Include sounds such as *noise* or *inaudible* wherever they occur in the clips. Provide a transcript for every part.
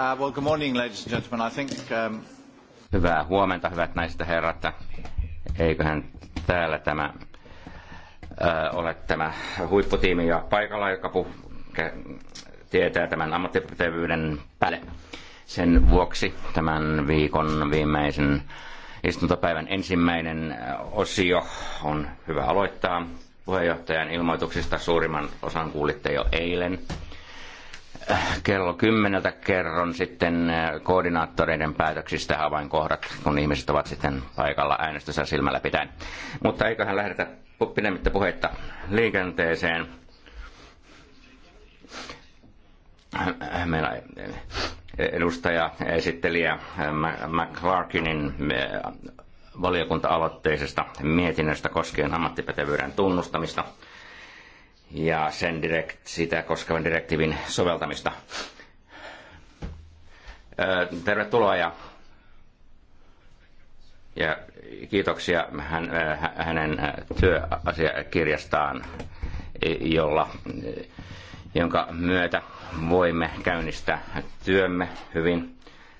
Uh, well, good morning, ladies and gentlemen. I think, um, Hyvää huomenta, hyvät naiset ja herrat. Eiköhän täällä tämä uh, ole tämä huipputiimi ja paikalla, joka tietää tämän ammattipätevyyden päälle. Sen vuoksi tämän viikon viimeisen istuntopäivän ensimmäinen uh, osio on hyvä aloittaa. Puheenjohtajan ilmoituksista suurimman osan kuulitte jo eilen kello kymmeneltä kerron sitten äh, koordinaattoreiden päätöksistä havainkohdat, kun ihmiset ovat sitten paikalla äänestössä silmällä pitäen. Mutta eiköhän lähdetä pidemmittä puheitta liikenteeseen. Äh, meillä äh, edustaja esittelijä McClarkinin valiokunta-aloitteisesta mietinnöstä koskien ammattipätevyyden tunnustamista – ja sen direkt, sitä koskevan direktiivin soveltamista. Tervetuloa ja, ja kiitoksia hän, hänen työasiakirjastaan, jolla, jonka myötä voimme käynnistää työmme hyvin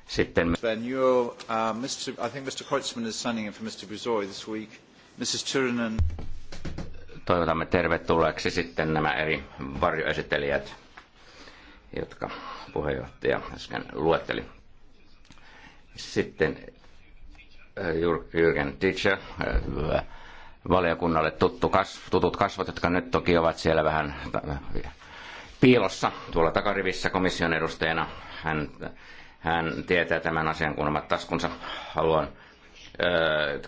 sitten. Then uh, Mr. I think Mr. Kreutzmann is signing in for Mr. Buzoi this week. Mrs. Turunen toivotamme tervetulleeksi sitten nämä eri varjoesittelijät, jotka puheenjohtaja äsken luetteli. Sitten äh, Jürgen Ditscher, äh, valiokunnalle tuttu kas, tutut kasvot, jotka nyt toki ovat siellä vähän äh, piilossa tuolla takarivissä komission edustajana. Hän, hän tietää tämän asian, kun omat taskunsa haluan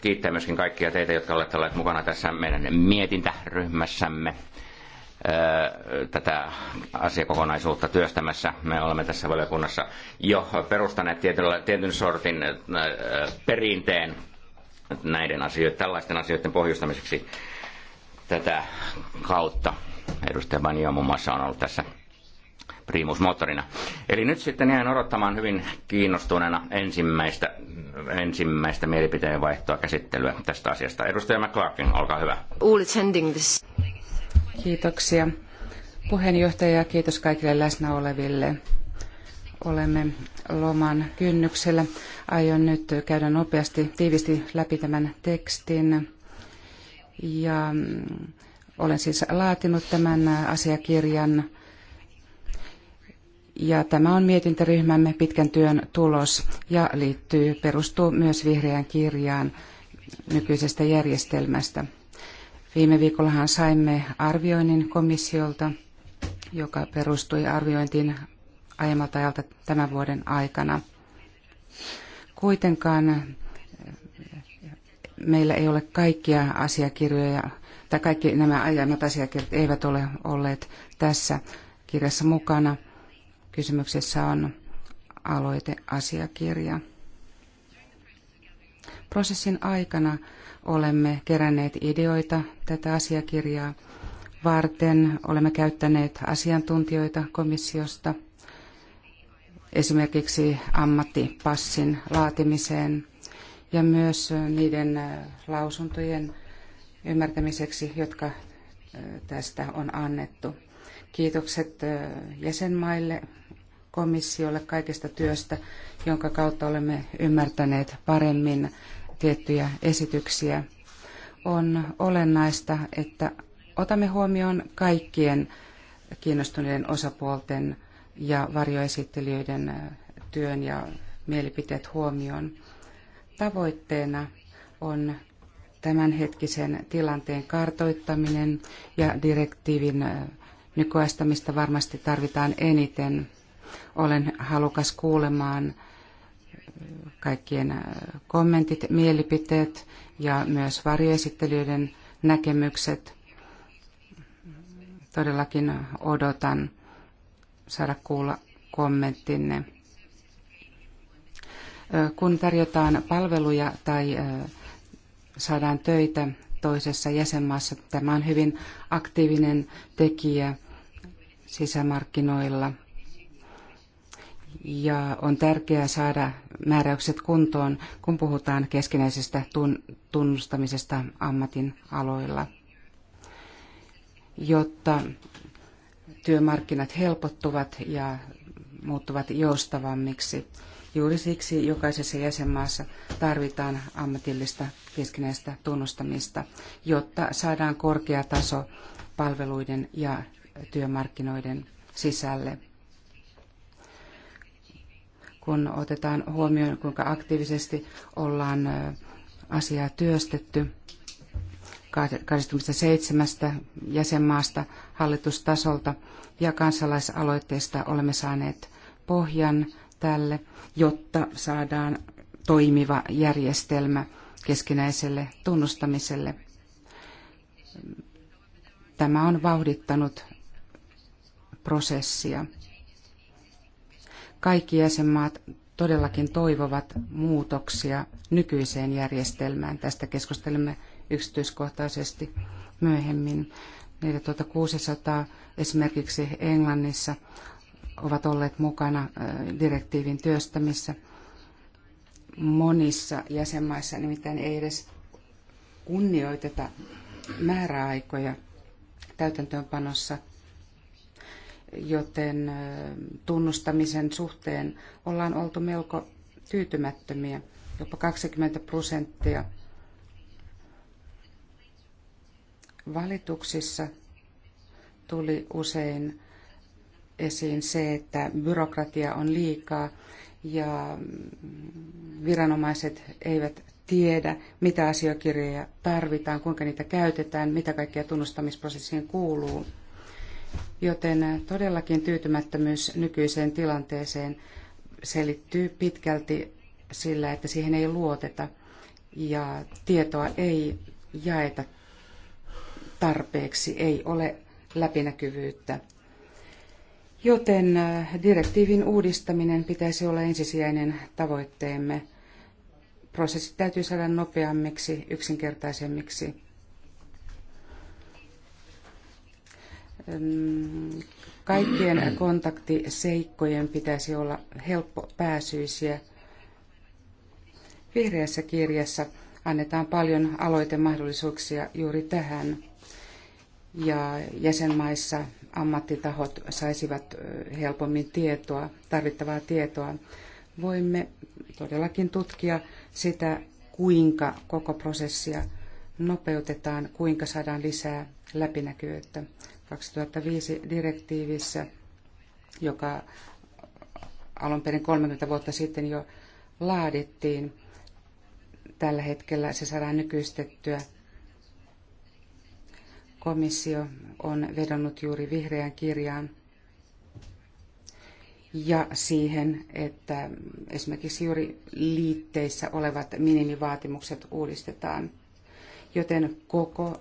kiittää myöskin kaikkia teitä, jotka olette olleet mukana tässä meidän mietintäryhmässämme tätä asiakokonaisuutta työstämässä. Me olemme tässä valiokunnassa jo perustaneet tietyllä, tietyn sortin perinteen näiden asioiden, tällaisten asioiden pohjustamiseksi tätä kautta. Edustaja Banio muun muassa on ollut tässä priimusmoottorina. Eli nyt sitten jään odottamaan hyvin kiinnostuneena ensimmäistä, ensimmäistä mielipiteen vaihtoa käsittelyä tästä asiasta. Edustaja McClarkin, olkaa hyvä. Kiitoksia puheenjohtaja ja kiitos kaikille läsnä oleville. Olemme loman kynnyksellä. Aion nyt käydä nopeasti, tiivisti läpi tämän tekstin. Ja mm, olen siis laatinut tämän asiakirjan ja tämä on mietintäryhmämme pitkän työn tulos ja liittyy, perustuu myös vihreään kirjaan nykyisestä järjestelmästä. Viime viikollahan saimme arvioinnin komissiolta, joka perustui arviointiin aiemmalta ajalta tämän vuoden aikana. Kuitenkaan eh, meillä ei ole kaikkia asiakirjoja, tai kaikki nämä aiemmat asiakirjat eivät ole olleet tässä kirjassa mukana – Kysymyksessä on aloiteasiakirja. Prosessin aikana olemme keränneet ideoita tätä asiakirjaa varten. Olemme käyttäneet asiantuntijoita komissiosta esimerkiksi ammattipassin laatimiseen ja myös niiden lausuntojen ymmärtämiseksi, jotka tästä on annettu. Kiitokset jäsenmaille komissiolle kaikesta työstä, jonka kautta olemme ymmärtäneet paremmin tiettyjä esityksiä. On olennaista, että otamme huomioon kaikkien kiinnostuneiden osapuolten ja varjoesittelijöiden työn ja mielipiteet huomioon. Tavoitteena on tämänhetkisen tilanteen kartoittaminen ja direktiivin nykyaistamista varmasti tarvitaan eniten. Olen halukas kuulemaan kaikkien kommentit, mielipiteet ja myös varjoesittelijöiden näkemykset. Todellakin odotan saada kuulla kommenttinne. Kun tarjotaan palveluja tai saadaan töitä toisessa jäsenmaassa, tämä on hyvin aktiivinen tekijä sisämarkkinoilla – ja on tärkeää saada määräykset kuntoon, kun puhutaan keskinäisestä tunnustamisesta ammatin aloilla, jotta työmarkkinat helpottuvat ja muuttuvat joustavammiksi. Juuri siksi jokaisessa jäsenmaassa tarvitaan ammatillista keskinäistä tunnustamista, jotta saadaan korkea taso palveluiden ja työmarkkinoiden sisälle kun otetaan huomioon, kuinka aktiivisesti ollaan asiaa työstetty 27 jäsenmaasta hallitustasolta ja kansalaisaloitteesta olemme saaneet pohjan tälle, jotta saadaan toimiva järjestelmä keskinäiselle tunnustamiselle. Tämä on vauhdittanut prosessia kaikki jäsenmaat todellakin toivovat muutoksia nykyiseen järjestelmään. Tästä keskustelemme yksityiskohtaisesti myöhemmin. 4600 esimerkiksi Englannissa ovat olleet mukana direktiivin työstämissä. Monissa jäsenmaissa nimittäin ei edes kunnioiteta määräaikoja täytäntöönpanossa – joten tunnustamisen suhteen ollaan oltu melko tyytymättömiä, jopa 20 prosenttia valituksissa tuli usein esiin se, että byrokratia on liikaa ja viranomaiset eivät tiedä, mitä asiakirjoja tarvitaan, kuinka niitä käytetään, mitä kaikkea tunnustamisprosessiin kuuluu joten todellakin tyytymättömyys nykyiseen tilanteeseen selittyy pitkälti sillä, että siihen ei luoteta ja tietoa ei jaeta tarpeeksi, ei ole läpinäkyvyyttä. Joten äh, direktiivin uudistaminen pitäisi olla ensisijainen tavoitteemme. Prosessit täytyy saada nopeammiksi, yksinkertaisemmiksi kaikkien kontaktiseikkojen pitäisi olla helppopääsyisiä. Vihreässä kirjassa annetaan paljon aloitemahdollisuuksia juuri tähän. Ja jäsenmaissa ammattitahot saisivat helpommin tietoa, tarvittavaa tietoa. Voimme todellakin tutkia sitä, kuinka koko prosessia nopeutetaan, kuinka saadaan lisää läpinäkyvyyttä. 2005 direktiivissä, joka alun perin 30 vuotta sitten jo laadittiin. Tällä hetkellä se saadaan nykyistettyä. Komissio on vedonnut juuri vihreään kirjaan ja siihen, että esimerkiksi juuri liitteissä olevat minimivaatimukset uudistetaan – joten koko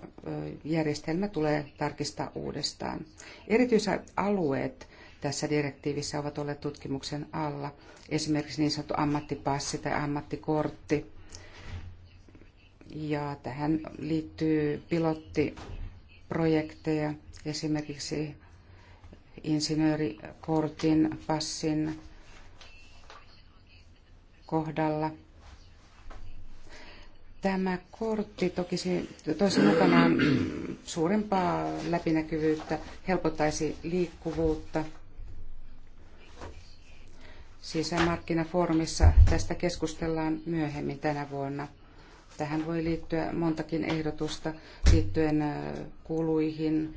järjestelmä tulee tarkistaa uudestaan. Erityiset alueet tässä direktiivissä ovat olleet tutkimuksen alla, esimerkiksi niin sanottu ammattipassi tai ammattikortti. Ja tähän liittyy pilottiprojekteja, esimerkiksi insinöörikortin, passin kohdalla – Tämä kortti toki se toisi mukanaan suurempaa läpinäkyvyyttä, helpottaisi liikkuvuutta. Sisämarkkinafoorumissa tästä keskustellaan myöhemmin tänä vuonna. Tähän voi liittyä montakin ehdotusta liittyen kuluihin,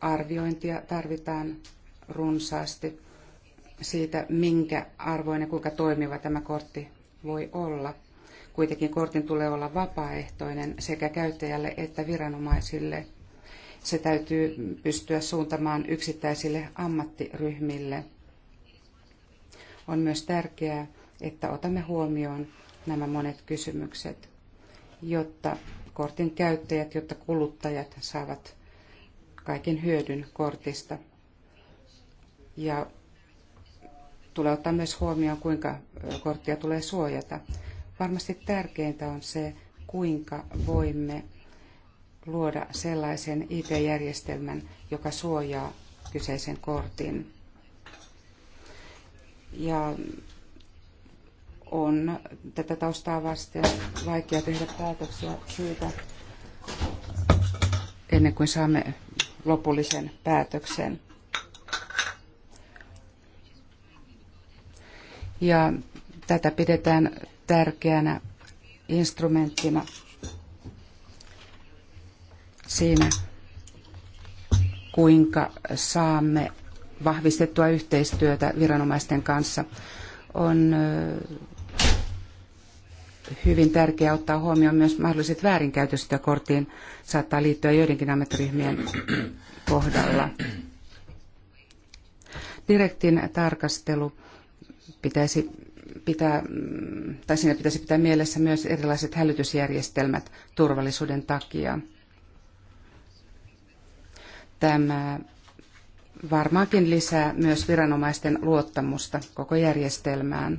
arviointia tarvitaan runsaasti siitä, minkä arvoinen, kuinka toimiva tämä kortti voi olla. Kuitenkin kortin tulee olla vapaaehtoinen sekä käyttäjälle että viranomaisille. Se täytyy pystyä suuntamaan yksittäisille ammattiryhmille. On myös tärkeää, että otamme huomioon nämä monet kysymykset, jotta kortin käyttäjät, jotta kuluttajat saavat kaiken hyödyn kortista. Ja tulee ottaa myös huomioon, kuinka korttia tulee suojata. Varmasti tärkeintä on se, kuinka voimme luoda sellaisen IT-järjestelmän, joka suojaa kyseisen kortin. Ja on tätä taustaa vasten vaikea tehdä päätöksiä siitä ennen kuin saamme lopullisen päätöksen. ja tätä pidetään tärkeänä instrumenttina siinä, kuinka saamme vahvistettua yhteistyötä viranomaisten kanssa. On hyvin tärkeää ottaa huomioon myös mahdolliset väärinkäytöstä korttiin saattaa liittyä joidenkin ammattiryhmien kohdalla. Direktin tarkastelu pitäisi pitää, mm, tai siinä pitäisi pitää mielessä myös erilaiset hälytysjärjestelmät turvallisuuden takia. Tämä varmaankin lisää myös viranomaisten luottamusta koko järjestelmään.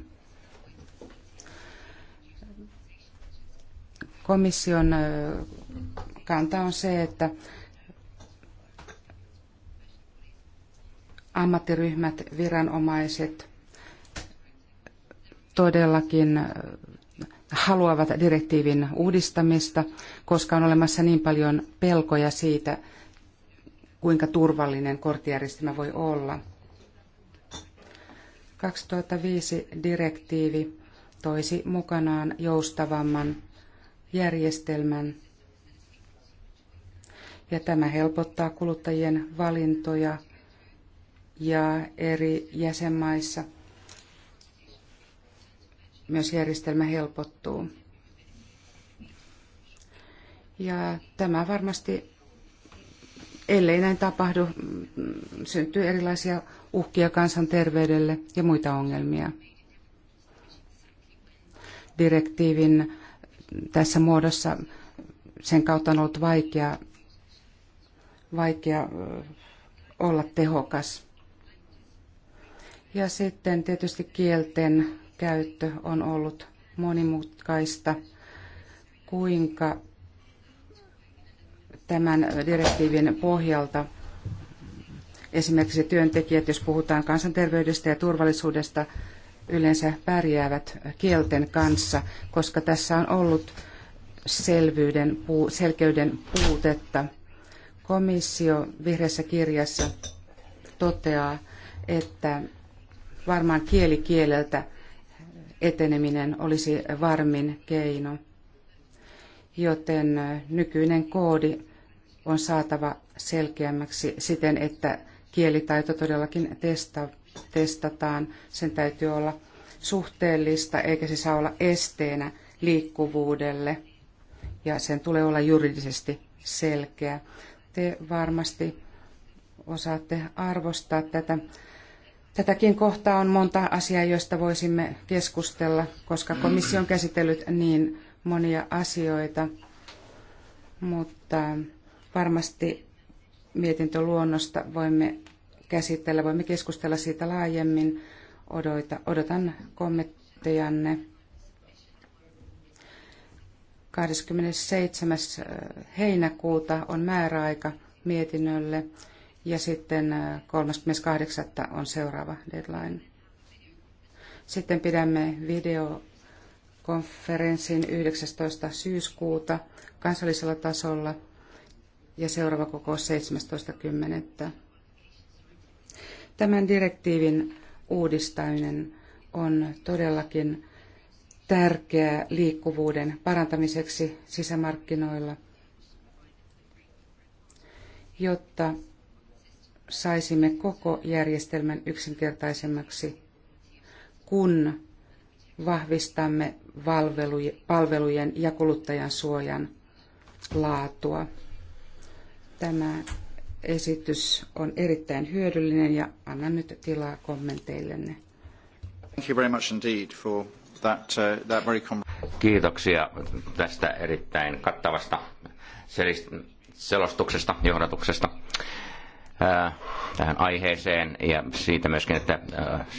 Komission kanta on se, että ammattiryhmät, viranomaiset – todellakin äh, haluavat direktiivin uudistamista, koska on olemassa niin paljon pelkoja siitä, kuinka turvallinen korttijärjestelmä voi olla. 2005 direktiivi toisi mukanaan joustavamman järjestelmän ja tämä helpottaa kuluttajien valintoja ja eri jäsenmaissa myös järjestelmä helpottuu. Ja tämä varmasti, ellei näin tapahdu, syntyy erilaisia uhkia kansanterveydelle ja muita ongelmia. Direktiivin tässä muodossa sen kautta on ollut vaikea, vaikea olla tehokas. Ja sitten tietysti kielten käyttö on ollut monimutkaista. Kuinka tämän direktiivin pohjalta esimerkiksi työntekijät, jos puhutaan kansanterveydestä ja turvallisuudesta, yleensä pärjäävät kielten kanssa, koska tässä on ollut selvyyden, selkeyden puutetta. Komissio vihreässä kirjassa toteaa, että varmaan kieli kieleltä eteneminen olisi varmin keino. Joten nykyinen koodi on saatava selkeämmäksi siten, että kielitaito todellakin testa, testataan. Sen täytyy olla suhteellista, eikä se saa olla esteenä liikkuvuudelle. Ja sen tulee olla juridisesti selkeä. Te varmasti osaatte arvostaa tätä Tätäkin kohtaa on monta asiaa, joista voisimme keskustella, koska komissio on käsitellyt niin monia asioita, mutta varmasti mietintöluonnosta voimme käsitellä, voimme keskustella siitä laajemmin. Odota, odotan kommenttejanne. 27. heinäkuuta on määräaika mietinnölle ja sitten 38. Äh, on seuraava deadline. Sitten pidämme videokonferenssin 19. syyskuuta kansallisella tasolla ja seuraava kokous 17.10. Tämän direktiivin uudistaminen on todellakin tärkeää liikkuvuuden parantamiseksi sisämarkkinoilla, jotta saisimme koko järjestelmän yksinkertaisemmaksi, kun vahvistamme palvelujen ja kuluttajan suojan laatua. Tämä esitys on erittäin hyödyllinen ja annan nyt tilaa kommenteillenne. Kiitoksia tästä erittäin kattavasta selostuksesta, johdatuksesta tähän aiheeseen ja siitä myöskin, että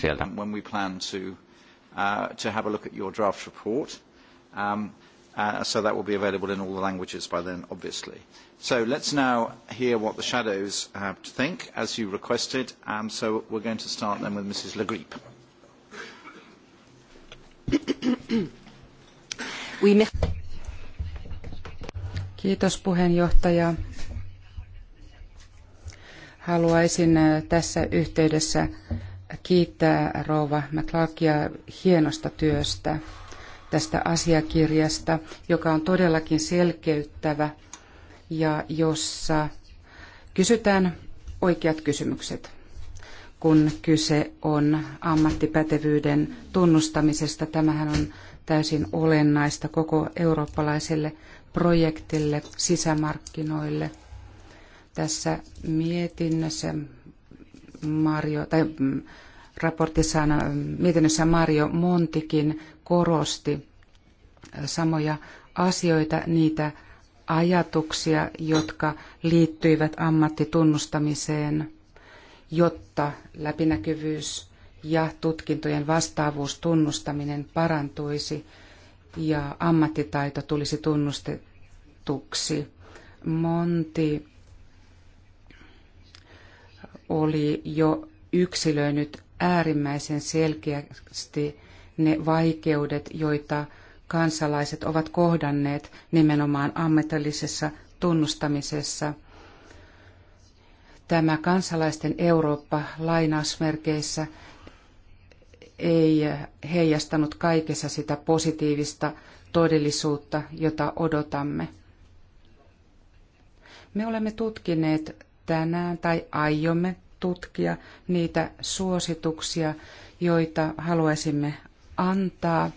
sieltä... When we plan to, uh, to have a look at your draft report, um, uh, so that will be available in all the languages by then, obviously. So let's now hear what the shadows have to think, as you requested. Um, so we're going to start then with Mrs. Le *coughs* Kiitos puheenjohtaja. Haluaisin äh, tässä yhteydessä kiittää rouva McClarkia hienosta työstä tästä asiakirjasta, joka on todellakin selkeyttävä ja jossa kysytään oikeat kysymykset, kun kyse on ammattipätevyyden tunnustamisesta. Tämähän on täysin olennaista koko eurooppalaiselle projektille, sisämarkkinoille – tässä mietinnössä Mario, tai mm, raportissaan, mietinnössä Mario Montikin korosti samoja asioita, niitä ajatuksia, jotka liittyivät ammattitunnustamiseen, jotta läpinäkyvyys ja tutkintojen vastaavuus tunnustaminen parantuisi ja ammattitaito tulisi tunnustetuksi. Monti oli jo yksilöinyt äärimmäisen selkeästi ne vaikeudet, joita kansalaiset ovat kohdanneet nimenomaan ammatillisessa tunnustamisessa. Tämä kansalaisten Eurooppa lainausmerkeissä ei heijastanut kaikessa sitä positiivista todellisuutta, jota odotamme. Me olemme tutkineet tänään tai aiomme tutkia niitä suosituksia, joita haluaisimme antaa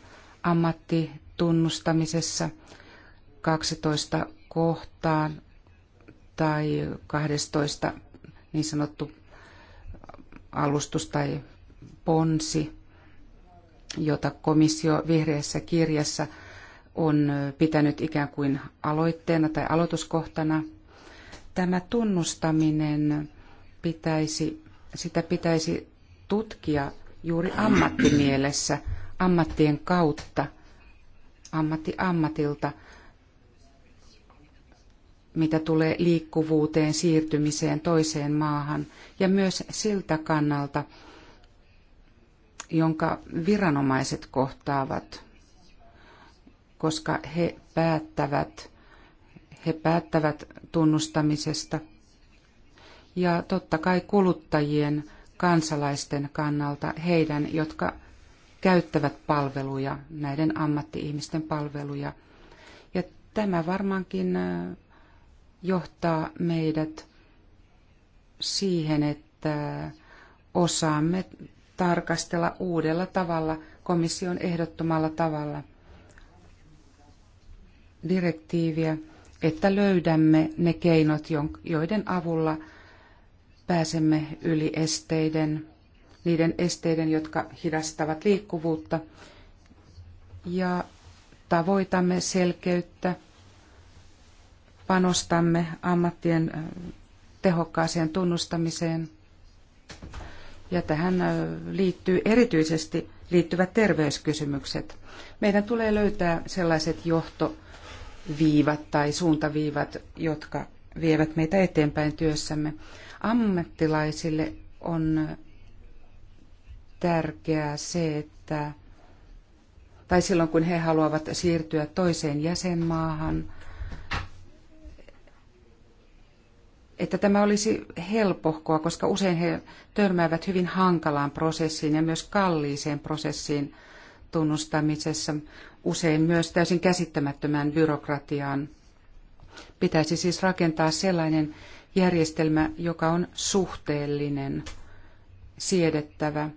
ammattitunnustamisessa 12 kohtaan tai 12 niin sanottu alustus tai ponsi, jota komissio vihreässä kirjassa on pitänyt ikään kuin aloitteena tai aloituskohtana – Tämä tunnustaminen pitäisi, sitä pitäisi tutkia juuri ammattimielessä, ammattien kautta, ammatti ammatilta, mitä tulee liikkuvuuteen, siirtymiseen toiseen maahan ja myös siltä kannalta, jonka viranomaiset kohtaavat, koska he päättävät he päättävät tunnustamisesta. Ja totta kai kuluttajien, kansalaisten kannalta, heidän, jotka käyttävät palveluja, näiden ammattiihmisten palveluja. Ja tämä varmaankin johtaa meidät siihen, että osaamme tarkastella uudella tavalla, komission ehdottomalla tavalla direktiiviä että löydämme ne keinot, joiden avulla pääsemme yli esteiden, niiden esteiden, jotka hidastavat liikkuvuutta, ja tavoitamme selkeyttä, panostamme ammattien tehokkaaseen tunnustamiseen, ja tähän liittyy erityisesti liittyvät terveyskysymykset. Meidän tulee löytää sellaiset johto viivat tai suuntaviivat, jotka vievät meitä eteenpäin työssämme. Ammattilaisille on tärkeää se, että tai silloin kun he haluavat siirtyä toiseen jäsenmaahan, että tämä olisi helpohkoa, koska usein he törmäävät hyvin hankalaan prosessiin ja myös kalliiseen prosessiin tunnustamisessa usein myös täysin käsittämättömään byrokratiaan. Pitäisi siis rakentaa sellainen järjestelmä, joka on suhteellinen, siedettävä,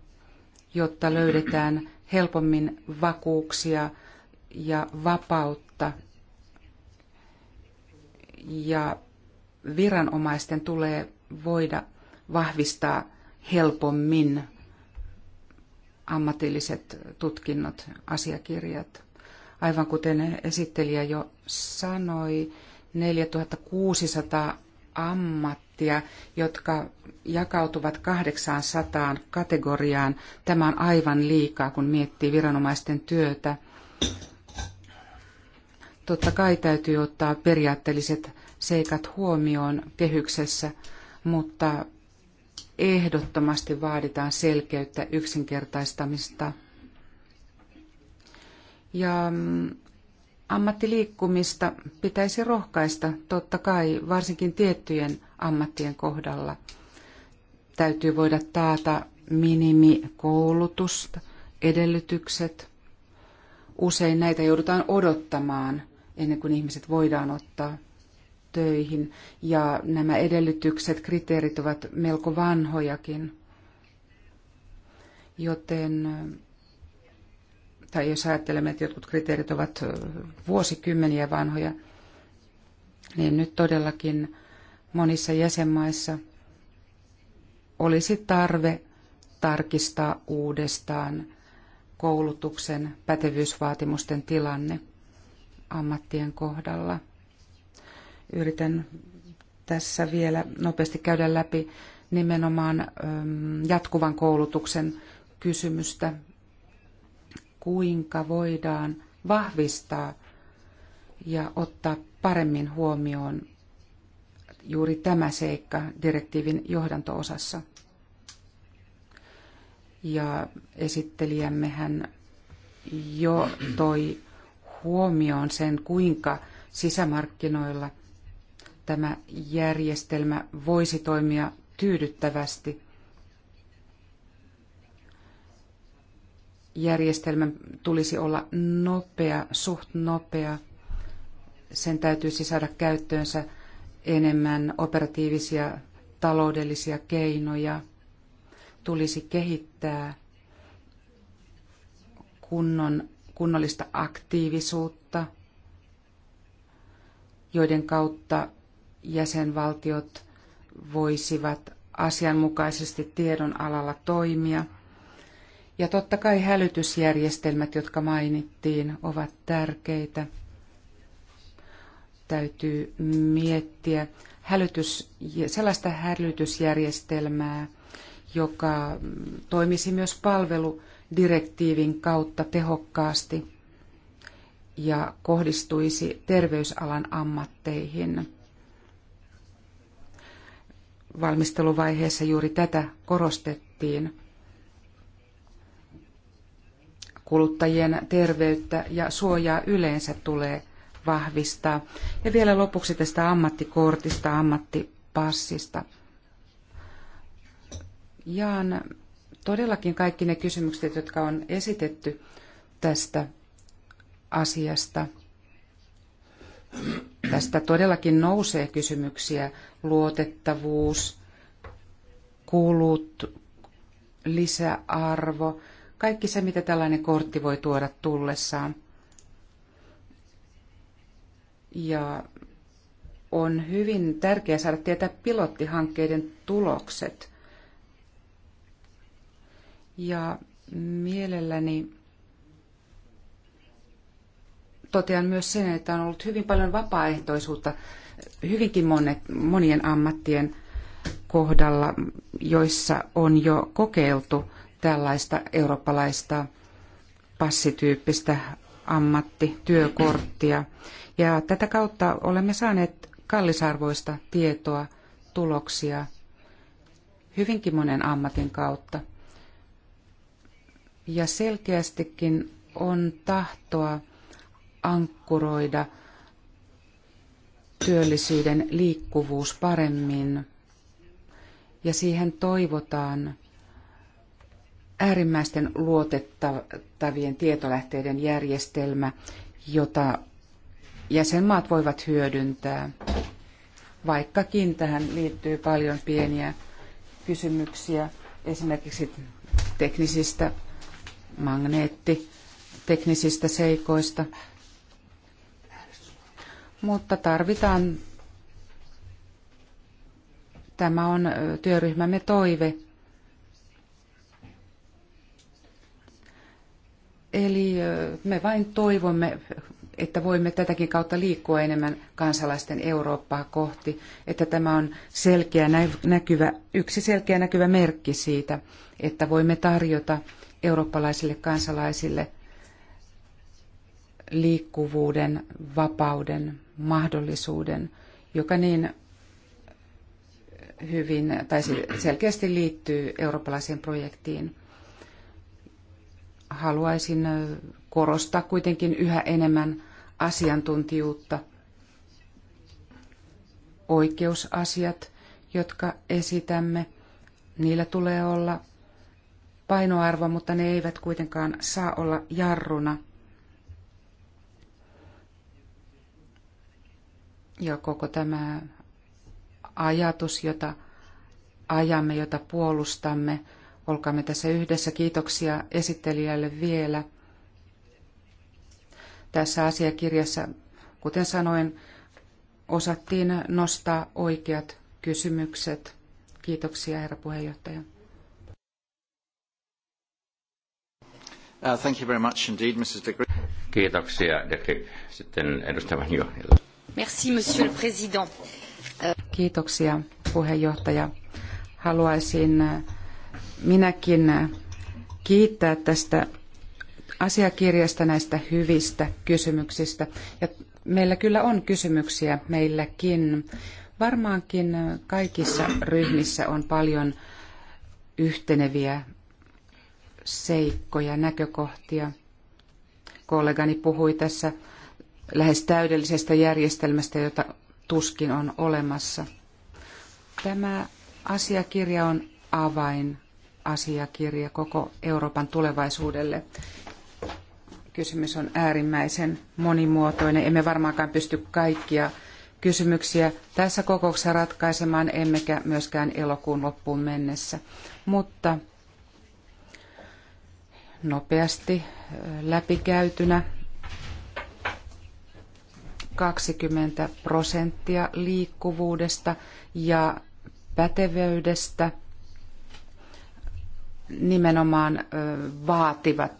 jotta löydetään helpommin vakuuksia ja vapautta. Ja viranomaisten tulee voida vahvistaa helpommin ammatilliset tutkinnot, asiakirjat. Aivan kuten esittelijä jo sanoi, 4600 ammattia, jotka jakautuvat 800 kategoriaan. Tämä on aivan liikaa, kun miettii viranomaisten työtä. Totta kai täytyy ottaa periaatteelliset seikat huomioon kehyksessä, mutta ehdottomasti vaaditaan selkeyttä, yksinkertaistamista – ja mm, ammattiliikkumista pitäisi rohkaista totta kai varsinkin tiettyjen ammattien kohdalla. Täytyy voida taata minimikoulutusta, edellytykset. Usein näitä joudutaan odottamaan ennen kuin ihmiset voidaan ottaa töihin. Ja nämä edellytykset, kriteerit ovat melko vanhojakin. Joten mm, tai jos ajattelemme, että jotkut kriteerit ovat vuosikymmeniä vanhoja, niin nyt todellakin monissa jäsenmaissa olisi tarve tarkistaa uudestaan koulutuksen pätevyysvaatimusten tilanne ammattien kohdalla. Yritän tässä vielä nopeasti käydä läpi nimenomaan jatkuvan koulutuksen kysymystä kuinka voidaan vahvistaa ja ottaa paremmin huomioon juuri tämä seikka direktiivin johdantoosassa. Ja esittelijämmehän jo toi huomioon sen, kuinka sisämarkkinoilla tämä järjestelmä voisi toimia tyydyttävästi järjestelmän tulisi olla nopea, suht nopea. Sen täytyisi saada käyttöönsä enemmän operatiivisia taloudellisia keinoja. Tulisi kehittää kunnon, kunnollista aktiivisuutta, joiden kautta jäsenvaltiot voisivat asianmukaisesti tiedon alalla toimia – ja totta kai hälytysjärjestelmät, jotka mainittiin, ovat tärkeitä. Täytyy miettiä hälytys, sellaista hälytysjärjestelmää, joka toimisi myös palveludirektiivin kautta tehokkaasti ja kohdistuisi terveysalan ammatteihin. Valmisteluvaiheessa juuri tätä korostettiin kuluttajien terveyttä ja suojaa yleensä tulee vahvistaa. Ja vielä lopuksi tästä ammattikortista, ammattipassista. Jaan todellakin kaikki ne kysymykset, jotka on esitetty tästä asiasta. Tästä todellakin nousee kysymyksiä luotettavuus, kulut, lisäarvo kaikki se, mitä tällainen kortti voi tuoda tullessaan. Ja on hyvin tärkeää saada tietää pilottihankkeiden tulokset. Ja mielelläni totean myös sen, että on ollut hyvin paljon vapaaehtoisuutta hyvinkin monet, monien ammattien kohdalla, joissa on jo kokeiltu tällaista eurooppalaista passityyppistä ammattityökorttia. Ja tätä kautta olemme saaneet kallisarvoista tietoa, tuloksia hyvinkin monen ammatin kautta. Ja selkeästikin on tahtoa ankkuroida työllisyyden liikkuvuus paremmin. Ja siihen toivotaan äärimmäisten luotettavien tietolähteiden järjestelmä, jota jäsenmaat voivat hyödyntää, vaikkakin tähän liittyy paljon pieniä kysymyksiä, esimerkiksi teknisistä magneettiteknisistä seikoista. Mutta tarvitaan, tämä on työryhmämme toive, Eli me vain toivomme, että voimme tätäkin kautta liikkua enemmän kansalaisten Eurooppaa kohti, että tämä on selkeä näkyvä, yksi selkeä näkyvä merkki siitä, että voimme tarjota eurooppalaisille kansalaisille liikkuvuuden, vapauden, mahdollisuuden, joka niin hyvin tai selkeästi liittyy eurooppalaiseen projektiin haluaisin korostaa kuitenkin yhä enemmän asiantuntijuutta. Oikeusasiat, jotka esitämme, niillä tulee olla painoarvo, mutta ne eivät kuitenkaan saa olla jarruna ja koko tämä ajatus, jota ajamme, jota puolustamme, Olkaamme tässä yhdessä. Kiitoksia esittelijälle vielä. Tässä asiakirjassa, kuten sanoin, osattiin nostaa oikeat kysymykset. Kiitoksia, herra puheenjohtaja. Uh, thank you very much indeed, Mrs. De Kiitoksia, De Sitten edustaja Vanjohilla. Merci, monsieur le président. Kiitoksia, puheenjohtaja. Haluaisin minäkin kiittää tästä asiakirjasta näistä hyvistä kysymyksistä. Ja meillä kyllä on kysymyksiä meilläkin. Varmaankin kaikissa ryhmissä on paljon yhteneviä seikkoja, näkökohtia. Kollegani puhui tässä lähes täydellisestä järjestelmästä, jota tuskin on olemassa. Tämä asiakirja on avain asiakirja koko Euroopan tulevaisuudelle. Kysymys on äärimmäisen monimuotoinen. Emme varmaankaan pysty kaikkia kysymyksiä tässä kokouksessa ratkaisemaan, emmekä myöskään elokuun loppuun mennessä. Mutta nopeasti läpikäytynä 20 prosenttia liikkuvuudesta ja pätevyydestä – nimenomaan vaativat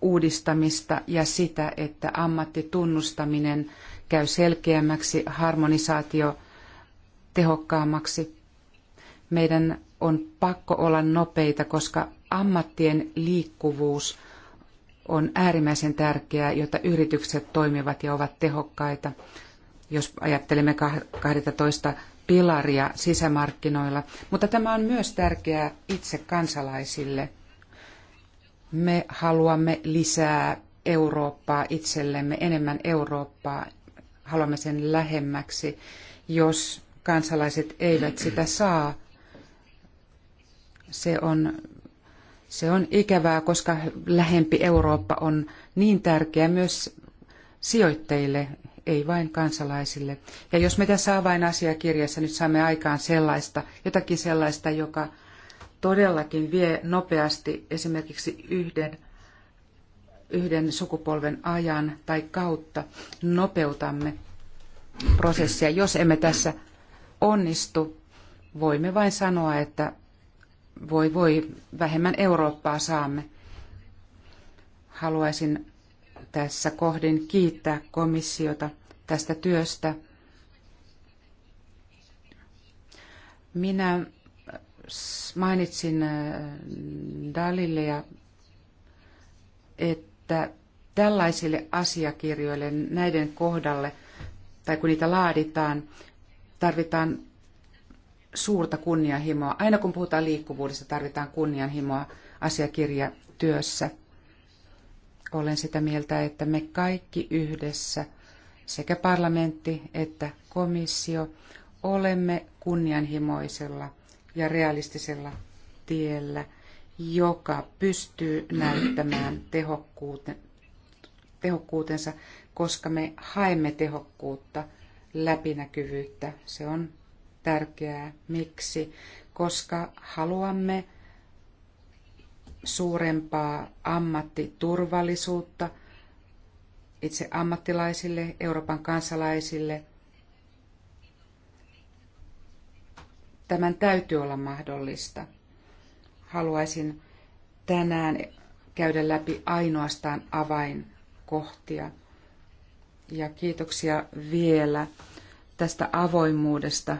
uudistamista ja sitä, että ammattitunnustaminen käy selkeämmäksi, harmonisaatio tehokkaammaksi. Meidän on pakko olla nopeita, koska ammattien liikkuvuus on äärimmäisen tärkeää, jotta yritykset toimivat ja ovat tehokkaita. Jos ajattelemme 12 pilaria sisämarkkinoilla, mutta tämä on myös tärkeää itse kansalaisille. Me haluamme lisää Eurooppaa itsellemme, enemmän Eurooppaa, haluamme sen lähemmäksi. Jos kansalaiset eivät sitä saa, se on, se on ikävää, koska lähempi Eurooppa on niin tärkeä myös sijoittajille ei vain kansalaisille. Ja jos me tässä avainasiakirjassa nyt saamme aikaan sellaista, jotakin sellaista, joka todellakin vie nopeasti esimerkiksi yhden, yhden sukupolven ajan tai kautta, nopeutamme prosessia. Jos emme tässä onnistu, voimme vain sanoa, että voi voi, vähemmän Eurooppaa saamme. Haluaisin tässä kohdin kiittää komissiota tästä työstä. Minä mainitsin äh, Dalille, että tällaisille asiakirjoille näiden kohdalle, tai kun niitä laaditaan, tarvitaan suurta kunnianhimoa. Aina kun puhutaan liikkuvuudesta, tarvitaan kunnianhimoa asiakirjatyössä – olen sitä mieltä, että me kaikki yhdessä, sekä parlamentti että komissio, olemme kunnianhimoisella ja realistisella tiellä, joka pystyy näyttämään tehokkuutensa, koska me haemme tehokkuutta, läpinäkyvyyttä. Se on tärkeää. Miksi? Koska haluamme suurempaa ammattiturvallisuutta itse ammattilaisille, Euroopan kansalaisille. Tämän täytyy olla mahdollista. Haluaisin tänään käydä läpi ainoastaan avainkohtia. Ja kiitoksia vielä tästä avoimuudesta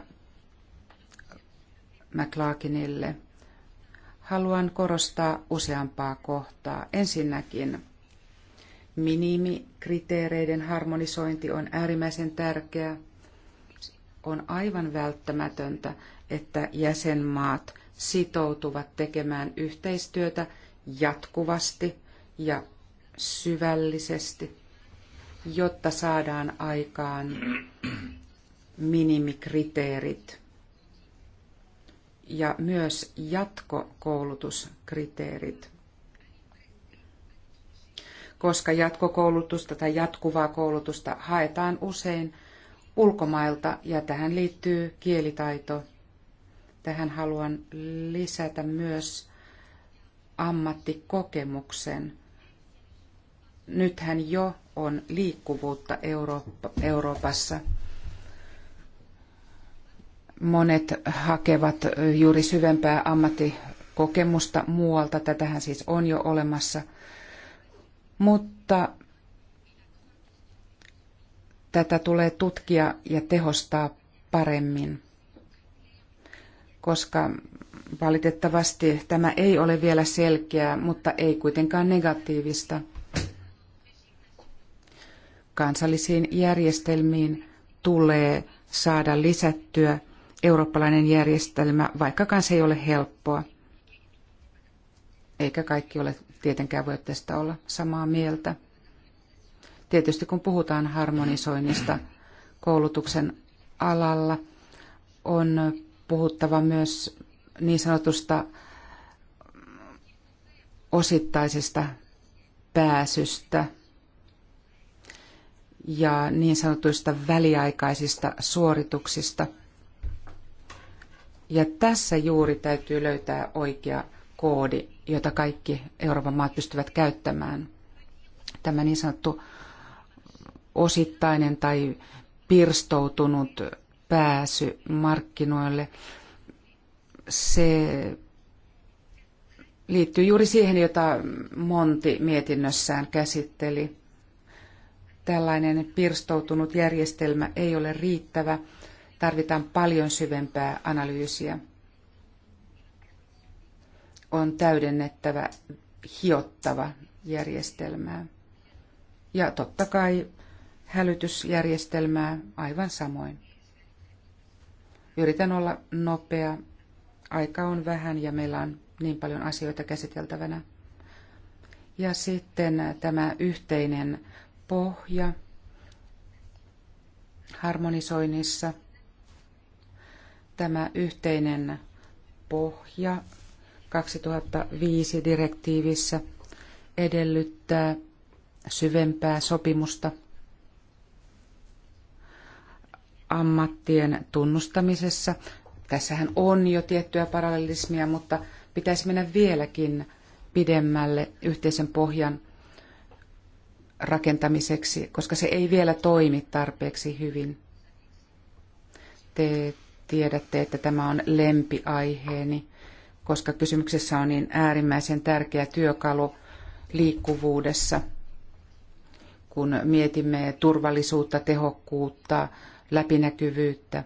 McLaakinille – haluan korostaa useampaa kohtaa. Ensinnäkin minimikriteereiden harmonisointi on äärimmäisen tärkeä, On aivan välttämätöntä, että jäsenmaat sitoutuvat tekemään yhteistyötä jatkuvasti ja syvällisesti, jotta saadaan aikaan minimikriteerit ja myös jatkokoulutuskriteerit. Koska jatkokoulutusta tai jatkuvaa koulutusta haetaan usein ulkomailta ja tähän liittyy kielitaito. Tähän haluan lisätä myös ammattikokemuksen. Nythän jo on liikkuvuutta Euroopassa Monet hakevat juuri syvempää ammattikokemusta muualta, tätähän siis on jo olemassa. Mutta tätä tulee tutkia ja tehostaa paremmin, koska valitettavasti tämä ei ole vielä selkeää, mutta ei kuitenkaan negatiivista. Kansallisiin järjestelmiin tulee saada lisättyä eurooppalainen järjestelmä, vaikkakaan se ei ole helppoa. Eikä kaikki ole tietenkään voi tästä olla samaa mieltä. Tietysti kun puhutaan harmonisoinnista koulutuksen alalla, on puhuttava myös niin sanotusta osittaisesta pääsystä ja niin sanotuista väliaikaisista suorituksista – ja tässä juuri täytyy löytää oikea koodi, jota kaikki Euroopan maat pystyvät käyttämään. Tämä niin sanottu osittainen tai pirstoutunut pääsy markkinoille, se liittyy juuri siihen, jota Monti mietinnössään käsitteli. Tällainen pirstoutunut järjestelmä ei ole riittävä tarvitaan paljon syvempää analyysiä. On täydennettävä, hiottava järjestelmää. Ja totta kai hälytysjärjestelmää aivan samoin. Yritän olla nopea. Aika on vähän ja meillä on niin paljon asioita käsiteltävänä. Ja sitten tämä yhteinen pohja harmonisoinnissa – tämä yhteinen pohja 2005 direktiivissä edellyttää syvempää sopimusta ammattien tunnustamisessa. Tässähän on jo tiettyä parallelismia, mutta pitäisi mennä vieläkin pidemmälle yhteisen pohjan rakentamiseksi, koska se ei vielä toimi tarpeeksi hyvin. Te tiedätte, että tämä on lempiaiheeni, koska kysymyksessä on niin äärimmäisen tärkeä työkalu liikkuvuudessa, kun mietimme turvallisuutta, tehokkuutta, läpinäkyvyyttä,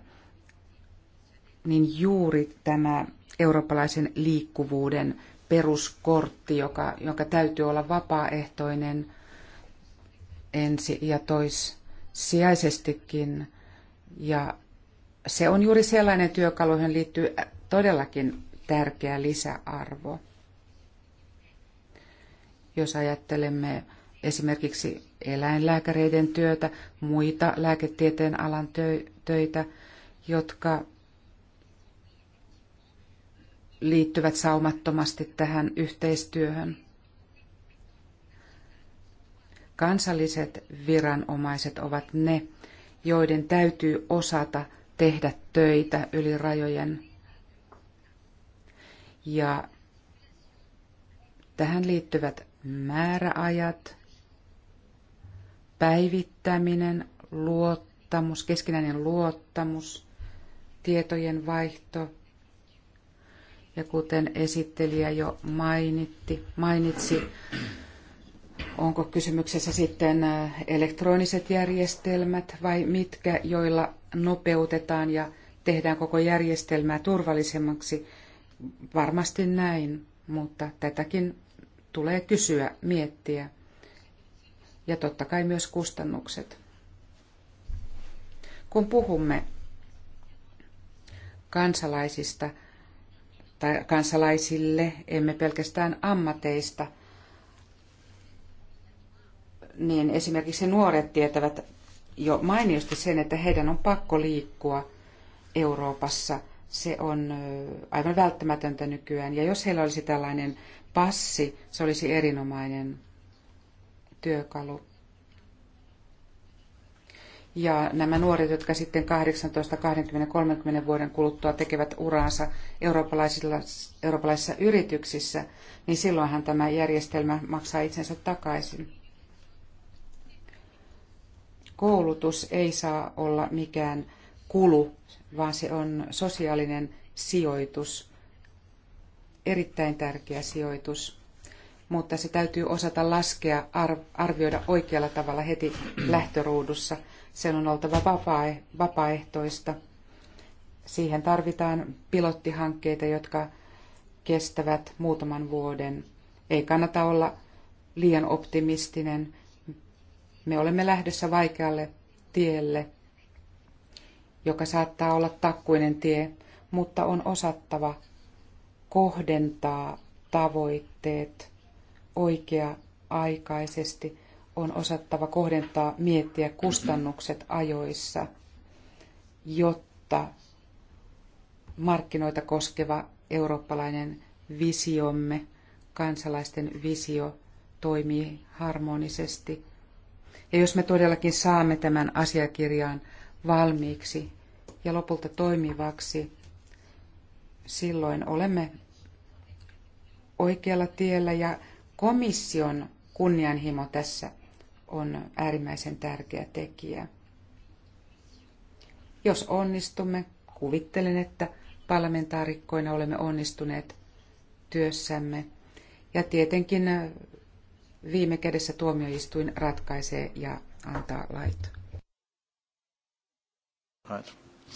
niin juuri tämä eurooppalaisen liikkuvuuden peruskortti, joka, jonka täytyy olla vapaaehtoinen ensi- ja toissijaisestikin, ja se on juuri sellainen työkalu, johon liittyy todellakin tärkeä lisäarvo. Jos ajattelemme esimerkiksi eläinlääkäreiden työtä, muita lääketieteen alan töitä, jotka liittyvät saumattomasti tähän yhteistyöhön. Kansalliset viranomaiset ovat ne, joiden täytyy osata – tehdä töitä yli rajojen. Ja tähän liittyvät määräajat, päivittäminen, luottamus, keskinäinen luottamus, tietojen vaihto. Ja kuten esittelijä jo mainitti, mainitsi, onko kysymyksessä sitten äh, elektroniset järjestelmät vai mitkä, joilla nopeutetaan ja tehdään koko järjestelmää turvallisemmaksi. Varmasti näin, mutta tätäkin tulee kysyä, miettiä. Ja totta kai myös kustannukset. Kun puhumme kansalaisista tai kansalaisille, emme pelkästään ammateista, niin esimerkiksi nuoret tietävät jo mainiosti sen, että heidän on pakko liikkua Euroopassa. Se on aivan välttämätöntä nykyään. Ja jos heillä olisi tällainen passi, se olisi erinomainen työkalu. Ja nämä nuoret, jotka sitten 18, 20, 30 vuoden kuluttua tekevät uraansa eurooppalaisissa yrityksissä, niin silloinhan tämä järjestelmä maksaa itsensä takaisin koulutus ei saa olla mikään kulu, vaan se on sosiaalinen sijoitus, erittäin tärkeä sijoitus, mutta se täytyy osata laskea, arvioida oikealla tavalla heti lähtöruudussa. Sen on oltava vapaaehtoista. Siihen tarvitaan pilottihankkeita, jotka kestävät muutaman vuoden. Ei kannata olla liian optimistinen. Me olemme lähdössä vaikealle tielle, joka saattaa olla takkuinen tie, mutta on osattava kohdentaa tavoitteet oikea-aikaisesti. On osattava kohdentaa, miettiä kustannukset ajoissa, jotta markkinoita koskeva eurooppalainen visiomme, kansalaisten visio, toimii harmonisesti – ja jos me todellakin saamme tämän asiakirjan valmiiksi ja lopulta toimivaksi, silloin olemme oikealla tiellä ja komission kunnianhimo tässä on äärimmäisen tärkeä tekijä. Jos onnistumme, kuvittelen, että parlamentaarikkoina olemme onnistuneet työssämme. Ja tietenkin viime kädessä tuomioistuin ratkaisee ja antaa lait.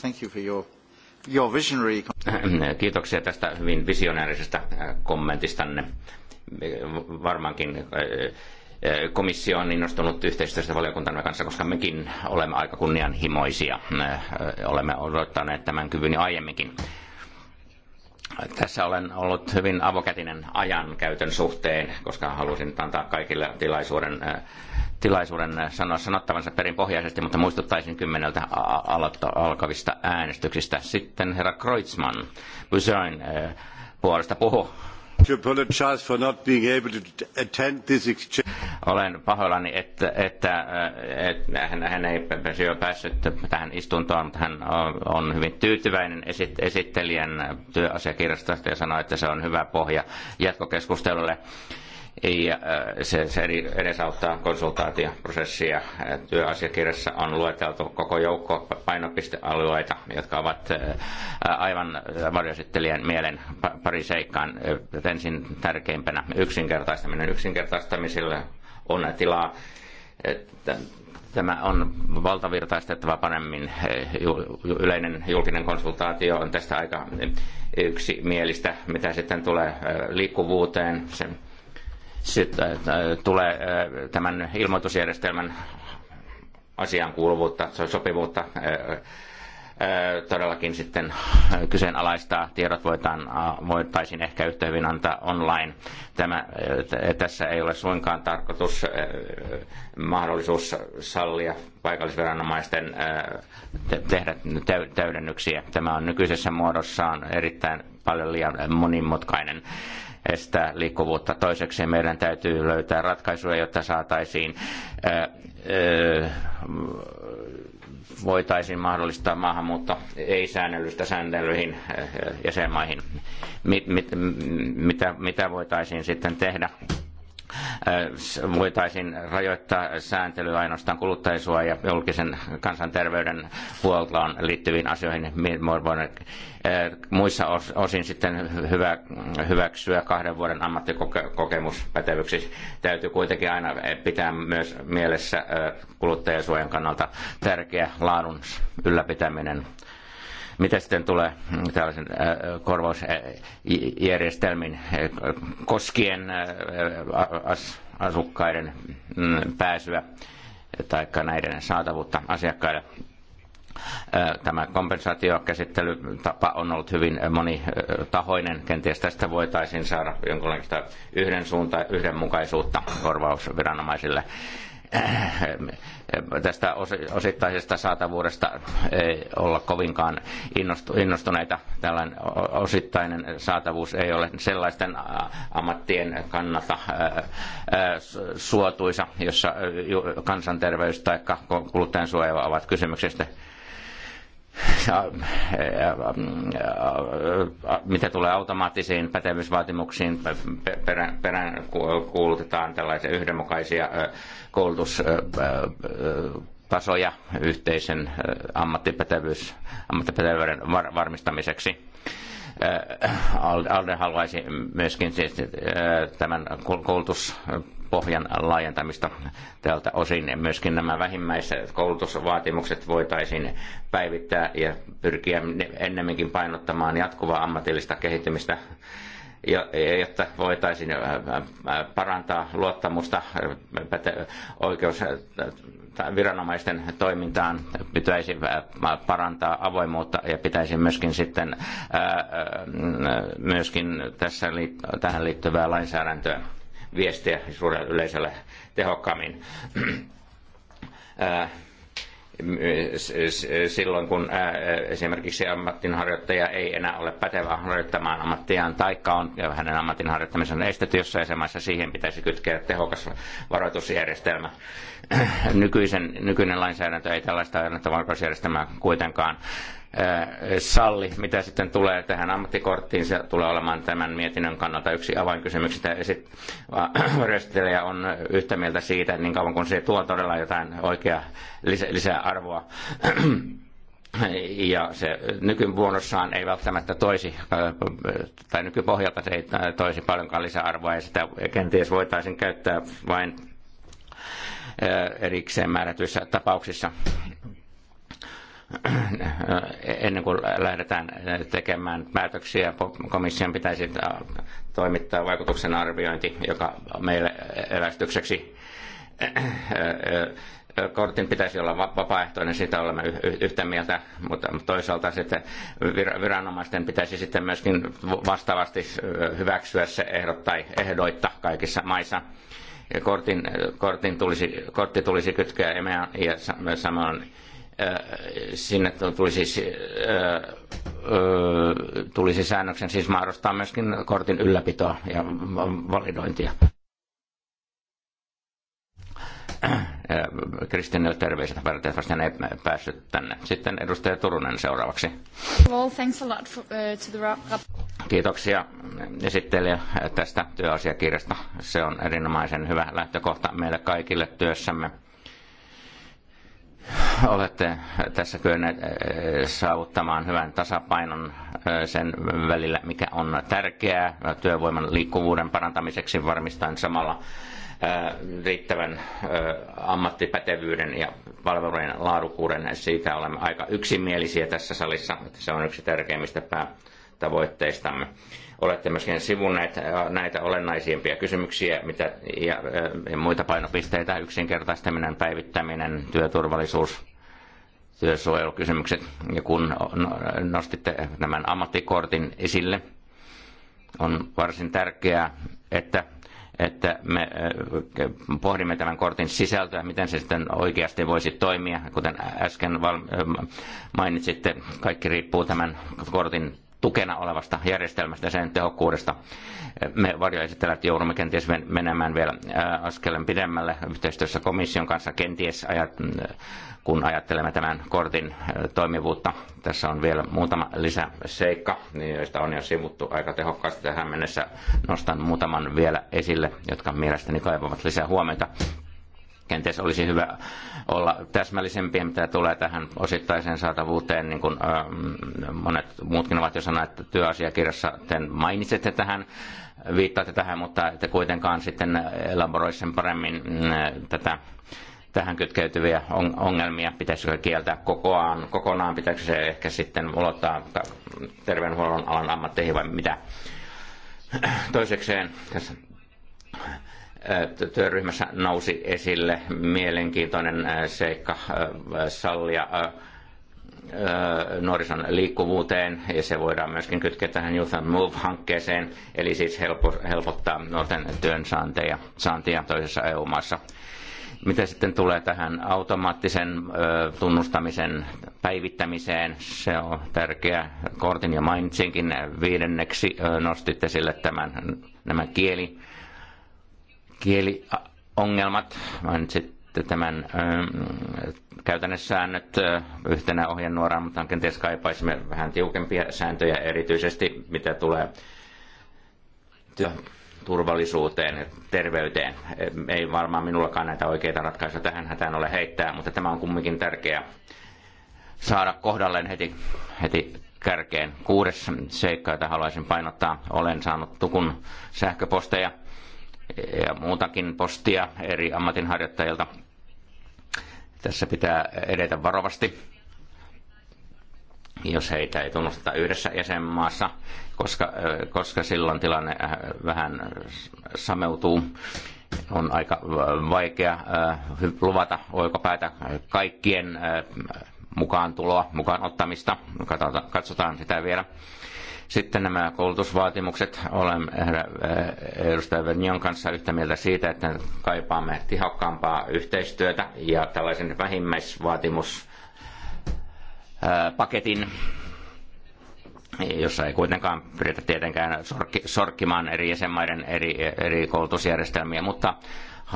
Thank you for your, your visionary... Äh, kiitoksia tästä hyvin visionäärisestä äh, kommentistanne. Varmaankin äh, komissio on innostunut yhteistyöstä valiokuntamme kanssa, koska mekin olemme aika kunnianhimoisia. Olemme odottaneet tämän kyvyn jo aiemminkin. Tässä olen ollut hyvin avokätinen ajan käytön suhteen, koska halusin antaa kaikille tilaisuuden, äh, tilaisuuden äh, sanoa sanottavansa perinpohjaisesti, mutta muistuttaisin kymmeneltä alkavista äänestyksistä. Sitten herra Kreutzmann, Pysäin äh, puolesta puhu olen pahoillani, että, äh, hän, hän ei päässyt tähän istuntoon, mutta hän on hyvin tyytyväinen esittelijän työasiakirjasta ja sanoi, että se on hyvä pohja jatkokeskustelulle ja äh, se, se edesauttaa konsultaatioprosessia. Äh, työasiakirjassa on lueteltu koko joukko painopistealueita, jotka ovat äh, aivan varjosittelijän mielen pari seikkaan. Ensin tärkeimpänä yksinkertaistaminen. yksinkertaistamisille on tilaa tämä on valtavirtaistettava paremmin. Yleinen julkinen konsultaatio on tästä aika yksimielistä, mitä sitten tulee liikkuvuuteen. Sen sitten äh, äh, tulee äh, tämän ilmoitusjärjestelmän asian kuuluvuutta, sopivuutta todellakin sitten kyseenalaistaa. Tiedot voitaan, voitaisiin ehkä yhtä hyvin antaa online. Tämä, tässä ei ole suinkaan tarkoitus mahdollisuus sallia paikallisviranomaisten tehdä täydennyksiä. Tämä on nykyisessä muodossaan erittäin paljon liian monimutkainen estää liikkuvuutta. Toiseksi meidän täytyy löytää ratkaisuja, jotta saataisiin ää, ää, voitaisiin mahdollistaa maahanmuutto ei-säännellystä sääntelyihin jäsenmaihin. Mit, mit, mitä, mitä voitaisiin sitten tehdä voitaisiin rajoittaa sääntelyä ainoastaan kuluttajasua ja julkisen kansanterveyden huoltoon liittyviin asioihin. Muissa osin sitten hyvä, hyväksyä kahden vuoden ammattikokemus pätevyksi. Täytyy kuitenkin aina pitää myös mielessä kuluttajasuojan kannalta tärkeä laadun ylläpitäminen mitä sitten tulee mm, tällaisen äh, korvausjärjestelmin äh, äh, koskien asukkaiden mm, pääsyä tai näiden saatavuutta asiakkaille? Tämä kompensaatiokäsittelytapa on ollut hyvin monitahoinen. Kenties tästä voitaisiin saada jonkinlaista yhden suunta, yhdenmukaisuutta korvausviranomaisille tästä osittaisesta saatavuudesta ei olla kovinkaan innostuneita. Tällainen osittainen saatavuus ei ole sellaisten ammattien kannalta suotuisa, jossa kansanterveys tai kuluttajansuoja ovat kysymyksestä ja, ja, ja, mitä tulee automaattisiin pätevyysvaatimuksiin, perään, perään kuulutetaan tällaisia yhdenmukaisia koulutustasoja yhteisen ammattipätevyys, ammattipätevyyden var, varmistamiseksi. Alde haluaisi myöskin siis tämän koulutus pohjan laajentamista tältä osin. Myöskin nämä vähimmäiskoulutusvaatimukset voitaisiin päivittää ja pyrkiä ennemminkin painottamaan jatkuvaa ammatillista kehittymistä jotta voitaisiin parantaa luottamusta oikeus viranomaisten toimintaan pitäisi parantaa avoimuutta ja pitäisi myöskin sitten myöskin tässä, tähän liittyvää lainsäädäntöä viestejä suurella yleisöllä tehokkaammin. silloin kun esimerkiksi ammattinharjoittaja ei enää ole pätevä harjoittamaan ammattiaan, taikka on hänen ammattinharjoittamisensa estetty jossain maassa, siihen pitäisi kytkeä tehokas varoitusjärjestelmä. Nykyisen, nykyinen lainsäädäntö ei tällaista varoitusjärjestelmää kuitenkaan salli. Mitä sitten tulee tähän ammattikorttiin, se tulee olemaan tämän mietinnön kannalta yksi avainkysymyksistä. *clears throat* Varjostelija on yhtä mieltä siitä, niin kauan kun se tuo todella jotain oikeaa lisä, arvoa Ja se nykyvuonossaan ei välttämättä toisi, tai nykypohjalta se ei toisi paljonkaan lisäarvoa, ja sitä kenties voitaisiin käyttää vain erikseen määrätyissä tapauksissa *clears throat* ennen kuin lähdetään tekemään päätöksiä, komission pitäisi toimittaa vaikutuksen arviointi, joka meille evästykseksi *clears throat* kortin pitäisi olla vapaaehtoinen, siitä olemme yhtä mieltä, mutta toisaalta sitten viranomaisten pitäisi sitten myöskin vastaavasti hyväksyä se ehdot tai ehdoitta kaikissa maissa. Kortin, kortin tulisi, kortti tulisi kytkeä EMEA ja samoin Äh, sinne tulisi, tulisi siis, äh, äh, siis säännöksen siis mahdollistaa myöskin kortin ylläpitoa ja validointia. Kristinille terveiset valitettavasti ei päässyt tänne. Sitten edustaja Turunen seuraavaksi. Well, thanks a lot for, uh, to the Kiitoksia esittelijä tästä työasiakirjasta. Se on erinomaisen hyvä lähtökohta meille kaikille työssämme olette tässä kyenneet eh, saavuttamaan hyvän tasapainon eh, sen välillä, mikä on tärkeää työvoiman liikkuvuuden parantamiseksi varmistaen samalla eh, riittävän ammattipätevyyden ja palvelujen laadukkuuden. Siitä olemme aika yksimielisiä tässä salissa, että se on yksi tärkeimmistä päätavoitteistamme olette myöskin sivunneet äh, näitä olennaisimpia kysymyksiä mitä, ja, äh, ja muita painopisteitä, yksinkertaistaminen, päivittäminen, työturvallisuus, työsuojelukysymykset. Ja kun no, nostitte tämän ammattikortin esille, on varsin tärkeää, että että me äh, pohdimme tämän kortin sisältöä, miten se sitten oikeasti voisi toimia. Kuten äsken mainitsitte, kaikki riippuu tämän kortin tukena olevasta järjestelmästä ja sen tehokkuudesta. Me varjoesittelijät joudumme kenties menemään vielä äh, askelen pidemmälle yhteistyössä komission kanssa, kenties ajat, kun ajattelemme tämän kortin äh, toimivuutta. Tässä on vielä muutama lisäseikka, niin joista on jo sivuttu aika tehokkaasti tähän mennessä. Nostan muutaman vielä esille, jotka mielestäni kaivavat lisää huomiota kenties olisi hyvä olla täsmällisempiä, mitä tulee tähän osittaiseen saatavuuteen, niin kuin ähm, monet muutkin ovat jo sanoneet, että työasiakirjassa te mainitsette tähän, viittaatte tähän, mutta ette kuitenkaan sitten elaboroisi sen paremmin mm, tätä tähän kytkeytyviä ongelmia, pitäisikö kieltää kokoaan, kokonaan, pitäisikö se ehkä sitten ulottaa terveydenhuollon alan ammatteihin vai mitä. Toisekseen tässä työryhmässä nousi esille mielenkiintoinen seikka sallia nuorison liikkuvuuteen ja se voidaan myöskin kytkeä tähän Youth and Move-hankkeeseen, eli siis helpottaa nuorten työn saantia toisessa EU-maassa. Mitä sitten tulee tähän automaattisen tunnustamisen päivittämiseen, se on tärkeä. Kortin jo mainitsinkin viidenneksi, nostitte sille tämän, nämä kieli kieliongelmat, vaan sitten tämän ähm, säännöt äh, yhtenä ohjenuoraan, mutta kenties kaipaisimme vähän tiukempia sääntöjä erityisesti, mitä tulee turvallisuuteen ja terveyteen. Ei varmaan minullakaan näitä oikeita ratkaisuja tähän hätään ole heittää, mutta tämä on kumminkin tärkeää saada kohdalleen heti, heti kärkeen. Kuudes seikka, jota haluaisin painottaa, olen saanut tukun sähköposteja ja muutakin postia eri ammatinharjoittajilta. Tässä pitää edetä varovasti, jos heitä ei tunnusteta yhdessä jäsenmaassa, koska, koska silloin tilanne äh, vähän sameutuu. On aika vaikea luvata oikopäätä kaikkien mukaan tuloa, mukaan ottamista. Katsotaan sitä vielä sitten nämä koulutusvaatimukset. Olen eh, eh, edustaja Vernion kanssa yhtä mieltä siitä, että kaipaamme tihokkaampaa yhteistyötä ja tällaisen vähimmäisvaatimuspaketin jossa ei kuitenkaan pyritä tietenkään sorkkimaan eri jäsenmaiden eri, eri koulutusjärjestelmiä, mutta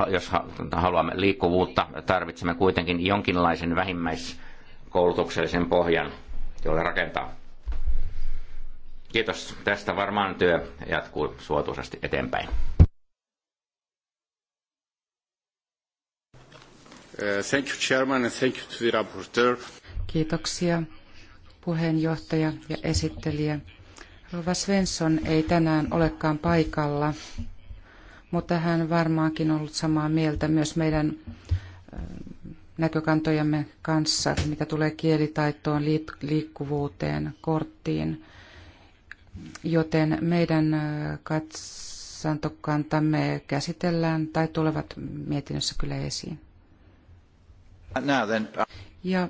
jos haluamme liikkuvuutta, tarvitsemme kuitenkin jonkinlaisen vähimmäiskoulutuksellisen pohjan, jolle rakentaa Kiitos. Tästä varmaan työ jatkuu suotuisasti eteenpäin. Uh, thank you, Chairman, and thank you to the rapporteur. Kiitoksia puheenjohtaja ja esittelijä. Rova Svensson ei tänään olekaan paikalla, mutta hän varmaankin ollut samaa mieltä myös meidän uh, näkökantojamme kanssa, mitä tulee kielitaitoon, liikkuvuuteen, korttiin – joten meidän äh, katsantokantamme käsitellään tai tulevat mietinnössä kyllä esiin. Uh, ja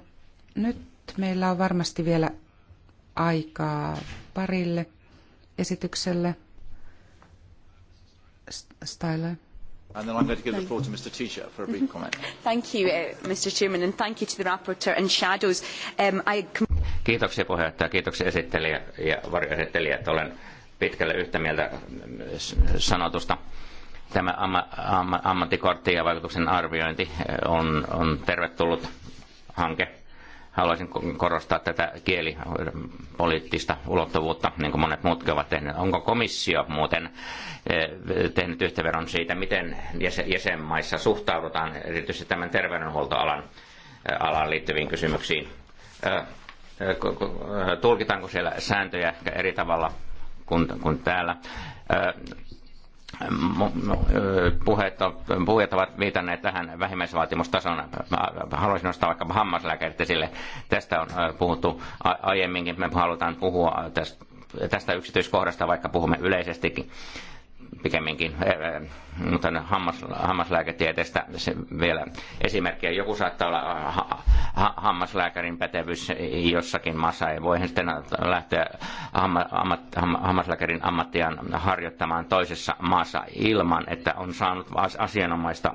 nyt meillä on varmasti vielä aikaa parille esitykselle. Styler. And then I'm going to give the floor to Mr. Tisha for a brief *laughs* comment. thank you, uh, Mr. Chairman, and thank you to the rapporteur and shadows. Um, I Kiitoksia puheenjohtaja, kiitoksia esittelijä ja varjoesittelijä, että olen pitkälle yhtä mieltä sanotusta. Tämä amma, amma, ammattikortti ja vaikutuksen arviointi eh, on, on tervetullut hanke. Haluaisin korostaa tätä kielipoliittista ulottuvuutta, niin kuin monet muutkin ovat tehneet. Onko komissio muuten eh, tehnyt yhteenveron siitä, miten jäsenmaissa suhtaudutaan erityisesti tämän terveydenhuoltoalan eh, alaan liittyviin kysymyksiin? tulkitaanko siellä sääntöjä eri tavalla kuin, kuin täällä. Puheet, puhujat ovat viitanneet tähän vähimmäisvaatimustason. Haluaisin nostaa vaikka hammaslääkärit esille. Tästä on puhuttu aiemminkin. Me halutaan puhua tästä, tästä yksityiskohdasta, vaikka puhumme yleisestikin pikemminkin, eh, eh, mutta hammas, hammaslääketieteestä vielä esimerkkiä. Joku saattaa olla eh, ha, ha, hammaslääkärin pätevyys jossakin maassa, ei voi sitten lähteä hamma, ammat, hammaslääkärin ammattiaan harjoittamaan toisessa maassa ilman, että on saanut asianomaista,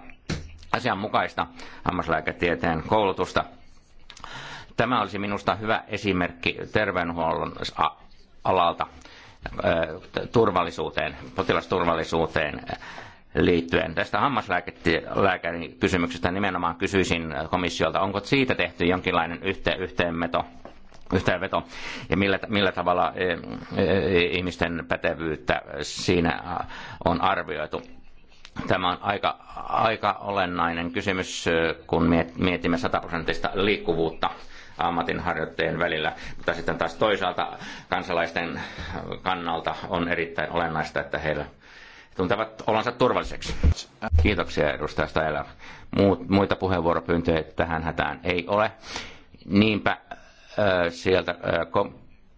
asianmukaista hammaslääketieteen koulutusta. Tämä olisi minusta hyvä esimerkki terveydenhuollon alalta Äh, turvallisuuteen, potilasturvallisuuteen liittyen. Tästä hammaslääkärin kysymyksestä nimenomaan kysyisin komissiolta, onko siitä tehty jonkinlainen yhteen, yhteenmeto, yhteenveto ja millä, millä tavalla e, e, ihmisten pätevyyttä siinä on arvioitu. Tämä on aika, aika olennainen kysymys, kun mietimme sataprosenttista liikkuvuutta ammatinharjoittajien välillä. Mutta sitten taas toisaalta kansalaisten kannalta on erittäin olennaista, että heillä tuntevat olonsa turvalliseksi. Kiitoksia edustaja Stajala. muita puheenvuoropyyntöjä tähän hätään ei ole. Niinpä sieltä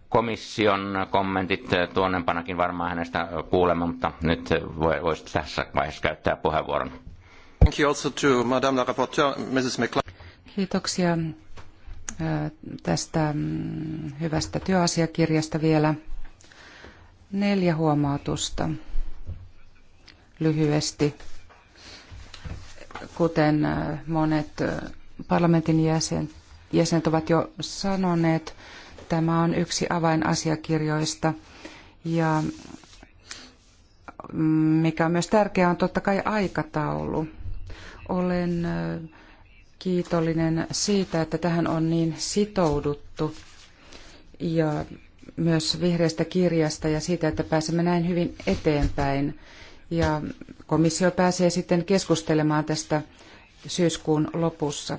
komission kommentit tuonnempanakin varmaan hänestä kuulemme, mutta nyt voisi tässä vaiheessa käyttää puheenvuoron. Thank you also to Madame la Rapporteur, Mrs. McClarkin. Kiitoksia tästä mm, hyvästä työasiakirjasta vielä neljä huomautusta lyhyesti. Kuten monet parlamentin jäsen, jäsenet ovat jo sanoneet, tämä on yksi avainasiakirjoista. Ja mm, mikä on myös tärkeää, on totta kai aikataulu. Olen kiitollinen siitä, että tähän on niin sitouduttu ja myös vihreästä kirjasta ja siitä, että pääsemme näin hyvin eteenpäin. Ja komissio pääsee sitten keskustelemaan tästä syyskuun lopussa.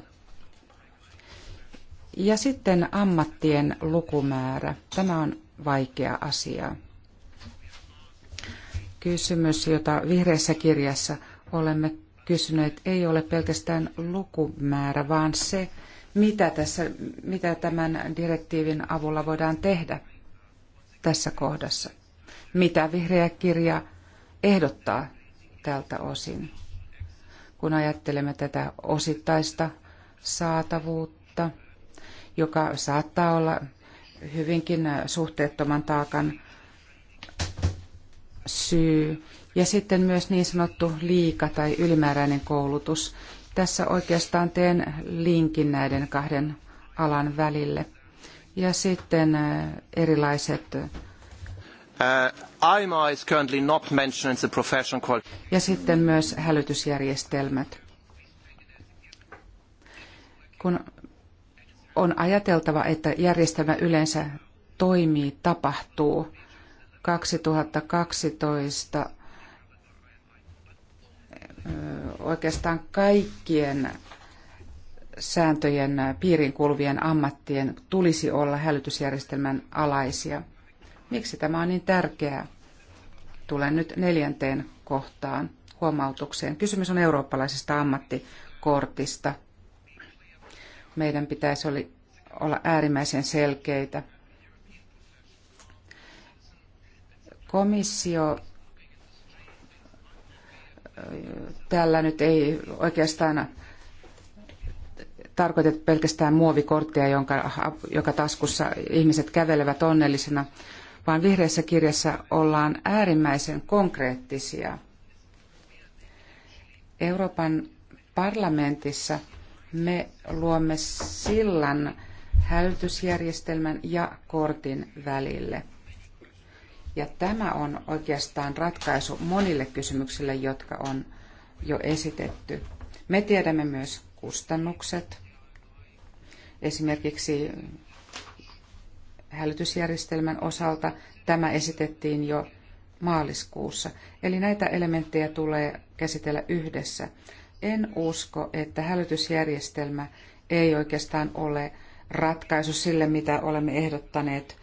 Ja sitten ammattien lukumäärä. Tämä on vaikea asia. Kysymys, jota vihreässä kirjassa olemme että ei ole pelkästään lukumäärä, vaan se, mitä, tässä, mitä tämän direktiivin avulla voidaan tehdä tässä kohdassa. Mitä vihreä kirja ehdottaa tältä osin, kun ajattelemme tätä osittaista saatavuutta, joka saattaa olla hyvinkin suhteettoman taakan syy ja sitten myös niin sanottu liika tai ylimääräinen koulutus. Tässä oikeastaan teen linkin näiden kahden alan välille. Ja sitten äh, erilaiset äh, Uh, is currently not the profession Ja sitten myös hälytysjärjestelmät. Kun on ajateltava, että järjestelmä yleensä toimii, tapahtuu. 2012 oikeastaan kaikkien sääntöjen piiriin kuuluvien ammattien tulisi olla hälytysjärjestelmän alaisia. Miksi tämä on niin tärkeää? Tulen nyt neljänteen kohtaan huomautukseen. Kysymys on eurooppalaisesta ammattikortista. Meidän pitäisi oli, olla äärimmäisen selkeitä. Komissio Tällä nyt ei oikeastaan tarkoitet pelkästään muovikorttia, jonka, joka taskussa ihmiset kävelevät onnellisena, vaan vihreässä kirjassa ollaan äärimmäisen konkreettisia. Euroopan parlamentissa me luomme sillan hälytysjärjestelmän ja kortin välille – ja tämä on oikeastaan ratkaisu monille kysymyksille, jotka on jo esitetty. Me tiedämme myös kustannukset. Esimerkiksi hälytysjärjestelmän osalta tämä esitettiin jo maaliskuussa. Eli näitä elementtejä tulee käsitellä yhdessä. En usko, että hälytysjärjestelmä ei oikeastaan ole ratkaisu sille, mitä olemme ehdottaneet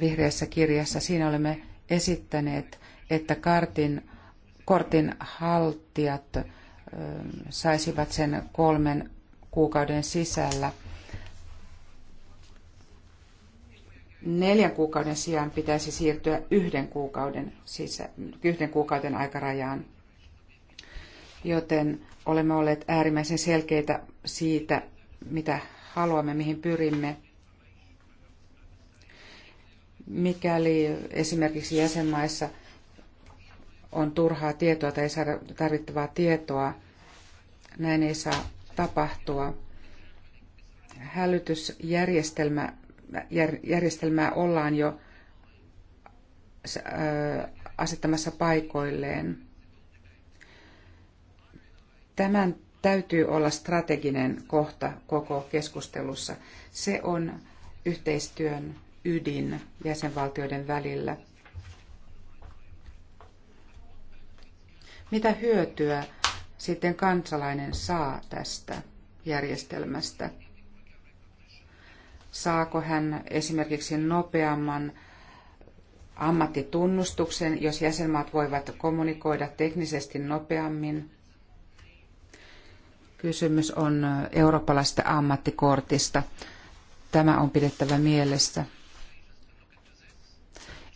vihreässä kirjassa. Siinä olemme esittäneet, että kartin, kortin haltijat saisivat sen kolmen kuukauden sisällä. Neljän kuukauden sijaan pitäisi siirtyä yhden kuukauden, sisä, yhden kuukauden aikarajaan, joten olemme olleet äärimmäisen selkeitä siitä, mitä haluamme, mihin pyrimme mikäli esimerkiksi jäsenmaissa on turhaa tietoa tai ei saada tarvittavaa tietoa, näin ei saa tapahtua. Hälytysjärjestelmää ollaan jo äh, asettamassa paikoilleen. Tämän täytyy olla strateginen kohta koko keskustelussa. Se on yhteistyön ydin jäsenvaltioiden välillä. Mitä hyötyä sitten kansalainen saa tästä järjestelmästä? Saako hän esimerkiksi nopeamman ammattitunnustuksen, jos jäsenmaat voivat kommunikoida teknisesti nopeammin? Kysymys on eurooppalaisesta ammattikortista. Tämä on pidettävä mielessä.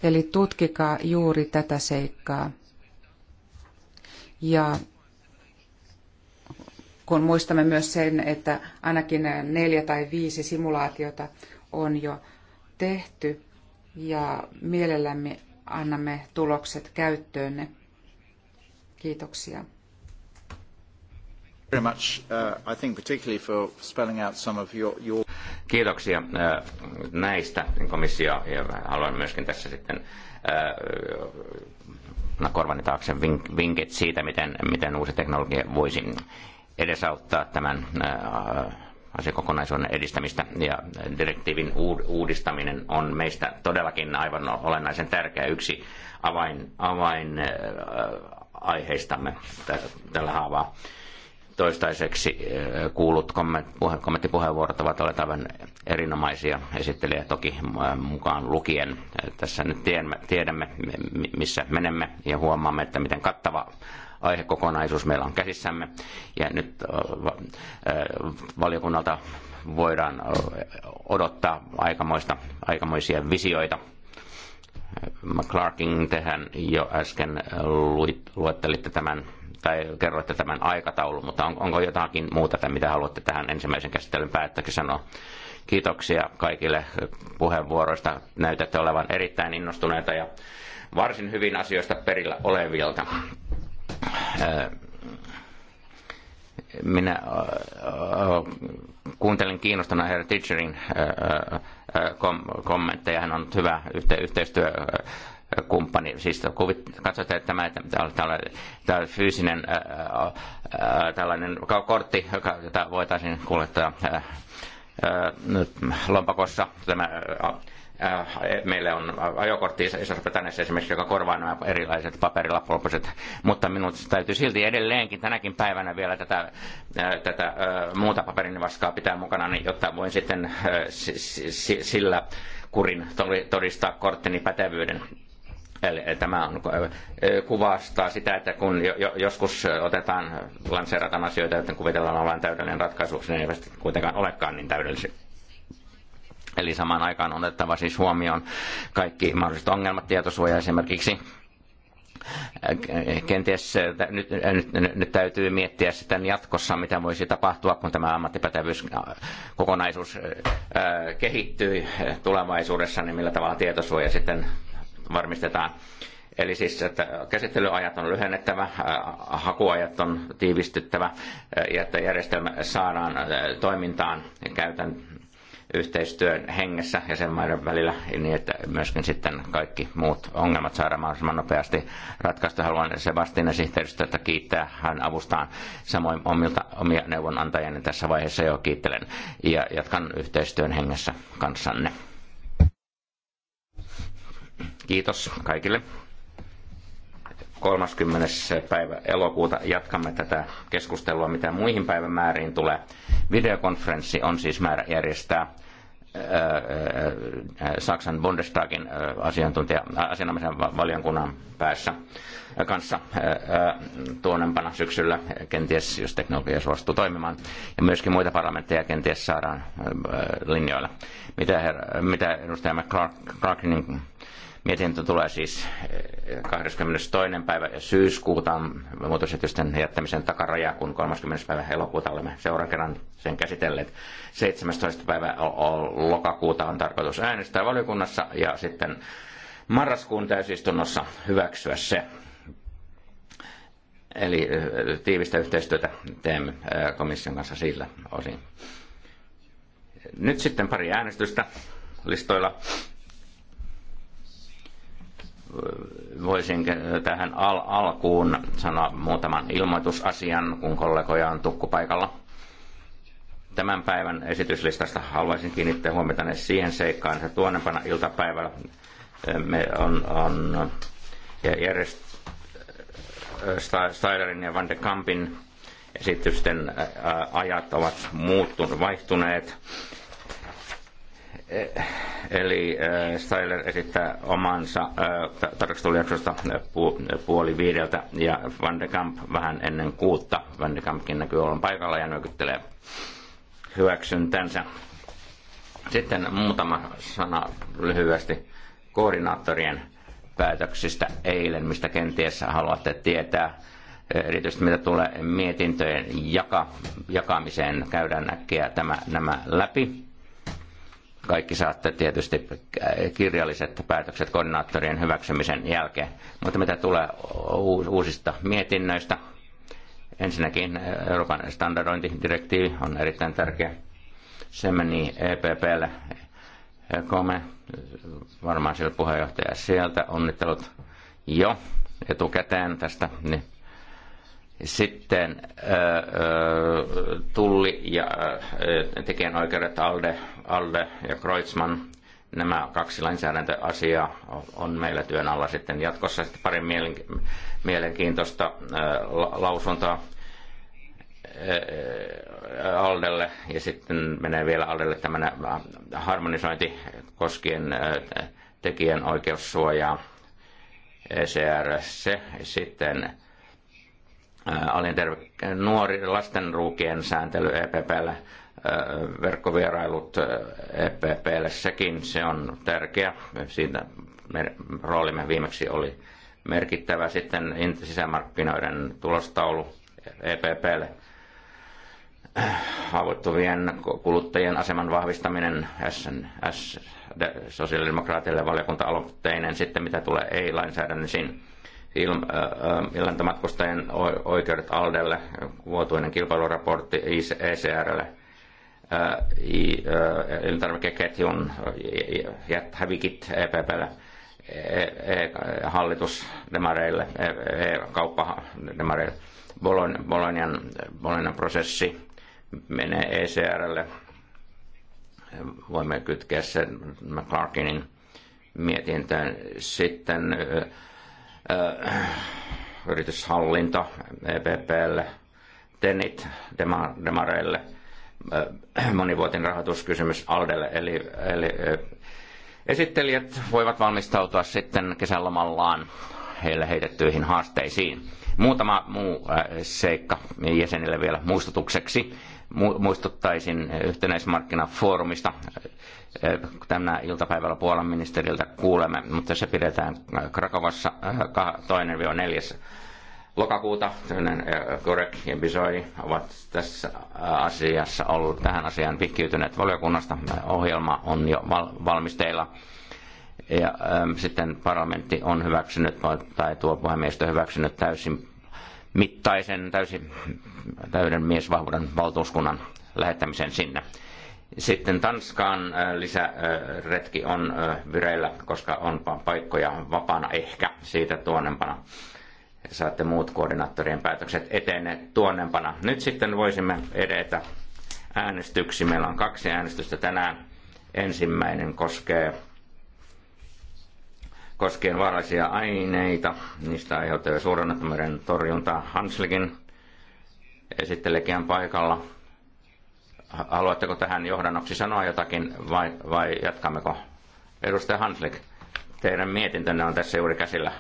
Eli tutkikaa juuri tätä seikkaa. Ja kun muistamme myös sen, että ainakin neljä tai viisi simulaatiota on jo tehty ja mielellämme annamme tulokset käyttöönne. Kiitoksia. Very much, uh, I think particularly for spelling out some of your, your... Kiitoksia uh, näistä komissio ja haluan myöskin tässä sitten äh, korvani taakse vink, vinkit siitä, miten, miten uusi teknologia voisi edesauttaa tämän äh, asiakokonaisuuden edistämistä ja direktiivin uudistaminen on meistä todellakin aivan olennaisen tärkeä yksi avain, avain äh, aiheistamme tällä haavaa toistaiseksi eh, kuulut kommenttipuheenvuorot ovat olleet aivan erinomaisia esittelijä toki eh, mukaan lukien. Eh, tässä nyt tiedämme, missä menemme ja huomaamme, että miten kattava aihekokonaisuus meillä on käsissämme. Ja nyt valiokunnalta voidaan odottaa aikamoista, aikamoisia visioita McClarkin tehän jo äsken luettelitte tämän tai kerroitte tämän aikataulun, mutta on, onko jotakin muuta, mitä haluatte tähän ensimmäisen käsittelyn päättäkin sanoa? Kiitoksia kaikille puheenvuoroista. Näytätte olevan erittäin innostuneita ja varsin hyvin asioista perillä olevilta. Äh, minä äh, äh, kuuntelin kiinnostuna herra Teacherin kommentteja. Hän on hyvä yhteistyö kumppani. Siis kuvit, katsotaan, että tämä, tämä, tämä fyysinen ää, ää, tällainen kortti, joka, jota voitaisiin kuljettaa lompakossa, tämä, ää, meillä on ajokortti iso esimerkiksi, joka korvaa nämä erilaiset paperilappulopuset, mutta minun täytyy silti edelleenkin tänäkin päivänä vielä tätä, tätä muuta paperinivaskaa pitää mukana, niin jotta voin sitten sillä kurin todistaa korttini pätevyyden Eli tämä on, e, kuvastaa sitä, että kun joskus otetaan lanseerataan asioita, että kuvitellaan olevan täydellinen ratkaisu, se ei kuitenkaan olekaan niin täydellisiä. Eli samaan aikaan on otettava siis huomioon kaikki mahdolliset ongelmat, tietosuoja esimerkiksi. Kenties e, e, nyt, nyt, nyt täytyy miettiä sitten jatkossa, mitä voisi tapahtua, kun tämä ammattipätevyyskokonaisuus kehittyy tulevaisuudessa, niin millä tavalla tietosuoja sitten varmistetaan. Eli siis, että käsittelyajat on lyhennettävä, äh, hakuajat on tiivistyttävä äh, ja että järjestelmä saadaan äh, toimintaan käytän yhteistyön hengessä ja maiden välillä niin, että myöskin sitten kaikki muut ongelmat saadaan mahdollisimman nopeasti ratkaista. Haluan Sebastian sihteeristöltä kiittää hän avustaan samoin omilta, omia neuvonantajani tässä vaiheessa jo kiittelen ja jatkan yhteistyön hengessä kanssanne. Kiitos kaikille. 30. päivä elokuuta jatkamme tätä keskustelua, mitä muihin päivämääriin tulee. Videokonferenssi on siis määrä järjestää Saksan Bundestagin asiantuntija, asianomaisen valiokunnan päässä kanssa tuonempana syksyllä, kenties jos teknologia suostuu toimimaan, ja myöskin muita parlamentteja kenties saadaan linjoilla. Mitä, herra, mitä edustaja McClarkinin Mietintö tulee siis 22. Eh, päivä syyskuuta muutosesitysten jättämisen takaraja, kun 30. päivä elokuuta olemme seuraavan kerran sen käsitelleet. 17. päivä lokakuuta on tarkoitus äänestää valiokunnassa ja sitten marraskuun täysistunnossa hyväksyä se. Eli eh, tiivistä yhteistyötä teemme eh, komission kanssa sillä osin. Nyt sitten pari äänestystä listoilla voisin tähän al- alkuun sanoa muutaman ilmoitusasian, kun kollegoja on tukkupaikalla. Tämän päivän esityslistasta haluaisin kiinnittää huomiota siihen seikkaan, että tuonnepana iltapäivällä eh, me on, on järjest, eh, ja Van de Kampin esitysten eh, ajat ovat muuttuneet, vaihtuneet Eli eh, Styler esittää omansa eh, tarkastelujaksosta eh, puoli viideltä ja Van de Kamp vähän ennen kuutta. Van de Kampkin näkyy olla paikalla ja nykyttelee hyväksyntänsä. Sitten muutama sana lyhyesti koordinaattorien päätöksistä eilen, mistä kenties haluatte tietää. Erityisesti mitä tulee mietintöjen jaka, jakamiseen, käydään äkkiä tämä, nämä läpi kaikki saatte tietysti äh, kirjalliset päätökset koordinaattorien hyväksymisen jälkeen. Mutta mitä tulee uusista mietinnöistä, ensinnäkin Euroopan standardointidirektiivi on erittäin tärkeä. Se meni EPPlle Kome, varmaan sillä puheenjohtaja sieltä onnittelut jo etukäteen tästä, niin sitten Tulli ja tekijänoikeudet Alde, Alde ja Kreutzmann, nämä kaksi lainsäädäntöasiaa on meillä työn alla sitten jatkossa sitten pari mielenkiintoista lausuntoa Aldelle ja sitten menee vielä Aldelle tämmöinen harmonisointi koskien tekijän oikeussuojaa ECRS sitten alinterve- nuori lastenruukien sääntely EPPlle, verkkovierailut EPPlle, sekin se on tärkeä. Siitä roolimme viimeksi oli merkittävä sitten sisämarkkinoiden tulostaulu EPPlle. Haavoittuvien kuluttajien aseman vahvistaminen SNS, S, sosiaalidemokraatille valiokunta-aloitteinen sitten, mitä tulee ei-lainsäädännöllisiin illantomatkustajien oikeudet Aldelle, vuotuinen kilpailuraportti ECRlle, elintarvikeketjun hävikit EPPlle, e, e, hallitus demareille, e, kauppa demareille, Bolonian Bolognan prosessi menee ECRlle. Voimme kytkeä sen McClarkinin mietintään sitten Äh, yrityshallinto EPPlle, TENIT demareille, äh, monivuotinen rahoituskysymys Aldelle, eli, eli äh, esittelijät voivat valmistautua sitten kesälomallaan heille heitettyihin haasteisiin. Muutama muu seikka jäsenille vielä muistutukseksi. Muistuttaisin yhtenäismarkkinafoorumista Eh, tänä iltapäivällä Puolan ministeriltä kuulemme, mutta se pidetään äh, Krakovassa 2-4. Äh, lokakuuta. Korek äh, ja Bisoi ovat tässä asiassa ollut tähän asiaan vihkiytyneet valiokunnasta. Ohjelma on jo valmisteilla. Ja äm, sitten parlamentti on hyväksynyt, tai tuo on hyväksynyt täysin mittaisen, täysin, täyden miesvahvuuden valtuuskunnan lähettämisen sinne. Sitten Tanskaan äh, lisäretki on äh, vireillä, koska on paikkoja vapaana ehkä siitä tuonnempana. Saatte muut koordinaattorien päätökset etene tuonnempana. Nyt sitten voisimme edetä äänestyksi. Meillä on kaksi äänestystä tänään. Ensimmäinen koskee koskien vaarallisia aineita. Niistä aiheutuvia suurennettomuuden torjunta Hanslikin esittelekin paikalla Haluatteko tähän johdannoksi sanoa jotakin vai, vai jatkammeko? Edustaja Hanslik, teidän mietintönne on tässä juuri käsillä.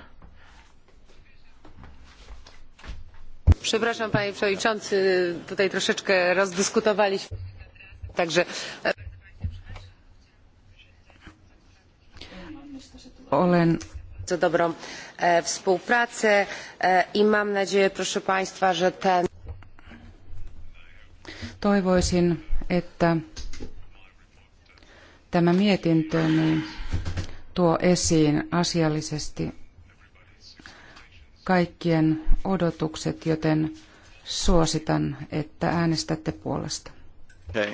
Przepraszam panie przewodniczący, tutaj troszeczkę rozdyskutowaliśmy. Także e, olen za dobrą e, współpracę e, i mam nadzieję proszę państwa, że ten Toivoisin, että tämä mietintöni niin tuo esiin asiallisesti kaikkien odotukset, joten suositan, että äänestätte puolesta. Okay.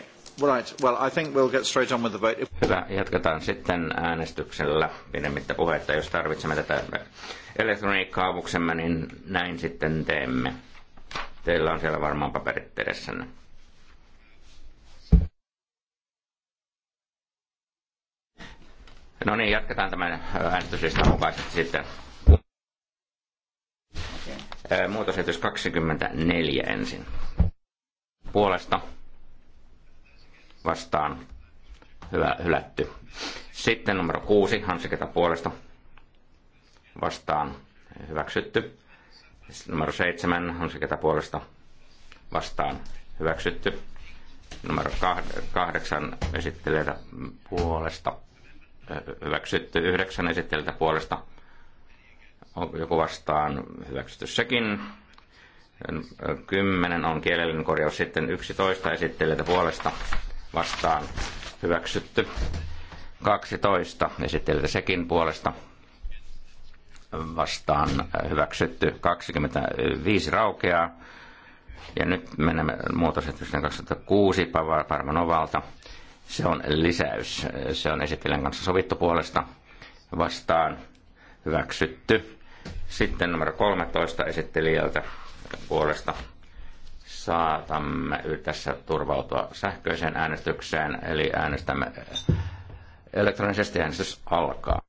Right. Well, I think we'll get straight on with the vote. Hyvä, jatketaan sitten äänestyksellä pidemmittä puhetta. Jos tarvitsemme tätä elektroniikkaa avuksemme, niin näin sitten teemme. Teillä on siellä varmaan paperit edessänne. No niin, jatketaan tämän äh, äänestyslistan mukaisesti sitten. Okay. Äh, 24 ensin. Puolesta vastaan Hyvä, hylätty. Sitten numero 6, Hansiketa puolesta vastaan hyväksytty. Sitten numero 7, Hansiketa puolesta vastaan hyväksytty. Numero 8 esittelijätä puolesta hyväksytty yhdeksän esittelijältä puolesta. joku vastaan hyväksytty sekin? Kymmenen on kielellinen korjaus sitten yksitoista esittelijältä puolesta vastaan hyväksytty. 12 esittelijältä sekin puolesta vastaan hyväksytty 25 raukeaa. Ja nyt menemme muutosesityksen 26 Parmanovalta se on lisäys. Se on esittelijän kanssa sovittu puolesta vastaan hyväksytty. Sitten numero 13 esittelijältä puolesta saatamme tässä turvautua sähköiseen äänestykseen, eli äänestämme eh, elektronisesti äänestys alkaa.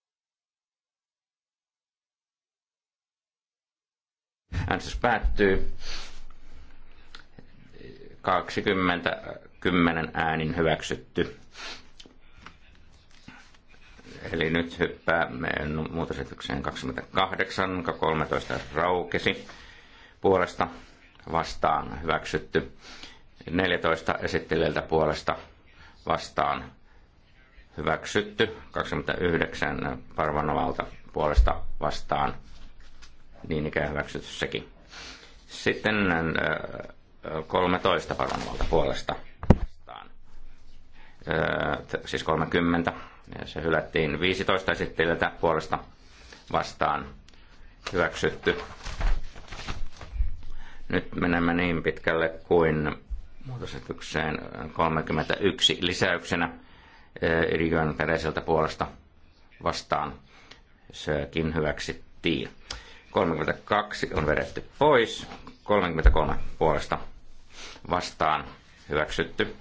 Äänestys päättyy. 20 kymmenen äänin hyväksytty. Eli nyt hyppäämme muutosesitykseen 28, 13 raukesi puolesta vastaan hyväksytty. 14 esittelijältä puolesta vastaan hyväksytty. 29 Parvanovalta puolesta vastaan niin ikään hyväksytty sekin. Sitten 13 äh, Parvanovalta puolesta siis 30. Se hylättiin 15 esittelijältä puolesta vastaan hyväksytty. Nyt menemme niin pitkälle kuin muutosetykseen 31 lisäyksenä Irion Pereseltä puolesta vastaan sekin hyväksyttiin. 32 on vedetty pois, 33 puolesta vastaan hyväksytty.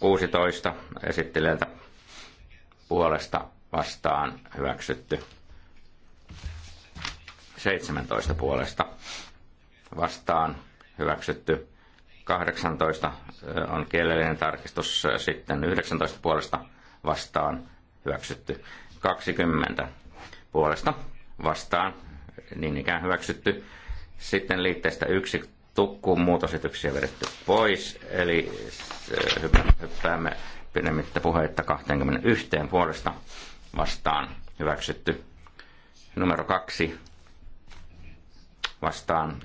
16 esittelijältä puolesta vastaan hyväksytty. 17 puolesta vastaan hyväksytty. 18 on kielellinen tarkistus, sitten 19 puolesta vastaan hyväksytty. 20 puolesta vastaan niin ikään hyväksytty. Sitten liitteestä 1 tukkuun muutosityksiä vedetty pois, eli hyppäämme pidemmittä puheitta 21 puolesta vastaan hyväksytty. Numero kaksi vastaan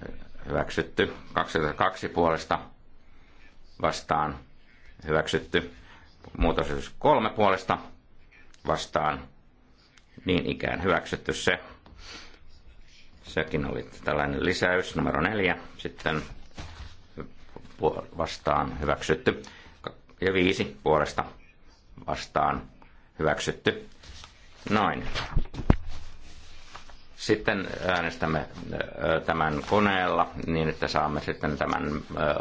hyväksytty. 22 puolesta vastaan hyväksytty. Muutosesitys kolme puolesta vastaan niin ikään hyväksytty se Sekin oli tällainen lisäys numero neljä. Sitten vastaan hyväksytty. Ja viisi puolesta vastaan hyväksytty. Noin. Sitten äänestämme tämän koneella niin, että saamme sitten tämän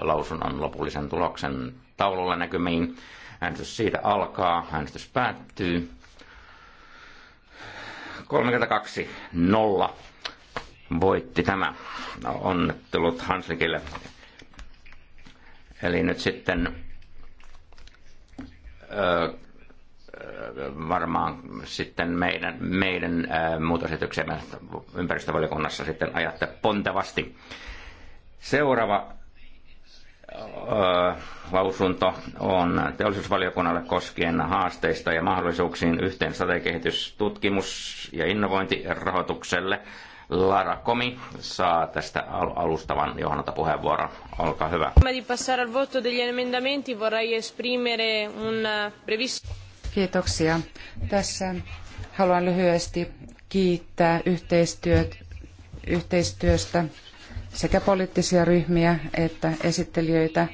lausunnon lopullisen tuloksen taululla näkymiin. Äänestys siitä alkaa, äänestys päättyy. 32 nolla voitti tämä. No, on tullut Hanslikille. Eli nyt sitten ö, varmaan sitten meidän, meidän muutosesityksemme ympäristövaliokunnassa sitten ajatte pontevasti. Seuraava ö, lausunto on teollisuusvaliokunnalle koskien haasteista ja mahdollisuuksiin yhteen strategikehitys, tutkimus- ja innovointirahoitukselle – Lara Komi saa tästä al- alustavan johannota puheenvuoron. Olkaa hyvä. Eh, Kiitoksia. Tässä haluan lyhyesti kiittää yhteistyöstä sekä poliittisia ryhmiä että esittelijöitä.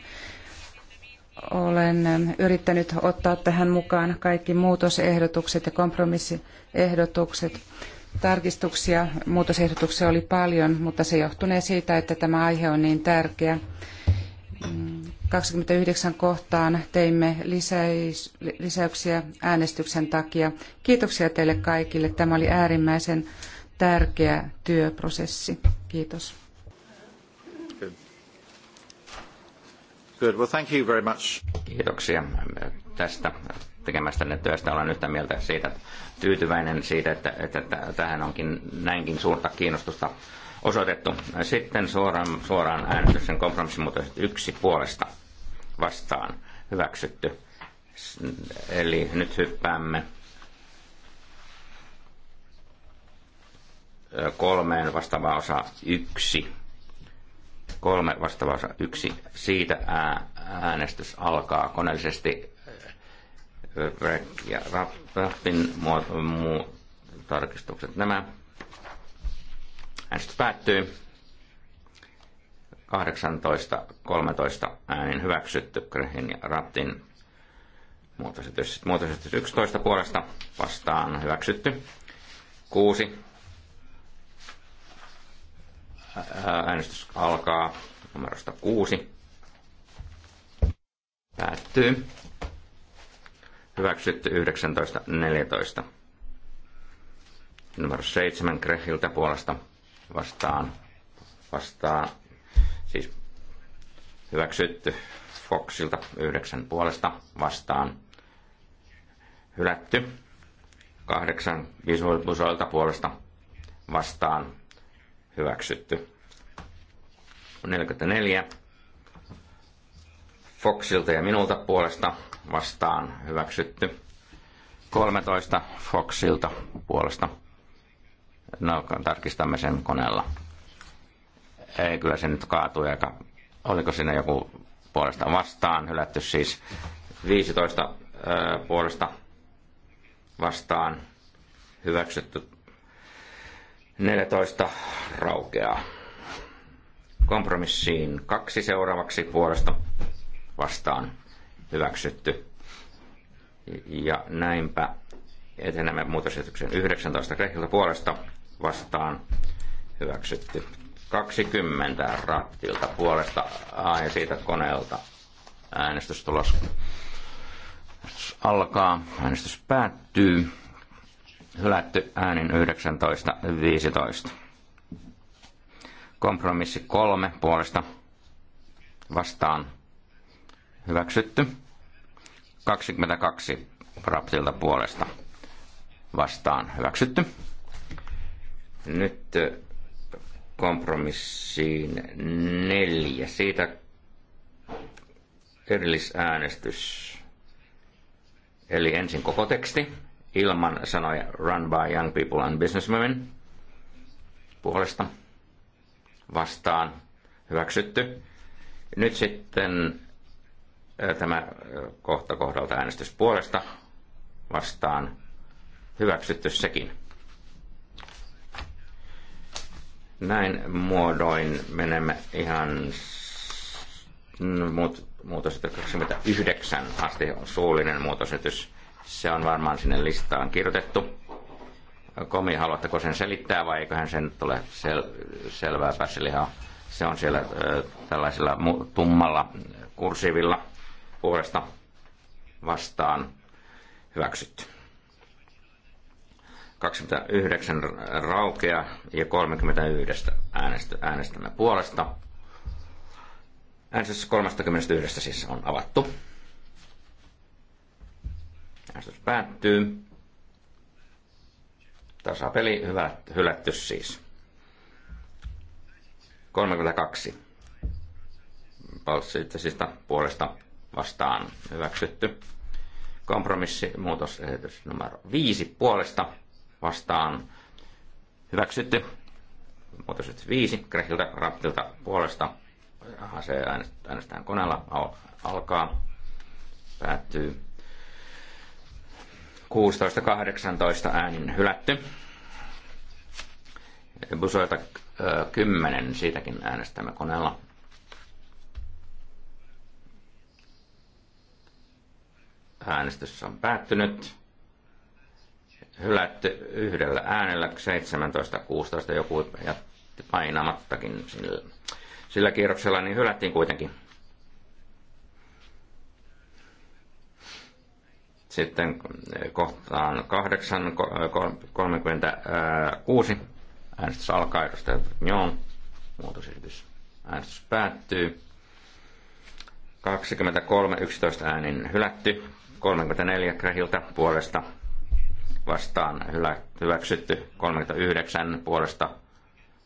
Olen eh, yrittänyt ottaa tähän mukaan kaikki muutosehdotukset ja kompromissiehdotukset Tarkistuksia, muutosehdotuksia oli paljon, mutta se johtunee siitä, että tämä aihe on niin tärkeä. 29 kohtaan teimme lisäys, lisäyksiä äänestyksen takia. Kiitoksia teille kaikille. Tämä oli äärimmäisen tärkeä työprosessi. Kiitos. Good. Good. Well, thank you very much. Kiitoksia tästä tekemästänne työstä. Olen yhtä mieltä siitä, tyytyväinen siitä, että, että tähän onkin näinkin suurta kiinnostusta osoitettu. Sitten suoraan, suoraan äänestyksen kompromissimuutokset yksi puolesta vastaan hyväksytty. Eli nyt hyppäämme kolmeen vastaava osa yksi. Kolme vastaava osa yksi. Siitä äänestys alkaa koneellisesti. Rack ja Raffin muut, muu tarkistukset. Nämä äänestys päättyy. 18.13 äänin hyväksytty Krehin ja Rattin muutosesitys. Muutosesitys 11 puolesta vastaan hyväksytty. 6. Äänestys alkaa numerosta 6. Päättyy hyväksytty 19.14. Numero 7 Krehiltä puolesta vastaan, vastaan siis hyväksytty Foxilta 9 puolesta vastaan hylätty. 8 Visualbusoilta puolesta vastaan hyväksytty. 44 Foxilta ja minulta puolesta vastaan hyväksytty. 13 Foxilta puolesta. No, tarkistamme sen koneella. Ei, kyllä se nyt kaatui aika... Oliko siinä joku puolesta vastaan hylätty siis 15 ö, puolesta vastaan hyväksytty 14 raukeaa. Kompromissiin kaksi seuraavaksi puolesta vastaan hyväksytty. Ja näinpä etenemme muutosesityksen 19 Krehiltä puolesta vastaan hyväksytty. 20 rattilta puolesta A ja siitä koneelta äänestystulos alkaa. Äänestys päättyy. Hylätty äänin 19.15. Kompromissi kolme puolesta vastaan Hyväksytty. 22 Raptilta puolesta vastaan hyväksytty. Nyt äh, kompromissiin neljä. Siitä erillisäänestys. Eli ensin koko teksti ilman sanoja Run by Young People and businessmen. puolesta vastaan hyväksytty. Nyt sitten Tämä kohta kohdalta äänestys puolesta vastaan hyväksytty sekin. Näin muodoin menemme ihan muut, muutosytys 29 asti suullinen muutosytys. Se on varmaan sinne listaan kirjoitettu. Komi, haluatteko sen selittää vai eiköhän sen tule sel- selvää päässä lihaa? Se on siellä ö, tällaisella mu- tummalla kursiivilla puolesta vastaan hyväksytty. 29 raukea ja 31 äänestä, äänestämme puolesta. Äänestys 31 siis on avattu. Äänestys päättyy. Tasapeli hyvä, hylätty siis. 32. Palssiittisista puolesta vastaan hyväksytty. kompromissi Kompromissimuutosehdotus numero 5 puolesta vastaan hyväksytty. Muutosehdotus 5 Krehiltä Raptilta puolesta. Se äänestetään koneella alkaa, päättyy. 16-18 äänin hylätty. Busoilta 10, siitäkin äänestämme koneella Äänestys on päättynyt. Hylätty yhdellä äänellä 17.16 joku jätti painamattakin sillä, sillä kierroksella, niin hylättiin kuitenkin. Sitten eh, kohtaan 8.36. Äänestys alkaa edustaja Vignon. Muutosesitys. Äänestys päättyy. 23.11 äänin hylätty. 34 Krehiltä puolesta vastaan hyväksytty, 39 puolesta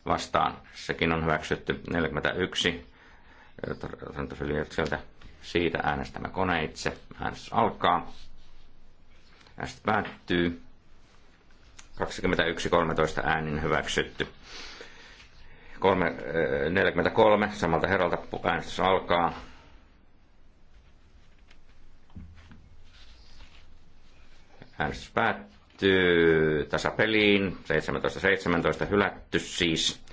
vastaan sekin on hyväksytty, 41 sieltä siitä äänestämme koneitse. Äänestys alkaa. Äänestys päättyy. 21.13 äänin hyväksytty. 3, 43 samalta herralta äänestys alkaa. Äänestys päättyy tasapeliin. 17-17 hylätty siis.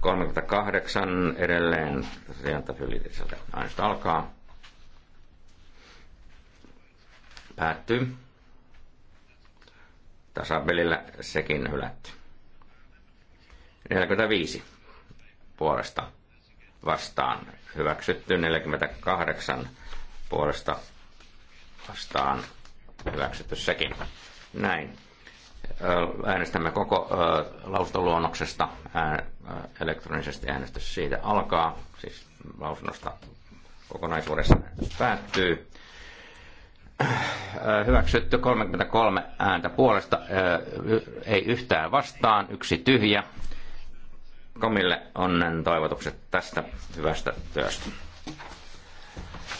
38 edelleen sieltä Fylidiseltä. Äänestys alkaa. Päättyy. Tasapelillä sekin hylätty. 45 puolesta vastaan hyväksytty, 48 puolesta vastaan hyväksytty sekin. Näin. Äänestämme koko lausuntoluonnoksesta. Elektronisesti äänestys siitä alkaa. Siis lausunnosta kokonaisuudessa päättyy. Hyväksytty 33 ääntä puolesta, ei yhtään vastaan, yksi tyhjä. Komille onnen toivotukset tästä hyvästä työstä.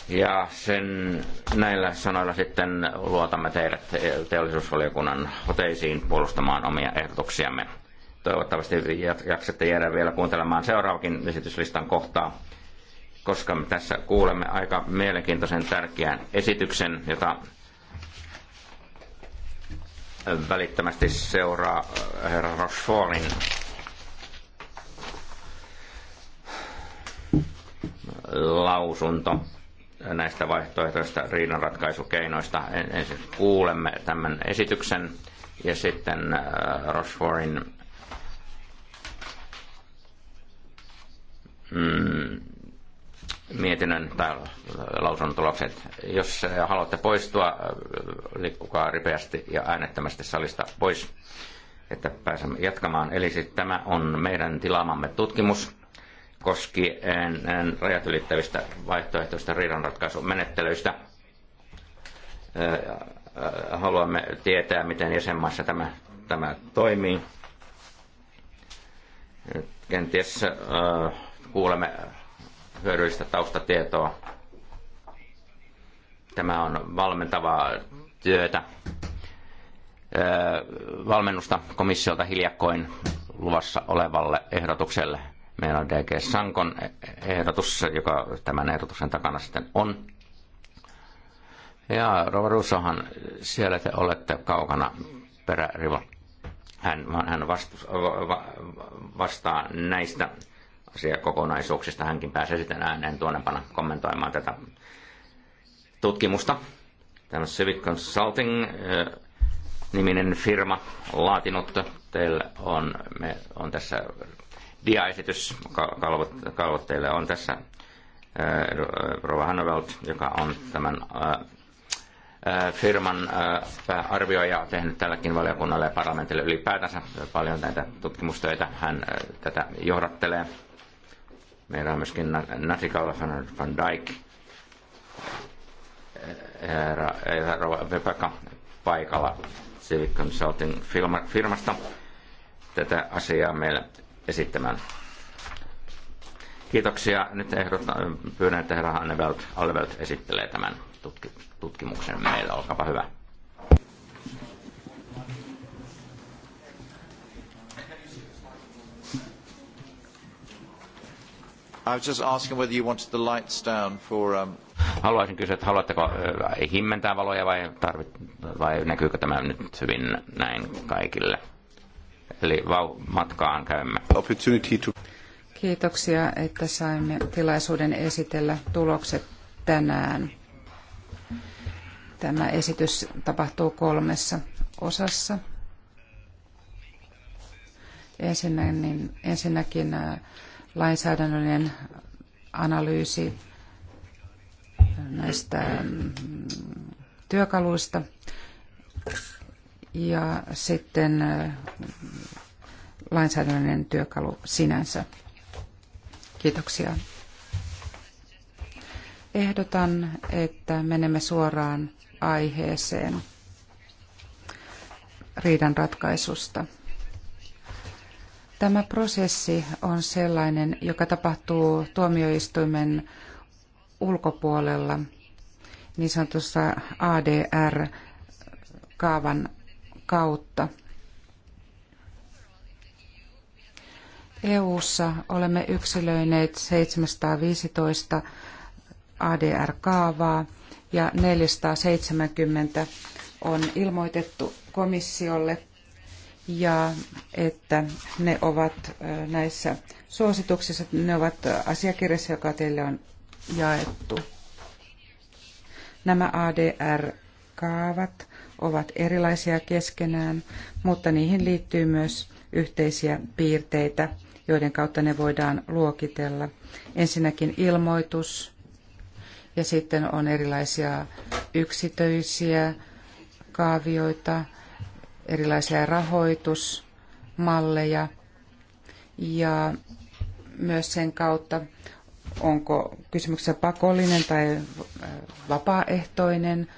Ja sen näillä sanoilla sitten luotamme teidät teollisuusvaliokunnan hoteisiin puolustamaan omia ehdotuksiamme. Toivottavasti jaksatte jäädä vielä kuuntelemaan seuraavakin esityslistan kohtaa, koska me tässä kuulemme aika mielenkiintoisen tärkeän esityksen, jota välittömästi seuraa äh, herra Rochefortin lausunto näistä vaihtoehtoista riidanratkaisukeinoista. Ensin kuulemme tämän esityksen ja sitten äh, Rochefortin mm, mietinnön tai lausunnon tulokset. Jos äh, haluatte poistua, äh, liikkukaa ripeästi ja äänettömästi salista pois, että pääsemme jatkamaan. Eli siis tämä on meidän tilaamamme tutkimus koskien eh, rajat ylittävistä vaihtoehtoista riidanratkaisumenettelyistä. Eh, haluamme tietää, miten jäsenmaissa tämä, tämä toimii. Kenties eh, kuulemme hyödyllistä taustatietoa. Tämä on valmentavaa työtä, valmennusta komissiolta hiljakkoin luvassa olevalle ehdotukselle – Meillä on DG Sankon ehdotus, joka tämän ehdotuksen takana sitten on. Ja Rova Russohan, siellä te olette kaukana peräriva. Hän, hän vastus, va, vastaa näistä asiakokonaisuuksista. Hänkin pääsee sitten ääneen tuonnepana kommentoimaan tätä tutkimusta. Tämä Civic Consulting eh, niminen firma laatinut. teille on, me on tässä diaesitys kalvot, kalvot teille on tässä äh, äh, Rova Hanneveld, joka on tämän äh, firman arvioija tehnyt tälläkin valiokunnalle ja parlamentille ylipäätänsä paljon näitä tutkimustöitä. Hän tätä johdattelee. Meillä on myöskin Nati van, van Dijk, Rova Vepeka paikalla Civic Consulting firmasta. Tätä asiaa meillä esittämään. Kiitoksia. Nyt pyydän, että herra Annevelt Alvelt esittelee tämän tutki, tutkimuksen meille. Olkaapa hyvä. I was just asking whether you wanted the lights down for um... Haluaisin kysyä, että haluatteko himmentää valoja vai, tarvit, vai näkyykö tämä nyt hyvin näin kaikille? eli matkaan käymme. Kiitoksia, että saimme tilaisuuden esitellä tulokset tänään. Tämä esitys tapahtuu kolmessa osassa. Ensinnäkin, ensinnäkin äh, lainsäädännöllinen analyysi näistä mm, työkaluista ja sitten lainsäädännöllinen työkalu sinänsä. Kiitoksia. Ehdotan, että menemme suoraan aiheeseen riidan ratkaisusta. Tämä prosessi on sellainen, joka tapahtuu tuomioistuimen ulkopuolella niin sanotussa ADR-kaavan kautta. EU:ssa olemme yksilöineet 715 ADR-kaavaa ja 470 on ilmoitettu komissiolle ja että ne ovat näissä suosituksissa, ne ovat asiakirjassa, joka teille on jaettu. Nämä ADR-kaavat ovat erilaisia keskenään, mutta niihin liittyy myös yhteisiä piirteitä, joiden kautta ne voidaan luokitella. Ensinnäkin ilmoitus, ja sitten on erilaisia yksityisiä kaavioita, erilaisia rahoitusmalleja ja myös sen kautta, onko kysymyksessä pakollinen tai vapaaehtoinen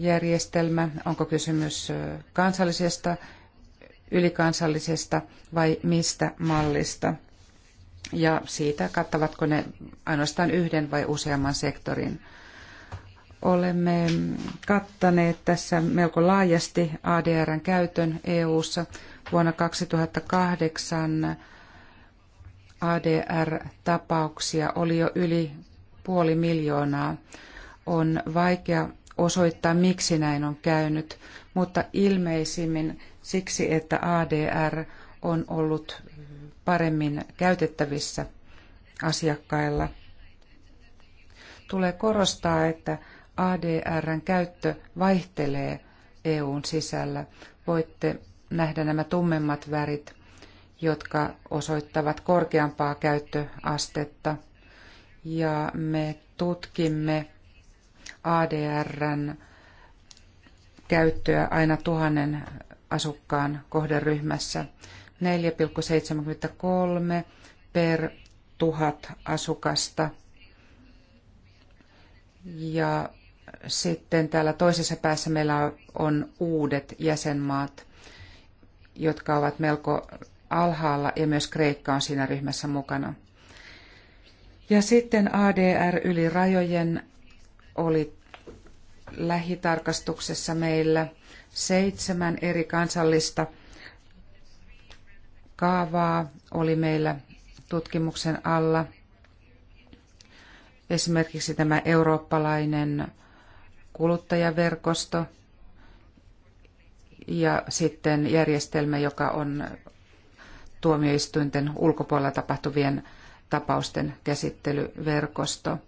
järjestelmä, onko kysymys kansallisesta, ylikansallisesta vai mistä mallista. Ja siitä kattavatko ne ainoastaan yhden vai useamman sektorin. Olemme kattaneet tässä melko laajasti ADRn käytön EU:ssa vuonna 2008 ADR-tapauksia oli jo yli puoli miljoonaa. On vaikea osoittaa, miksi näin on käynyt, mutta ilmeisimmin siksi, että ADR on ollut paremmin käytettävissä asiakkailla. Tulee korostaa, että ADRn käyttö vaihtelee EUn sisällä. Voitte nähdä nämä tummemmat värit, jotka osoittavat korkeampaa käyttöastetta. Ja me tutkimme ADRn käyttöä aina tuhannen asukkaan kohderyhmässä. 4,73 per tuhat asukasta. Ja sitten täällä toisessa päässä meillä on uudet jäsenmaat, jotka ovat melko alhaalla ja myös Kreikka on siinä ryhmässä mukana. Ja sitten ADR yli rajojen oli lähitarkastuksessa meillä seitsemän eri kansallista kaavaa oli meillä tutkimuksen alla. Esimerkiksi tämä eurooppalainen kuluttajaverkosto ja sitten järjestelmä, joka on tuomioistuinten ulkopuolella tapahtuvien tapausten käsittelyverkosto –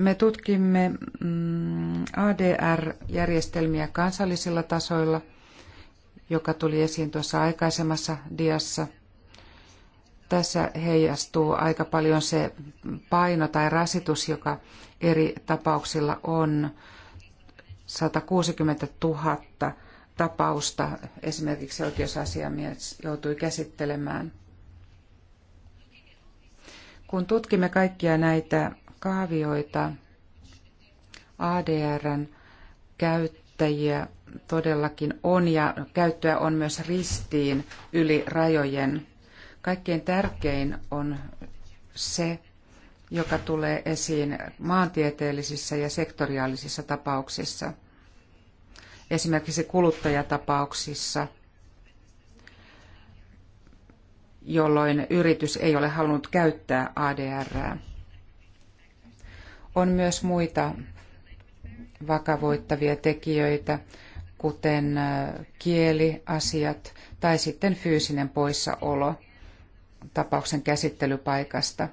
Me tutkimme mm, ADR-järjestelmiä kansallisilla tasoilla, joka tuli esiin tuossa aikaisemmassa diassa. Tässä heijastuu aika paljon se paino tai rasitus, joka eri tapauksilla on. 160 000 tapausta esimerkiksi oikeusasiamies joutui käsittelemään. Kun tutkimme kaikkia näitä kaavioita ADRn käyttäjiä todellakin on ja käyttöä on myös ristiin yli rajojen. Kaikkein tärkein on se, joka tulee esiin maantieteellisissä ja sektoriaalisissa tapauksissa. Esimerkiksi kuluttajatapauksissa, jolloin yritys ei ole halunnut käyttää ADRää. On myös muita vakavoittavia tekijöitä, kuten äh, kieliasiat tai sitten fyysinen poissaolo tapauksen käsittelypaikasta.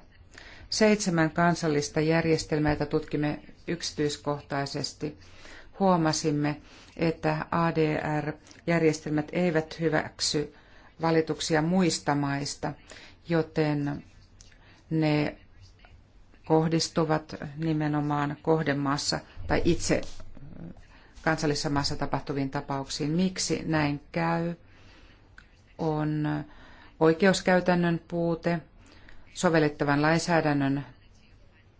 Seitsemän kansallista järjestelmää, joita tutkimme yksityiskohtaisesti, huomasimme, että ADR-järjestelmät eivät hyväksy valituksia muista maista, joten ne kohdistuvat nimenomaan kohdemaassa tai itse kansallisessa maassa tapahtuviin tapauksiin. Miksi näin käy? On oikeuskäytännön puute, sovellettavan lainsäädännön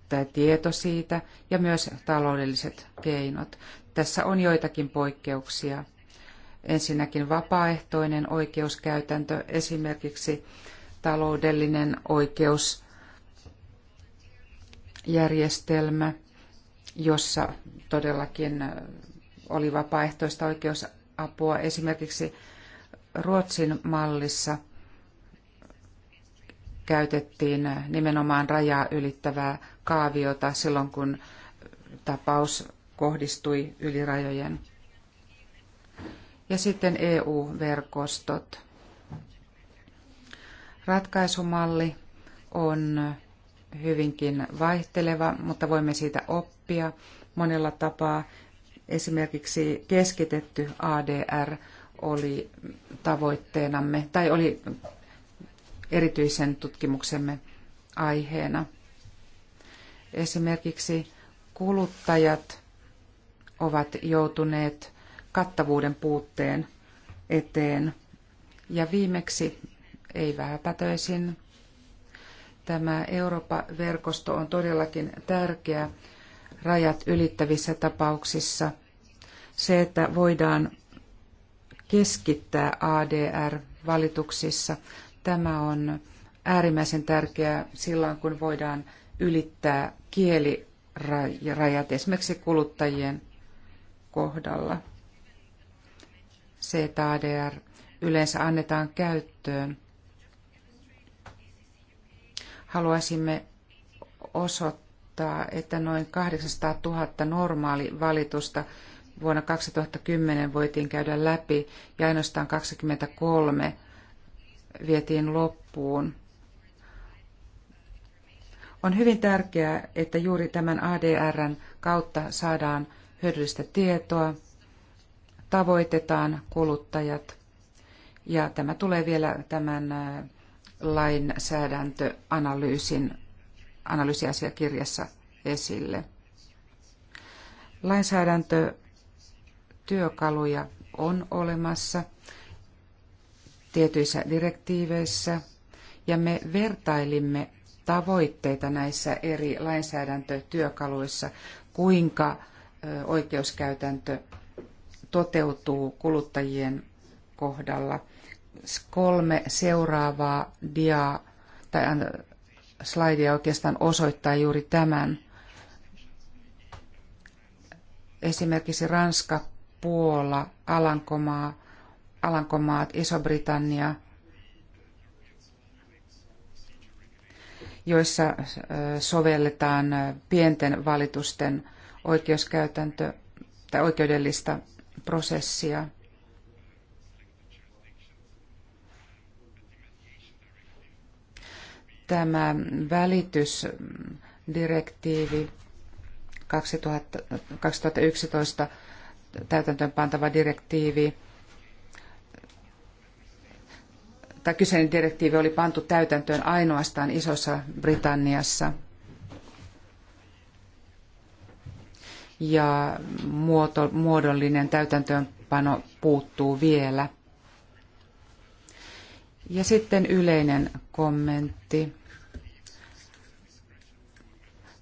tai tieto siitä ja myös taloudelliset keinot. Tässä on joitakin poikkeuksia. Ensinnäkin vapaaehtoinen oikeuskäytäntö, esimerkiksi taloudellinen oikeus järjestelmä, jossa todellakin oli vapaaehtoista oikeusapua. Esimerkiksi Ruotsin mallissa käytettiin nimenomaan rajaa ylittävää kaaviota silloin, kun tapaus kohdistui yli rajojen. Ja sitten EU-verkostot. Ratkaisumalli on hyvinkin vaihteleva, mutta voimme siitä oppia monella tapaa. Esimerkiksi keskitetty ADR oli tavoitteenamme tai oli erityisen tutkimuksemme aiheena. Esimerkiksi kuluttajat ovat joutuneet kattavuuden puutteen eteen. Ja viimeksi, ei vähäpätöisin Tämä Eurooppa-verkosto on todellakin tärkeä rajat ylittävissä tapauksissa. Se, että voidaan keskittää ADR-valituksissa, tämä on äärimmäisen tärkeää silloin, kun voidaan ylittää kielirajat esimerkiksi kuluttajien kohdalla. Se, että ADR yleensä annetaan käyttöön Haluaisimme osoittaa, että noin 800 000 normaali valitusta vuonna 2010 voitiin käydä läpi ja ainoastaan 23 vietiin loppuun. On hyvin tärkeää, että juuri tämän ADRn kautta saadaan hyödyllistä tietoa, tavoitetaan kuluttajat ja tämä tulee vielä tämän äh, lainsäädäntöanalyysin analyysiasiakirjassa esille. Lainsäädäntötyökaluja on olemassa tietyissä direktiiveissä ja me vertailimme tavoitteita näissä eri lainsäädäntötyökaluissa, kuinka oikeuskäytäntö toteutuu kuluttajien kohdalla – kolme seuraavaa dia tai äh, slaidia oikeastaan osoittaa juuri tämän. Esimerkiksi Ranska, Puola, Alankomaa, Alankomaat, Iso-Britannia, joissa äh, sovelletaan äh, pienten valitusten oikeuskäytäntö tai oikeudellista prosessia – tämä välitysdirektiivi 2000, 2011 täytäntöönpantava direktiivi tai kyseinen direktiivi oli pantu täytäntöön ainoastaan Isossa Britanniassa. Ja muoto, muodollinen täytäntöönpano puuttuu vielä. Ja sitten yleinen kommentti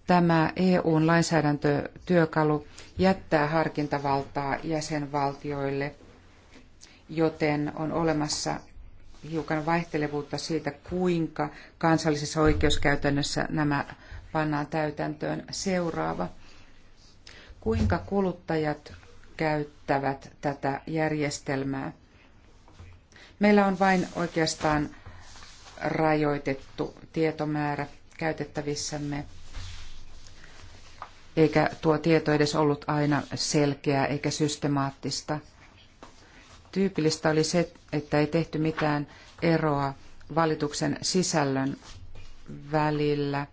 tämä EUn lainsäädäntötyökalu jättää harkintavaltaa jäsenvaltioille, joten on olemassa hiukan vaihtelevuutta siitä, kuinka kansallisessa oikeuskäytännössä nämä pannaan täytäntöön. Seuraava. Kuinka kuluttajat käyttävät tätä järjestelmää? Meillä on vain oikeastaan rajoitettu tietomäärä käytettävissämme eikä tuo tieto edes ollut aina selkeää eikä systemaattista. Tyypillistä oli se, että ei tehty mitään eroa valituksen sisällön välillä.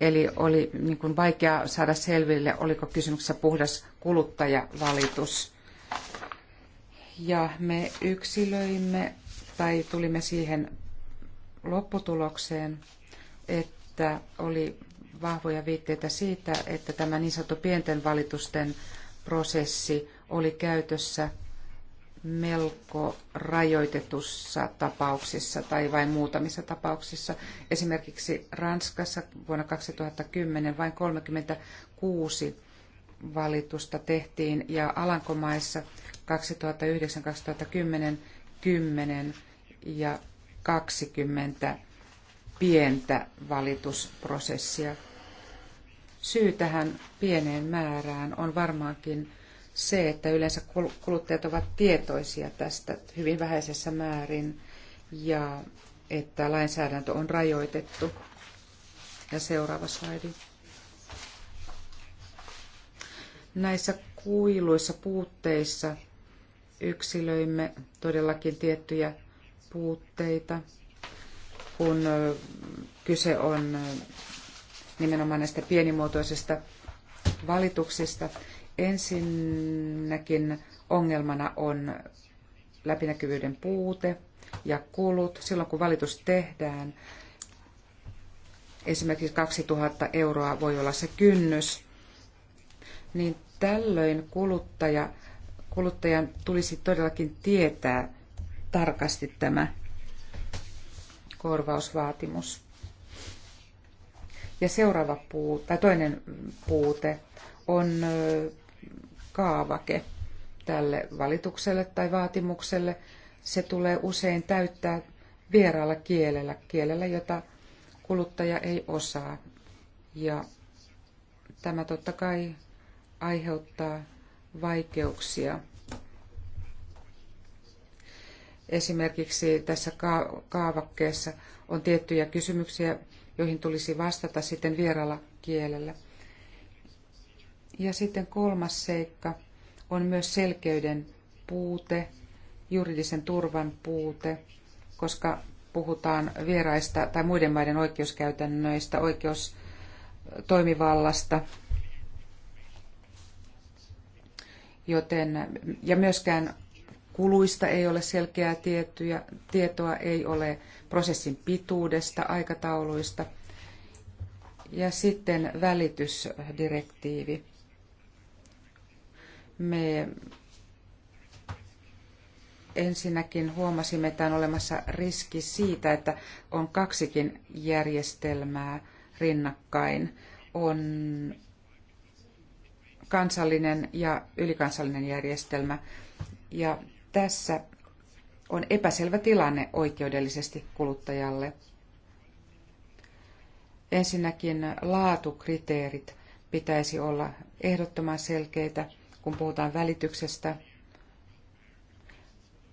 Eli oli niin kuin vaikea saada selville, oliko kysymyksessä puhdas kuluttajavalitus. Ja me yksilöimme tai tulimme siihen lopputulokseen, että oli vahvoja viitteitä siitä, että tämä niin sanottu pienten valitusten prosessi oli käytössä melko rajoitetussa tapauksissa tai vain muutamissa tapauksissa. Esimerkiksi Ranskassa vuonna 2010 vain 36 valitusta tehtiin ja Alankomaissa 2009-2010 10 ja 20 pientä valitusprosessia Syy tähän pieneen määrään on varmaankin se, että yleensä kuluttajat ovat tietoisia tästä hyvin vähäisessä määrin ja että lainsäädäntö on rajoitettu. Ja seuraava slaidi. Näissä kuiluissa puutteissa yksilöimme todellakin tiettyjä puutteita, kun kyse on nimenomaan näistä pienimuotoisista valituksista. Ensinnäkin ongelmana on läpinäkyvyyden puute ja kulut. Silloin kun valitus tehdään, esimerkiksi 2000 euroa voi olla se kynnys, niin tällöin kuluttaja, kuluttajan tulisi todellakin tietää tarkasti tämä korvausvaatimus. Ja seuraava puu, tai toinen puute on kaavake tälle valitukselle tai vaatimukselle. Se tulee usein täyttää vieraalla kielellä, kielellä, jota kuluttaja ei osaa. Ja tämä totta kai aiheuttaa vaikeuksia. Esimerkiksi tässä kaavakkeessa on tiettyjä kysymyksiä, joihin tulisi vastata sitten vieralla kielellä. Ja sitten kolmas seikka on myös selkeyden puute, juridisen turvan puute, koska puhutaan vieraista tai muiden maiden oikeuskäytännöistä, oikeustoimivallasta, joten, ja myöskään Kuluista ei ole selkeää tiettyjä, tietoa, ei ole prosessin pituudesta, aikatauluista. Ja sitten välitysdirektiivi. Me ensinnäkin huomasimme, että on olemassa riski siitä, että on kaksikin järjestelmää rinnakkain. On kansallinen ja ylikansallinen järjestelmä. Ja tässä on epäselvä tilanne oikeudellisesti kuluttajalle. Ensinnäkin laatukriteerit pitäisi olla ehdottoman selkeitä, kun puhutaan välityksestä.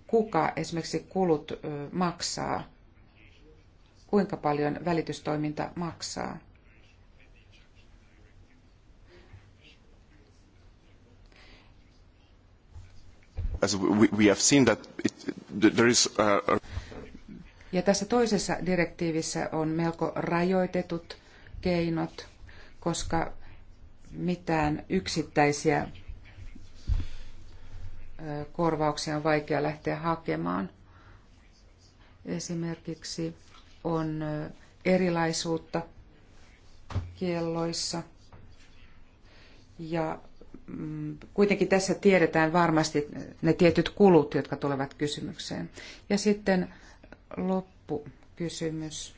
Kuka esimerkiksi kulut maksaa? Kuinka paljon välitystoiminta maksaa? as we, we have seen that it, there is a, a ja tässä toisessa direktiivissä on melko rajoitetut keinot, koska mitään yksittäisiä korvauksia on vaikea lähteä hakemaan. Esimerkiksi on erilaisuutta kielloissa ja Mm, kuitenkin tässä tiedetään varmasti ne tietyt kulut, jotka tulevat kysymykseen. Ja sitten loppukysymys.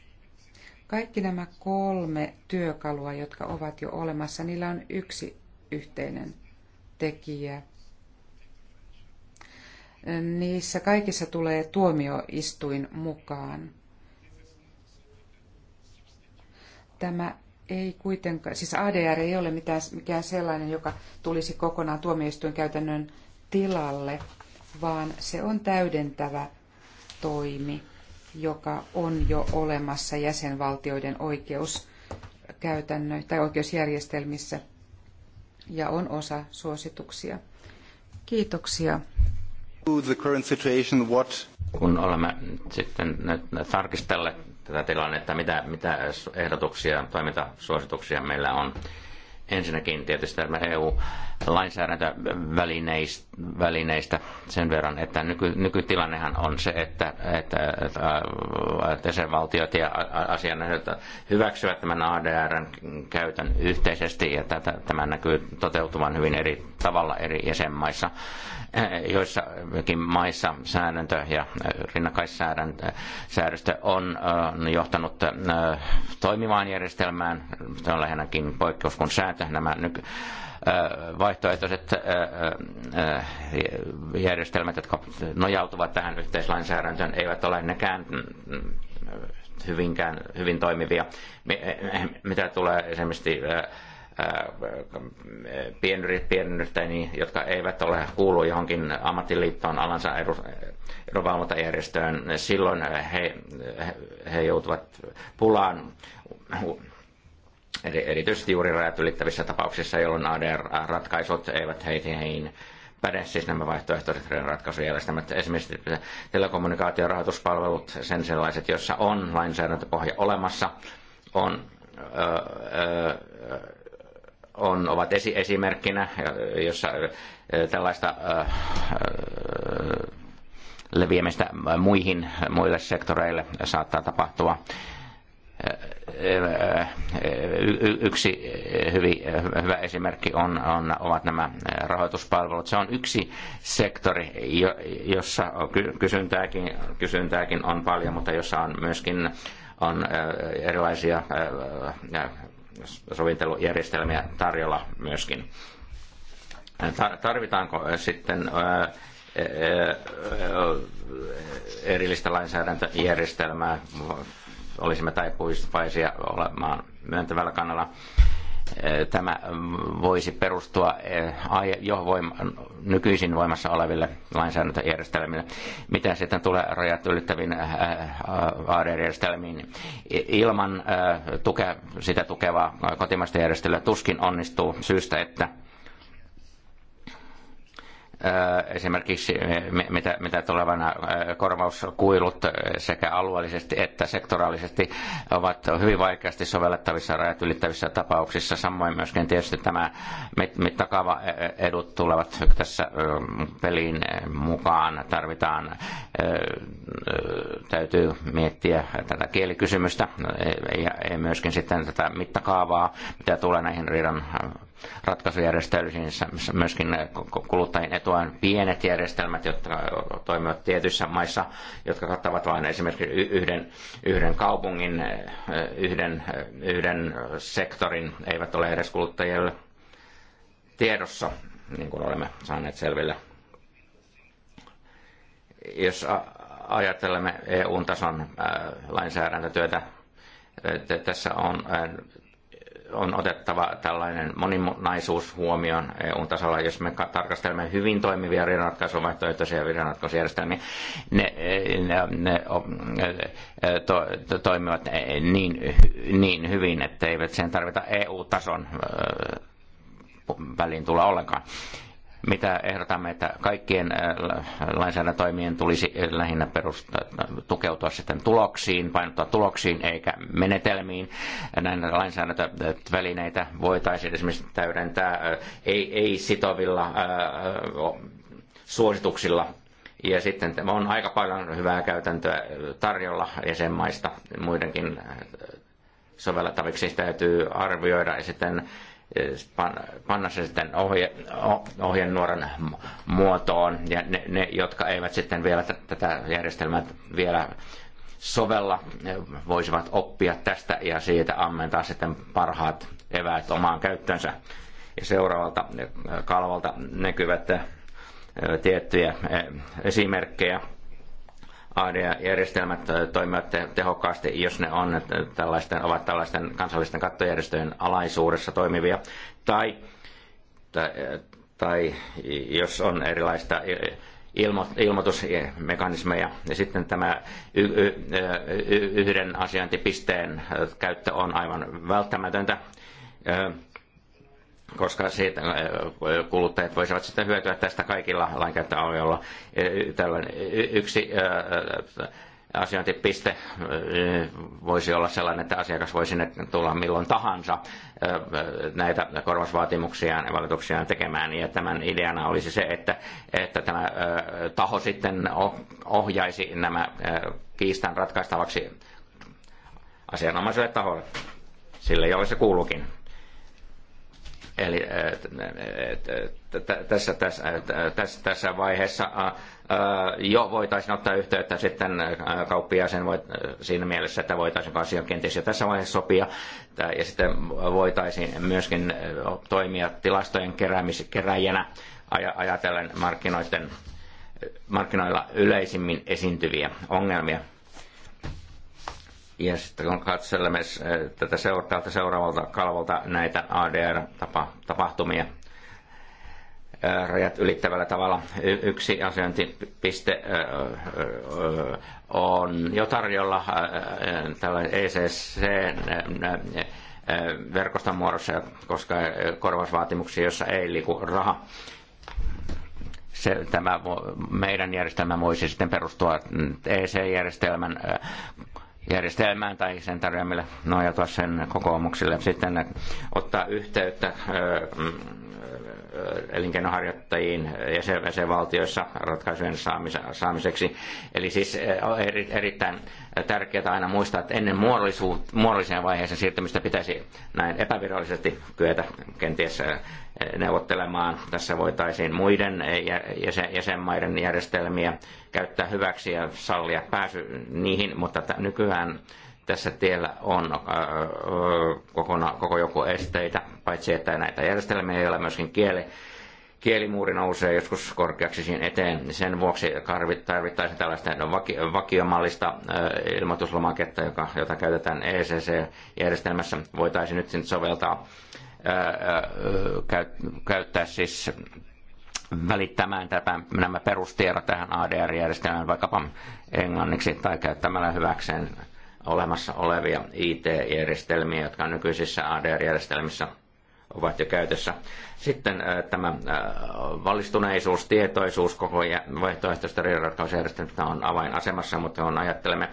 Kaikki nämä kolme työkalua, jotka ovat jo olemassa, niillä on yksi yhteinen tekijä. Niissä kaikissa tulee tuomioistuin mukaan. Tämä ei kuitenkaan, siis ADR ei ole mitään, mikään sellainen, joka tulisi kokonaan käytännön tilalle, vaan se on täydentävä toimi, joka on jo olemassa jäsenvaltioiden oikeus tai oikeusjärjestelmissä ja on osa suosituksia. Kiitoksia. Kun olemme sitten tarkistelleet tätä tilannetta, mitä, mitä ehdotuksia, toimintasuosituksia meillä on. Ensinnäkin tietysti tämä EU lainsäädäntövälineistä sen verran, että nyky, nykytilannehan on se, että, että, että, että valtiot ja asianajat hyväksyvät tämän ADRn käytön yhteisesti ja tätä, tämä näkyy toteutuvan hyvin eri tavalla eri jäsenmaissa. Joissakin maissa säännöntö ja rinnakkaissäädöstö on äh, johtanut äh, toimivaan järjestelmään. Se on lähinnäkin poikkeus kuin säätö, Nämä nyky- vaihtoehtoiset järjestelmät, jotka nojautuvat tähän yhteislainsäädäntöön, eivät ole nekään mm, mm, hyvinkään, hyvin toimivia. Eh, eh, mitä tulee esimerkiksi pienyrittäjiin, jotka eivät ole kuulu johonkin ammattiliittoon, alansa edunvalvontajärjestöön, silloin he, he joutuvat pulaan erityisesti juuri rajat ylittävissä tapauksissa, jolloin ADR-ratkaisut eivät heihin päde siis nämä vaihtoehtoiset ratkaisujärjestelmät, esimerkiksi rahoituspalvelut, sen sellaiset, joissa on lainsäädäntöpohja olemassa, on, ö, on, ovat esi- esimerkkinä, jossa tällaista ö, leviämistä muihin, muille sektoreille saattaa tapahtua yksi hyvin, hyvä esimerkki on, on, ovat nämä rahoituspalvelut. Se on yksi sektori, jossa kysyntääkin, kysyntääkin on paljon, mutta jossa on myöskin on erilaisia sovintelujärjestelmiä tarjolla myöskin. Tarvitaanko sitten erillistä lainsäädäntöjärjestelmää olisimme taipuvaisia olemaan myöntävällä kannalla. Tämä voisi perustua jo voima, nykyisin voimassa oleville lainsäädäntöjärjestelmille. Mitä sitten tulee rajat ylittäviin ad järjestelmiin Ilman tukea, sitä tukevaa kotimaista järjestelyä tuskin onnistuu syystä, että Äh, esimerkiksi eh, mitä, mitä tulevana äh, korvauskuilut eh, sekä alueellisesti että sektoraalisesti ovat hyvin vaikeasti sovellettavissa rajat ylittävissä tapauksissa. Samoin myöskin tietysti tämä mittakaava eh, edut tulevat tässä peliin mukaan. Tarvitaan, täytyy miettiä tätä kielikysymystä ja myöskin sitten tätä mittakaavaa, mitä tulee näihin riidan ratkaisujärjestelyissä myöskin kuluttajien etuaan pienet järjestelmät, jotka toimivat tietyissä maissa, jotka kattavat vain esimerkiksi yhden, yhden kaupungin, eh, eh, yhden, eh, yhden sektorin, eivät ole edes kuluttajille tiedossa, niin kuin olemme saaneet selville. Jos ajattelemme EU-tason lainsäädäntötyötä, tässä on on otettava tällainen moninaisuus huomioon EU-tasolla, jos me tarkastelemme hyvin toimivia riidanratkaisuvaihtoehtoisia riidanratkaisujärjestelmiä, ne, ne, ne e, to, to, toimivat e, niin, niin hyvin, että eivät sen tarvita EU-tason väliin tulla ollenkaan mitä ehdotamme, että kaikkien äh, lainsäädäntötoimien tulisi lähinnä perusta, tukeutua sitten tuloksiin, painottaa tuloksiin eikä menetelmiin. Näin lainsäädäntövälineitä voitaisiin esimerkiksi täydentää äh, ei, ei sitovilla äh, suosituksilla ja sitten on aika paljon hyvää käytäntöä tarjolla jäsenmaista muidenkin sovellettaviksi. Täytyy arvioida ja sitten panna se sitten ohje, ohjenuoran muotoon. Ja ne, ne, jotka eivät sitten vielä tätä järjestelmää vielä sovella, voisivat oppia tästä ja siitä ammentaa sitten parhaat eväät omaan käyttönsä. Ja seuraavalta kalvolta näkyvät tiettyjä esimerkkejä ADA-järjestelmät toimivat tehokkaasti, jos ne on, tällaisten, ovat tällaisten kansallisten kattojärjestöjen alaisuudessa toimivia, tai, tai, tai jos on erilaista ilmo, ilmoitusmekanismeja. Ja sitten tämä y, y, y, yhden asiointipisteen käyttö on aivan välttämätöntä koska siitä äh, kuluttajat voisivat sitten hyötyä tästä kaikilla lainkäyttöalueilla. Tällainen yksi asiointipiste voisi olla sellainen, että asiakas voi sinne tulla milloin tahansa näitä korvausvaatimuksia ja valituksia tekemään. Ja tämän ideana olisi se, että, että tämä taho sitten ohjaisi nämä kiistan ratkaistavaksi asianomaiselle taholle, sille jolle se kuuluukin. Eli tässä, tässä, tässä vaiheessa jo voitaisiin ottaa yhteyttä sitten voi, siinä mielessä, että voitaisiin asian kenties jo tässä vaiheessa sopia. Ja sitten voitaisiin myöskin toimia tilastojen keräämis, keräjänä ajatellen markkinoiden, markkinoilla yleisimmin esiintyviä ongelmia ja sitten kun katselemme eh, tätä seuraavalta, seuraavalta kalvolta näitä ADR-tapahtumia eh, rajat ylittävällä tavalla, yksi asiointipiste eh, on jo tarjolla tällainen ECC-verkoston muodossa, koska korvausvaatimuksia, jossa ei liiku raha se, tämä meidän järjestelmä voisi sitten perustua mm, EC-järjestelmän järjestelmään tai sen tarjoamille nojautua sen kokoomuksille. Sitten ottaa yhteyttä mm, elinkeinoharjoittajiin jäsenvaltioissa ratkaisujen saamiseksi. Eli siis on erittäin tärkeää aina muistaa, että ennen muodolliseen vaiheeseen siirtymistä pitäisi näin epävirallisesti kyetä kenties neuvottelemaan. Tässä voitaisiin muiden jäsenmaiden järjestelmiä käyttää hyväksi ja sallia pääsy niihin, mutta nykyään tässä tiellä on no, äh, kokona, koko joku esteitä, paitsi että näitä järjestelmiä ei ole myöskin kieli, kielimuuri nousee joskus korkeaksi siinä eteen. Sen vuoksi tarvittaisiin tällaista vaki, vakiomallista äh, ilmoituslomaketta, joka, jota käytetään ECC-järjestelmässä. Voitaisiin nyt sen soveltaa, äh, käyttää siis välittämään tämän, nämä perustiedot tähän ADR-järjestelmään vaikkapa englanniksi tai käyttämällä hyväkseen olemassa olevia IT-järjestelmiä, jotka nykyisissä ADR-järjestelmissä ovat jo käytössä. Sitten äh, tämä äh, valistuneisuus, tietoisuus koko vaihtoehtoista riidanratkaisujärjestelmistä on avainasemassa, mutta on ajattelemme,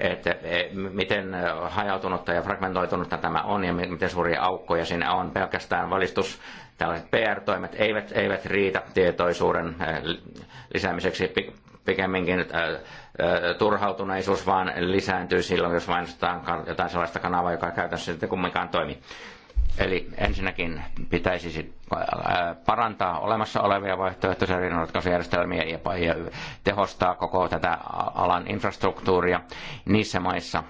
että e, miten äh, hajautunutta ja fragmentoitunutta tämä on ja miten suuria aukkoja siinä on. Pelkästään valistus, tällaiset PR-toimet eivät, eivät riitä tietoisuuden lisäämiseksi pikemminkin turhautuneisuus vaan lisääntyy silloin, jos mainostetaan jotain sellaista kanavaa, joka käytännössä sitten kumminkaan toimi. Eli ensinnäkin pitäisi sit parantaa olemassa olevia vaihtoehtoisia rinnanratkaisujärjestelmiä ja, ja tehostaa koko tätä alan infrastruktuuria niissä maissa,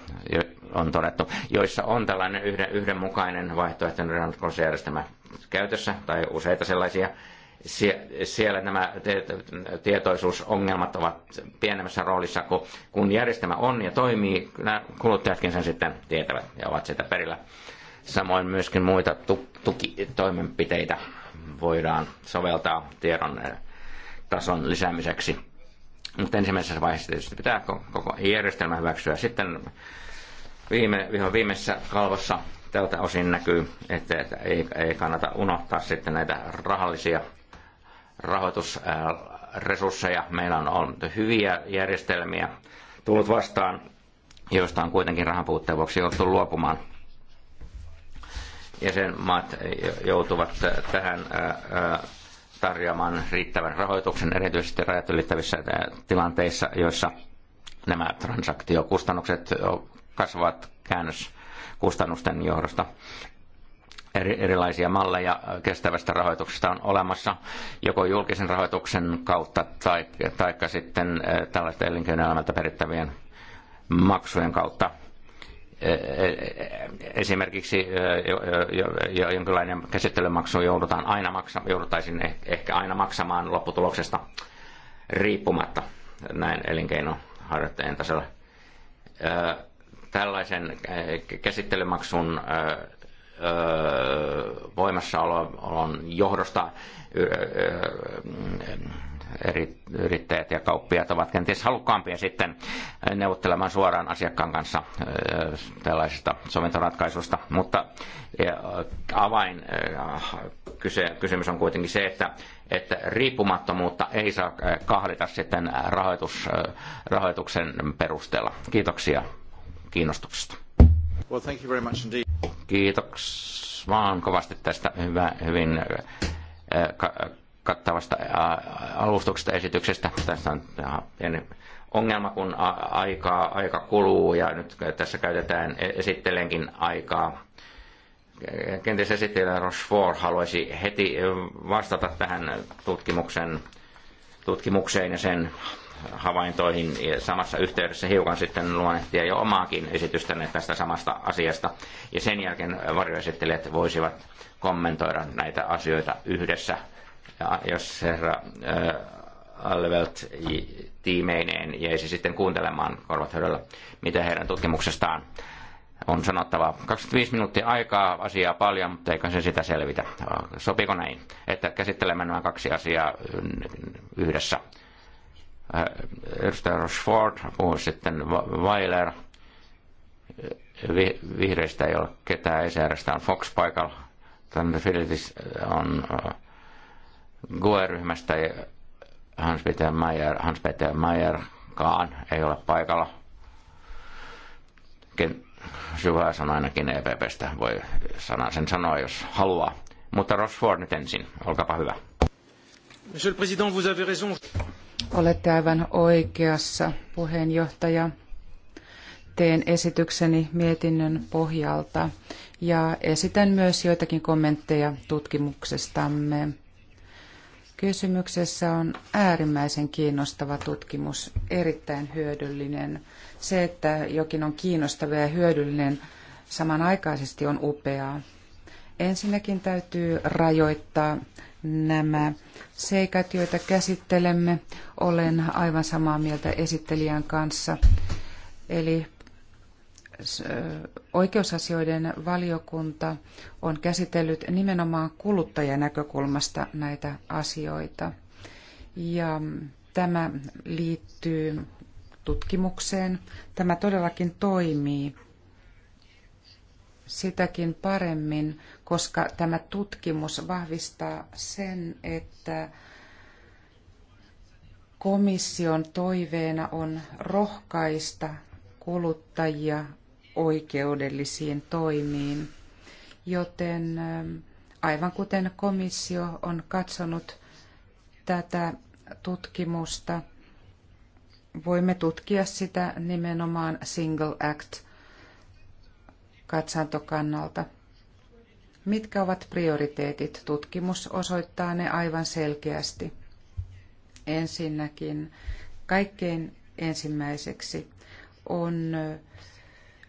on todettu, joissa on tällainen yhden, yhdenmukainen vaihtoehtoinen rinnanratkaisujärjestelmä käytössä tai useita sellaisia siellä nämä tietoisuusongelmat ovat pienemmässä roolissa, kun, kun järjestelmä on ja toimii, nämä kuluttajatkin sen sitten tietävät ja ovat sitä perillä. Samoin myöskin muita tukitoimenpiteitä voidaan soveltaa tiedon eh, tason lisäämiseksi. Mutta ensimmäisessä vaiheessa tietysti pitää koko järjestelmä hyväksyä. Sitten viime, viimeisessä kalvossa tältä osin näkyy, että, että ei, ei kannata unohtaa sitten näitä rahallisia rahoitusresursseja. Meillä on ollut hyviä järjestelmiä tullut vastaan, joista on kuitenkin rahan puutteen vuoksi joutunut luopumaan. Jäsenmaat joutuvat tähän tarjoamaan riittävän rahoituksen erityisesti rajat ylittävissä tilanteissa, joissa nämä transaktiokustannukset kasvavat käännöskustannusten johdosta eri, erilaisia malleja kestävästä rahoituksesta on olemassa, joko julkisen rahoituksen kautta tai taikka sitten eh, tällaista elinkeinoelämältä perittävien maksujen kautta. Eh, eh, esimerkiksi jonkinlainen käsittelymaksu joudutaan aina maksa, joudutaisiin ehkä aina maksamaan lopputuloksesta riippumatta näin elinkeinoharjoittajien tasolla. Tällaisen käsittelymaksun voimassaolon johdosta yrittäjät ja kauppiaat ovat kenties halukkaampia sitten neuvottelemaan suoraan asiakkaan kanssa tällaisesta sovintoratkaisusta. Mutta avain kysymys on kuitenkin se, että, että riippumattomuutta ei saa kahlita sitten rahoitus, rahoituksen perusteella. Kiitoksia kiinnostuksesta. Well, thank you very much indeed. Kiitoks vaan kovasti tästä hyvä, hyvin kattavasta alustuksesta esityksestä. Tässä on pieni ongelma, kun aikaa, aika kuluu ja nyt tässä käytetään e-, esittelenkin aikaa. Kenties esittelijä Rochefort haluaisi heti vastata tähän tutkimuksen, tutkimukseen ja sen havaintoihin ja samassa yhteydessä hiukan sitten luonnehtia jo omaakin esitystänne tästä samasta asiasta. Ja sen jälkeen varjoesittelijät voisivat kommentoida näitä asioita yhdessä. Ja jos herra äh, Alvelt tiimeineen jäisi sitten kuuntelemaan korvat höröllä, mitä heidän tutkimuksestaan on sanottava. 25 minuuttia aikaa, asiaa paljon, mutta eikö se sitä selvitä. Sopiko näin, että käsittelemme nämä kaksi asiaa yhdessä? Äh, edustaja Rochefort puhui sitten Weiler. Äh, vihreistä ei ole ketään, ECRstä on Fox paikalla. Tänne Filitis on äh, GUE-ryhmästä Hans-Peter Mayer, Hans-Peter kaan ei ole paikalla. Ken, Syväs on ainakin EPPstä, voi sana sen sanoa, jos haluaa. Mutta Rochefort nyt ensin, olkapa hyvä. Monsieur le Président, vous avez raison. Olette aivan oikeassa, puheenjohtaja. Teen esitykseni mietinnön pohjalta ja esitän myös joitakin kommentteja tutkimuksestamme. Kysymyksessä on äärimmäisen kiinnostava tutkimus, erittäin hyödyllinen. Se, että jokin on kiinnostava ja hyödyllinen samanaikaisesti on upeaa. Ensinnäkin täytyy rajoittaa nämä seikat, joita käsittelemme. Olen aivan samaa mieltä esittelijän kanssa. Eli oikeusasioiden valiokunta on käsitellyt nimenomaan kuluttajanäkökulmasta näitä asioita. Ja tämä liittyy tutkimukseen. Tämä todellakin toimii sitäkin paremmin, koska tämä tutkimus vahvistaa sen, että komission toiveena on rohkaista kuluttajia oikeudellisiin toimiin, joten ähm, aivan kuten komissio on katsonut tätä tutkimusta, voimme tutkia sitä nimenomaan Single Act katsantokannalta. Mitkä ovat prioriteetit? Tutkimus osoittaa ne aivan selkeästi. Ensinnäkin, kaikkein ensimmäiseksi on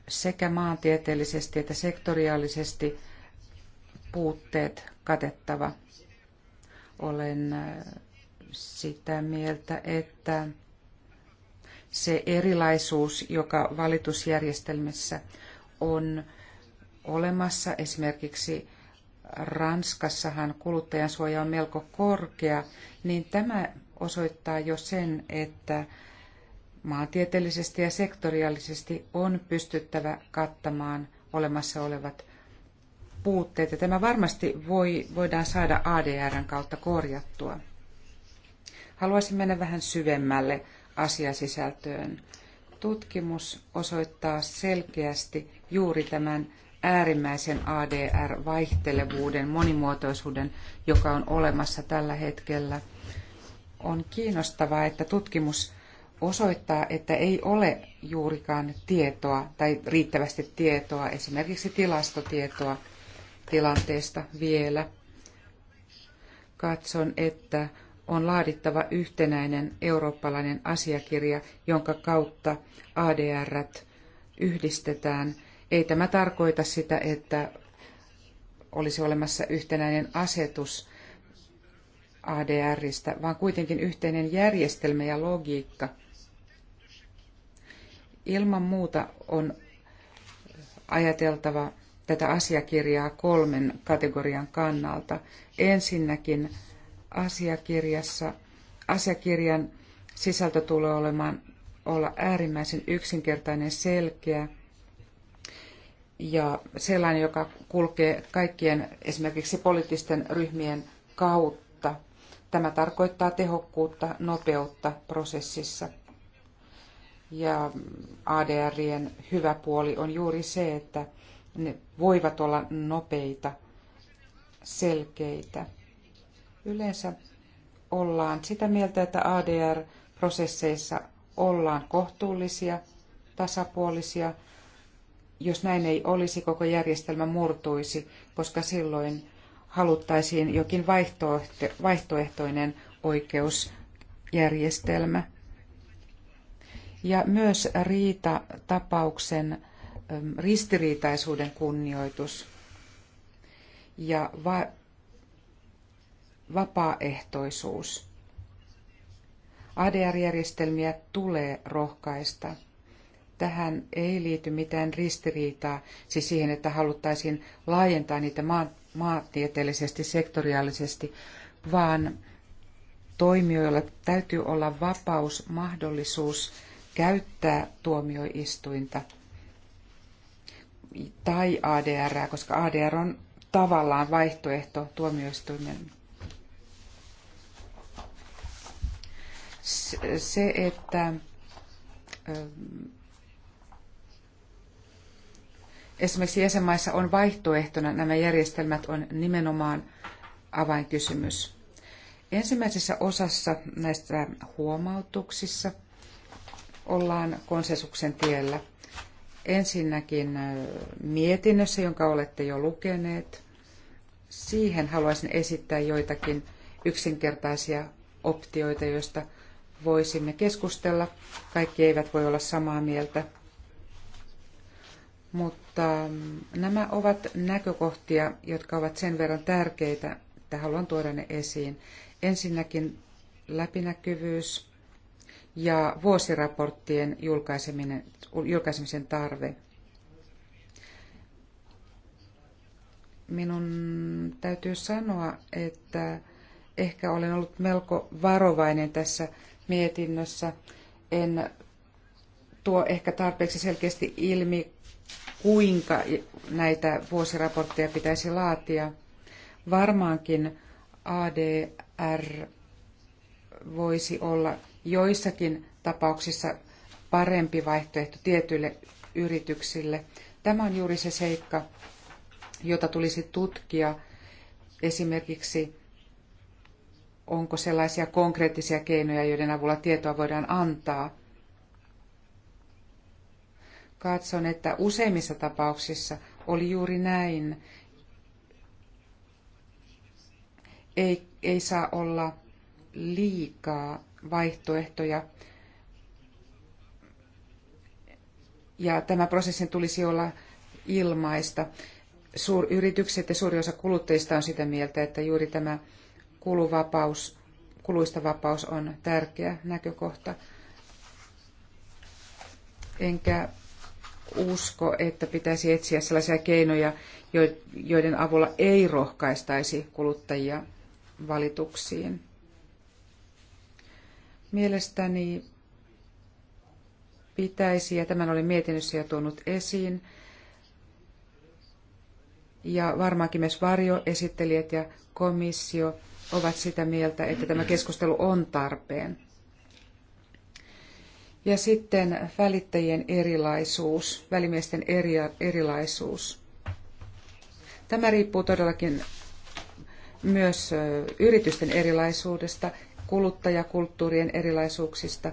sekä maantieteellisesti että sektoriaalisesti puutteet katettava. Olen sitä mieltä, että se erilaisuus, joka valitusjärjestelmissä on olemassa. Esimerkiksi Ranskassahan kuluttajansuoja on melko korkea, niin tämä osoittaa jo sen, että maantieteellisesti ja sektoriaalisesti on pystyttävä kattamaan olemassa olevat puutteet. Ja tämä varmasti voi, voidaan saada ADRn kautta korjattua. Haluaisin mennä vähän syvemmälle asiasisältöön tutkimus osoittaa selkeästi juuri tämän äärimmäisen ADR-vaihtelevuuden, monimuotoisuuden, joka on olemassa tällä hetkellä. On kiinnostavaa, että tutkimus osoittaa, että ei ole juurikaan tietoa tai riittävästi tietoa, esimerkiksi tilastotietoa tilanteesta vielä. Katson, että on laadittava yhtenäinen eurooppalainen asiakirja, jonka kautta ADR yhdistetään. Ei tämä tarkoita sitä, että olisi olemassa yhtenäinen asetus ADRistä, vaan kuitenkin yhteinen järjestelmä ja logiikka. Ilman muuta on ajateltava tätä asiakirjaa kolmen kategorian kannalta. Ensinnäkin asiakirjassa, asiakirjan sisältö tulee olemaan olla äärimmäisen yksinkertainen, selkeä ja sellainen, joka kulkee kaikkien esimerkiksi poliittisten ryhmien kautta. Tämä tarkoittaa tehokkuutta, nopeutta prosessissa. Ja ADRien hyvä puoli on juuri se, että ne voivat olla nopeita, selkeitä Yleensä ollaan sitä mieltä, että ADR-prosesseissa ollaan kohtuullisia, tasapuolisia. Jos näin ei olisi, koko järjestelmä murtuisi, koska silloin haluttaisiin jokin vaihtoehtoinen oikeusjärjestelmä. Ja myös riita-tapauksen ristiriitaisuuden kunnioitus ja vapaaehtoisuus. ADR-järjestelmiä tulee rohkaista. Tähän ei liity mitään ristiriitaa, siis siihen, että haluttaisiin laajentaa niitä maantieteellisesti, sektoriaalisesti, vaan toimijoilla täytyy olla vapaus, mahdollisuus käyttää tuomioistuinta tai ADR, koska ADR on tavallaan vaihtoehto tuomioistuimen se, että esimerkiksi jäsenmaissa on vaihtoehtona nämä järjestelmät on nimenomaan avainkysymys. Ensimmäisessä osassa näistä huomautuksissa ollaan konsensuksen tiellä. Ensinnäkin mietinnössä, jonka olette jo lukeneet, siihen haluaisin esittää joitakin yksinkertaisia optioita, joista voisimme keskustella. Kaikki eivät voi olla samaa mieltä. Mutta mm, nämä ovat näkökohtia, jotka ovat sen verran tärkeitä, että haluan tuoda ne esiin. Ensinnäkin läpinäkyvyys ja vuosiraporttien julkaiseminen, julkaisemisen tarve. Minun täytyy sanoa, että ehkä olen ollut melko varovainen tässä mietinnössä. En tuo ehkä tarpeeksi selkeästi ilmi, kuinka näitä vuosiraportteja pitäisi laatia. Varmaankin ADR voisi olla joissakin tapauksissa parempi vaihtoehto tietyille yrityksille. Tämä on juuri se seikka, jota tulisi tutkia esimerkiksi onko sellaisia konkreettisia keinoja, joiden avulla tietoa voidaan antaa. Katson, että useimmissa tapauksissa oli juuri näin. Ei, ei saa olla liikaa vaihtoehtoja. Ja tämä prosessin tulisi olla ilmaista. Suuryritykset ja suuri osa kuluttajista on sitä mieltä, että juuri tämä kuluvapaus, kuluista vapaus on tärkeä näkökohta. Enkä usko, että pitäisi etsiä sellaisia keinoja, joiden avulla ei rohkaistaisi kuluttajia valituksiin. Mielestäni pitäisi, ja tämän olen mietinnössä jo tuonut esiin, ja varmaankin myös varjoesittelijät ja komissio ovat sitä mieltä, että tämä keskustelu on tarpeen. Ja sitten välittäjien erilaisuus, välimiesten eri, erilaisuus. Tämä riippuu todellakin myös yritysten erilaisuudesta, kuluttajakulttuurien erilaisuuksista,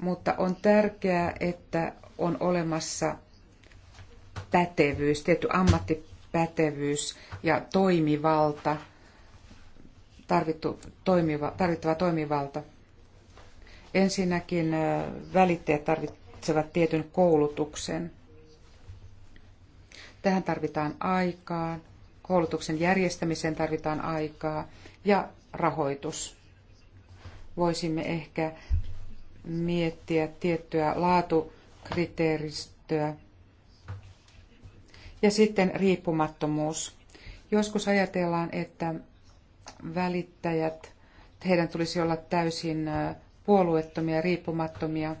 mutta on tärkeää, että on olemassa pätevyys, tietty ammattipätevyys ja toimivalta – tarvittu toimiva, tarvittava toimivalta. Ensinnäkin välittäjät tarvitsevat tietyn koulutuksen. Tähän tarvitaan aikaa, koulutuksen järjestämiseen tarvitaan aikaa ja rahoitus. Voisimme ehkä miettiä tiettyä laatukriteeristöä. Ja sitten riippumattomuus. Joskus ajatellaan, että välittäjät, heidän tulisi olla täysin puolueettomia ja riippumattomia.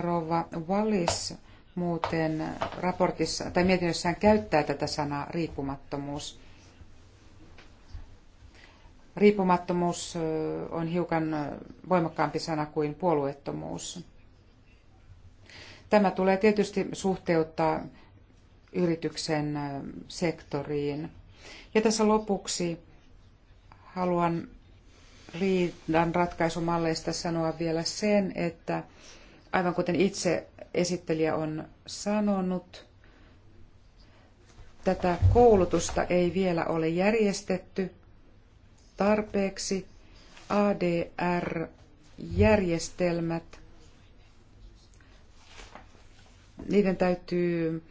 Rova Wallis muuten raportissa tai mietinnössään käyttää tätä sanaa riippumattomuus. Riippumattomuus on hiukan voimakkaampi sana kuin puolueettomuus. Tämä tulee tietysti suhteuttaa yrityksen sektoriin. Ja tässä lopuksi haluan riidan ratkaisumalleista sanoa vielä sen, että aivan kuten itse esittelijä on sanonut, tätä koulutusta ei vielä ole järjestetty tarpeeksi. ADR-järjestelmät, niiden täytyy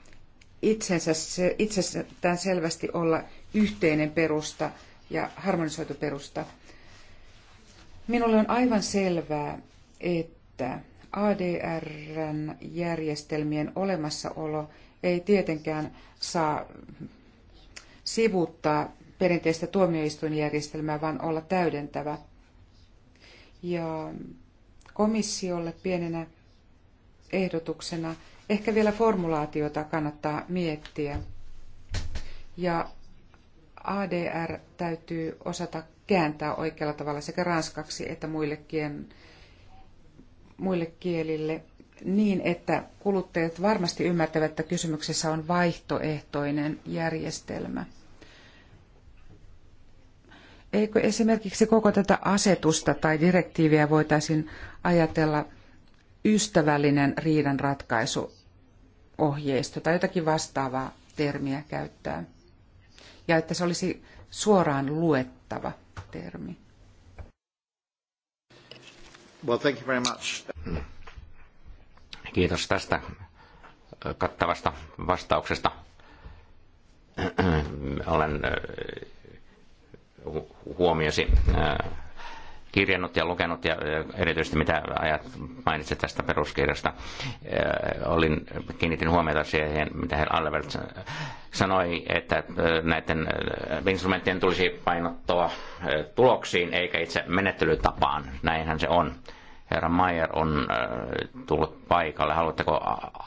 itsensä, itsestään selvästi olla yhteinen perusta ja harmonisoitu perusta. Minulle on aivan selvää, että ADRn järjestelmien olemassaolo ei tietenkään saa sivuuttaa perinteistä tuomioistuinjärjestelmää, vaan olla täydentävä. Ja komissiolle pienenä ehdotuksena ehkä vielä formulaatiota kannattaa miettiä. Ja ADR täytyy osata kääntää oikealla tavalla sekä ranskaksi että muille, kien, muille kielille niin, että kuluttajat varmasti ymmärtävät, että kysymyksessä on vaihtoehtoinen järjestelmä. Eikö esimerkiksi koko tätä asetusta tai direktiiviä voitaisiin ajatella ystävällinen riidanratkaisuohjeisto tai jotakin vastaavaa termiä käyttää? ja että se olisi suoraan luettava termi. Well, thank you very much. Kiitos tästä kattavasta vastauksesta. Olen huomiosi kirjannut ja lukenut, ja erityisesti mitä ajat mainitsit tästä peruskirjasta. Äh, olin, kiinnitin huomiota siihen, mitä Herr Albert sanoi, että äh, näiden äh, instrumenttien tulisi painottua tuloksiin eikä itse menettelytapaan. Näinhän se on. Herra Mayer on tullut paikalle. Haluatteko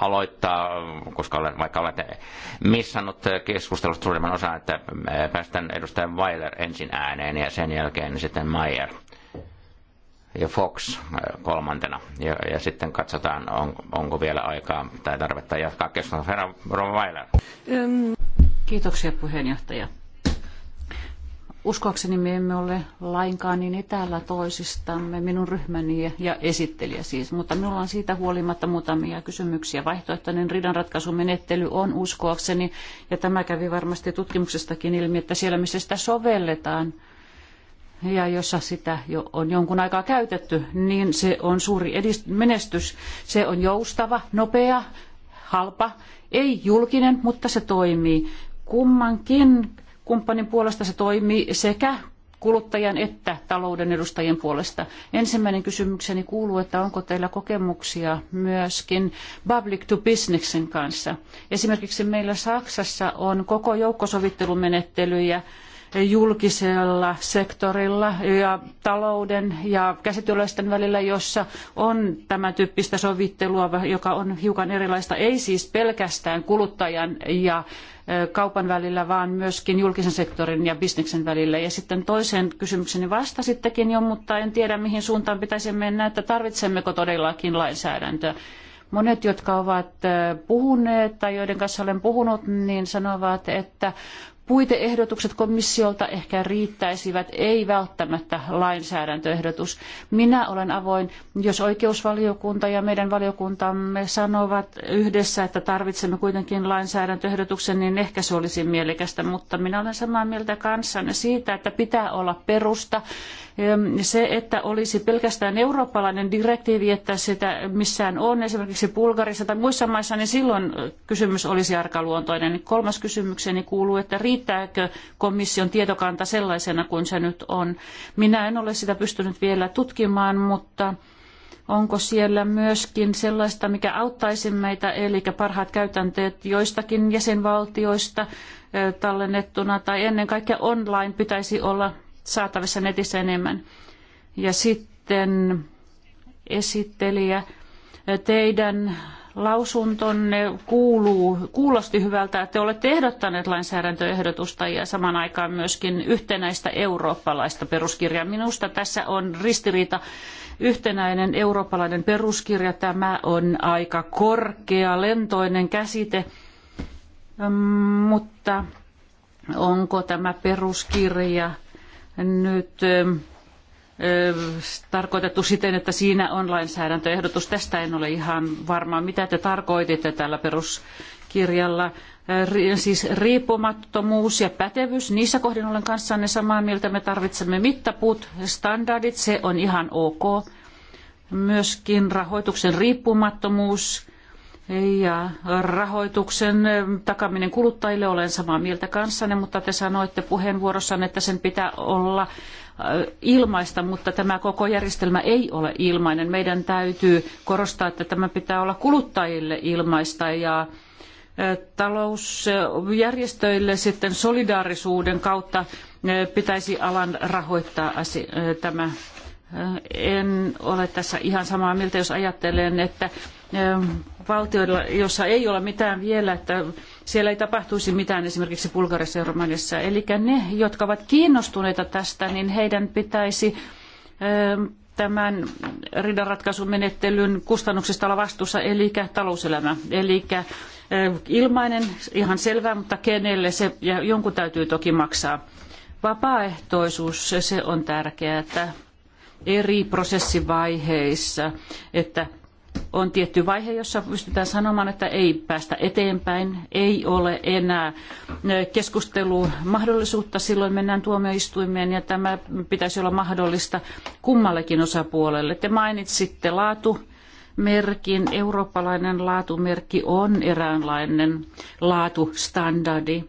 aloittaa, koska olen, vaikka olette missannut keskustelusta suurimman osan, että päästään edustajan Weiler ensin ääneen ja sen jälkeen sitten Mayer ja Fox äh, kolmantena. Ja, ja sitten katsotaan, on, onko vielä aikaa tai tarvetta jatkaa keskustelua. Herra Weiler. Ähm. Kiitoksia puheenjohtaja. Uskoakseni me emme ole lainkaan niin etäällä toisistamme, minun ryhmäni ja esittelijä siis, mutta minulla on siitä huolimatta muutamia kysymyksiä. Vaihtoehtoinen ridanratkaisumenettely on uskoakseni, ja tämä kävi varmasti tutkimuksestakin ilmi, että siellä missä sitä sovelletaan – ja jossa sitä jo on jonkun aikaa käytetty, niin se on suuri menestys. Se on joustava, nopea, halpa, ei julkinen, mutta se toimii. Kummankin kumppanin puolesta se toimii sekä kuluttajan että talouden edustajien puolesta. Ensimmäinen kysymykseni kuuluu, että onko teillä kokemuksia myöskin public to businessin kanssa. Esimerkiksi meillä Saksassa on koko joukkosovittelumenettelyjä menettelyjä julkisella sektorilla ja talouden ja käsityöläisten välillä, jossa on tämän tyyppistä sovittelua, joka on hiukan erilaista, ei siis pelkästään kuluttajan ja kaupan välillä, vaan myöskin julkisen sektorin ja bisneksen välillä. Ja sitten toiseen kysymykseni vastasittekin jo, mutta en tiedä mihin suuntaan pitäisi mennä, että tarvitsemmeko todellakin lainsäädäntöä. Monet, jotka ovat puhuneet tai joiden kanssa olen puhunut, niin sanovat, että puiteehdotukset komissiolta ehkä riittäisivät, ei välttämättä lainsäädäntöehdotus. Minä olen avoin, jos oikeusvaliokunta ja meidän valiokuntamme sanovat yhdessä, että tarvitsemme kuitenkin lainsäädäntöehdotuksen, niin ehkä se olisi mielekästä, mutta minä olen samaa mieltä kanssanne siitä, että pitää olla perusta. Ehm, se, että olisi pelkästään eurooppalainen direktiivi, että sitä missään on, esimerkiksi Bulgarissa tai muissa maissa, niin silloin kysymys olisi arkaluontoinen. Kolmas kysymykseni kuuluu, että riittää riittääkö komission tietokanta sellaisena kuin se nyt on. Minä en ole sitä pystynyt vielä tutkimaan, mutta onko siellä myöskin sellaista, mikä auttaisi meitä, eli parhaat käytänteet joistakin jäsenvaltioista tallennettuna tai ennen kaikkea online pitäisi olla saatavissa netissä enemmän. Ja sitten esittelijä, teidän lausuntonne kuuluu, kuulosti hyvältä, että te olette ehdottaneet lainsäädäntöehdotusta ja saman aikaan myöskin yhtenäistä eurooppalaista peruskirjaa. Minusta tässä on ristiriita yhtenäinen eurooppalainen peruskirja. Tämä on aika korkea, lentoinen käsite, mutta onko tämä peruskirja nyt tarkoitettu siten, että siinä on lainsäädäntöehdotus. Tästä en ole ihan varma, mitä te tarkoititte tällä peruskirjalla. Siis riippumattomuus ja pätevyys, niissä kohdin olen kanssanne samaa mieltä. Me tarvitsemme mittapuut, standardit, se on ihan ok. Myöskin rahoituksen riippumattomuus ja rahoituksen takaminen kuluttajille, olen samaa mieltä kanssanne, mutta te sanoitte puheenvuorossanne, että sen pitää olla Äh, ilmaista, mutta tämä koko järjestelmä ei ole ilmainen. Meidän täytyy korostaa, että tämä pitää olla kuluttajille ilmaista ja äh, talousjärjestöille sitten solidaarisuuden kautta äh, pitäisi alan rahoittaa tämä. En ole tässä ihan samaa mieltä, jos ajattelen, että valtioilla, jossa ei ole mitään vielä, että siellä ei tapahtuisi mitään esimerkiksi Bulgariassa ja Romaniassa. Eli ne, jotka ovat kiinnostuneita tästä, niin heidän pitäisi tämän riidanratkaisumenettelyn kustannuksista olla vastuussa, eli talouselämä. Eli ilmainen, ihan selvä, mutta kenelle se, ja jonkun täytyy toki maksaa. Vapaaehtoisuus, se on tärkeää, että eri prosessivaiheissa, että on tietty vaihe, jossa pystytään sanomaan, että ei päästä eteenpäin, ei ole enää keskustelumahdollisuutta, silloin mennään tuomioistuimeen ja tämä pitäisi olla mahdollista kummallekin osapuolelle. Te mainitsitte laatu, merkin, eurooppalainen laatumerkki on eräänlainen laatustandardi.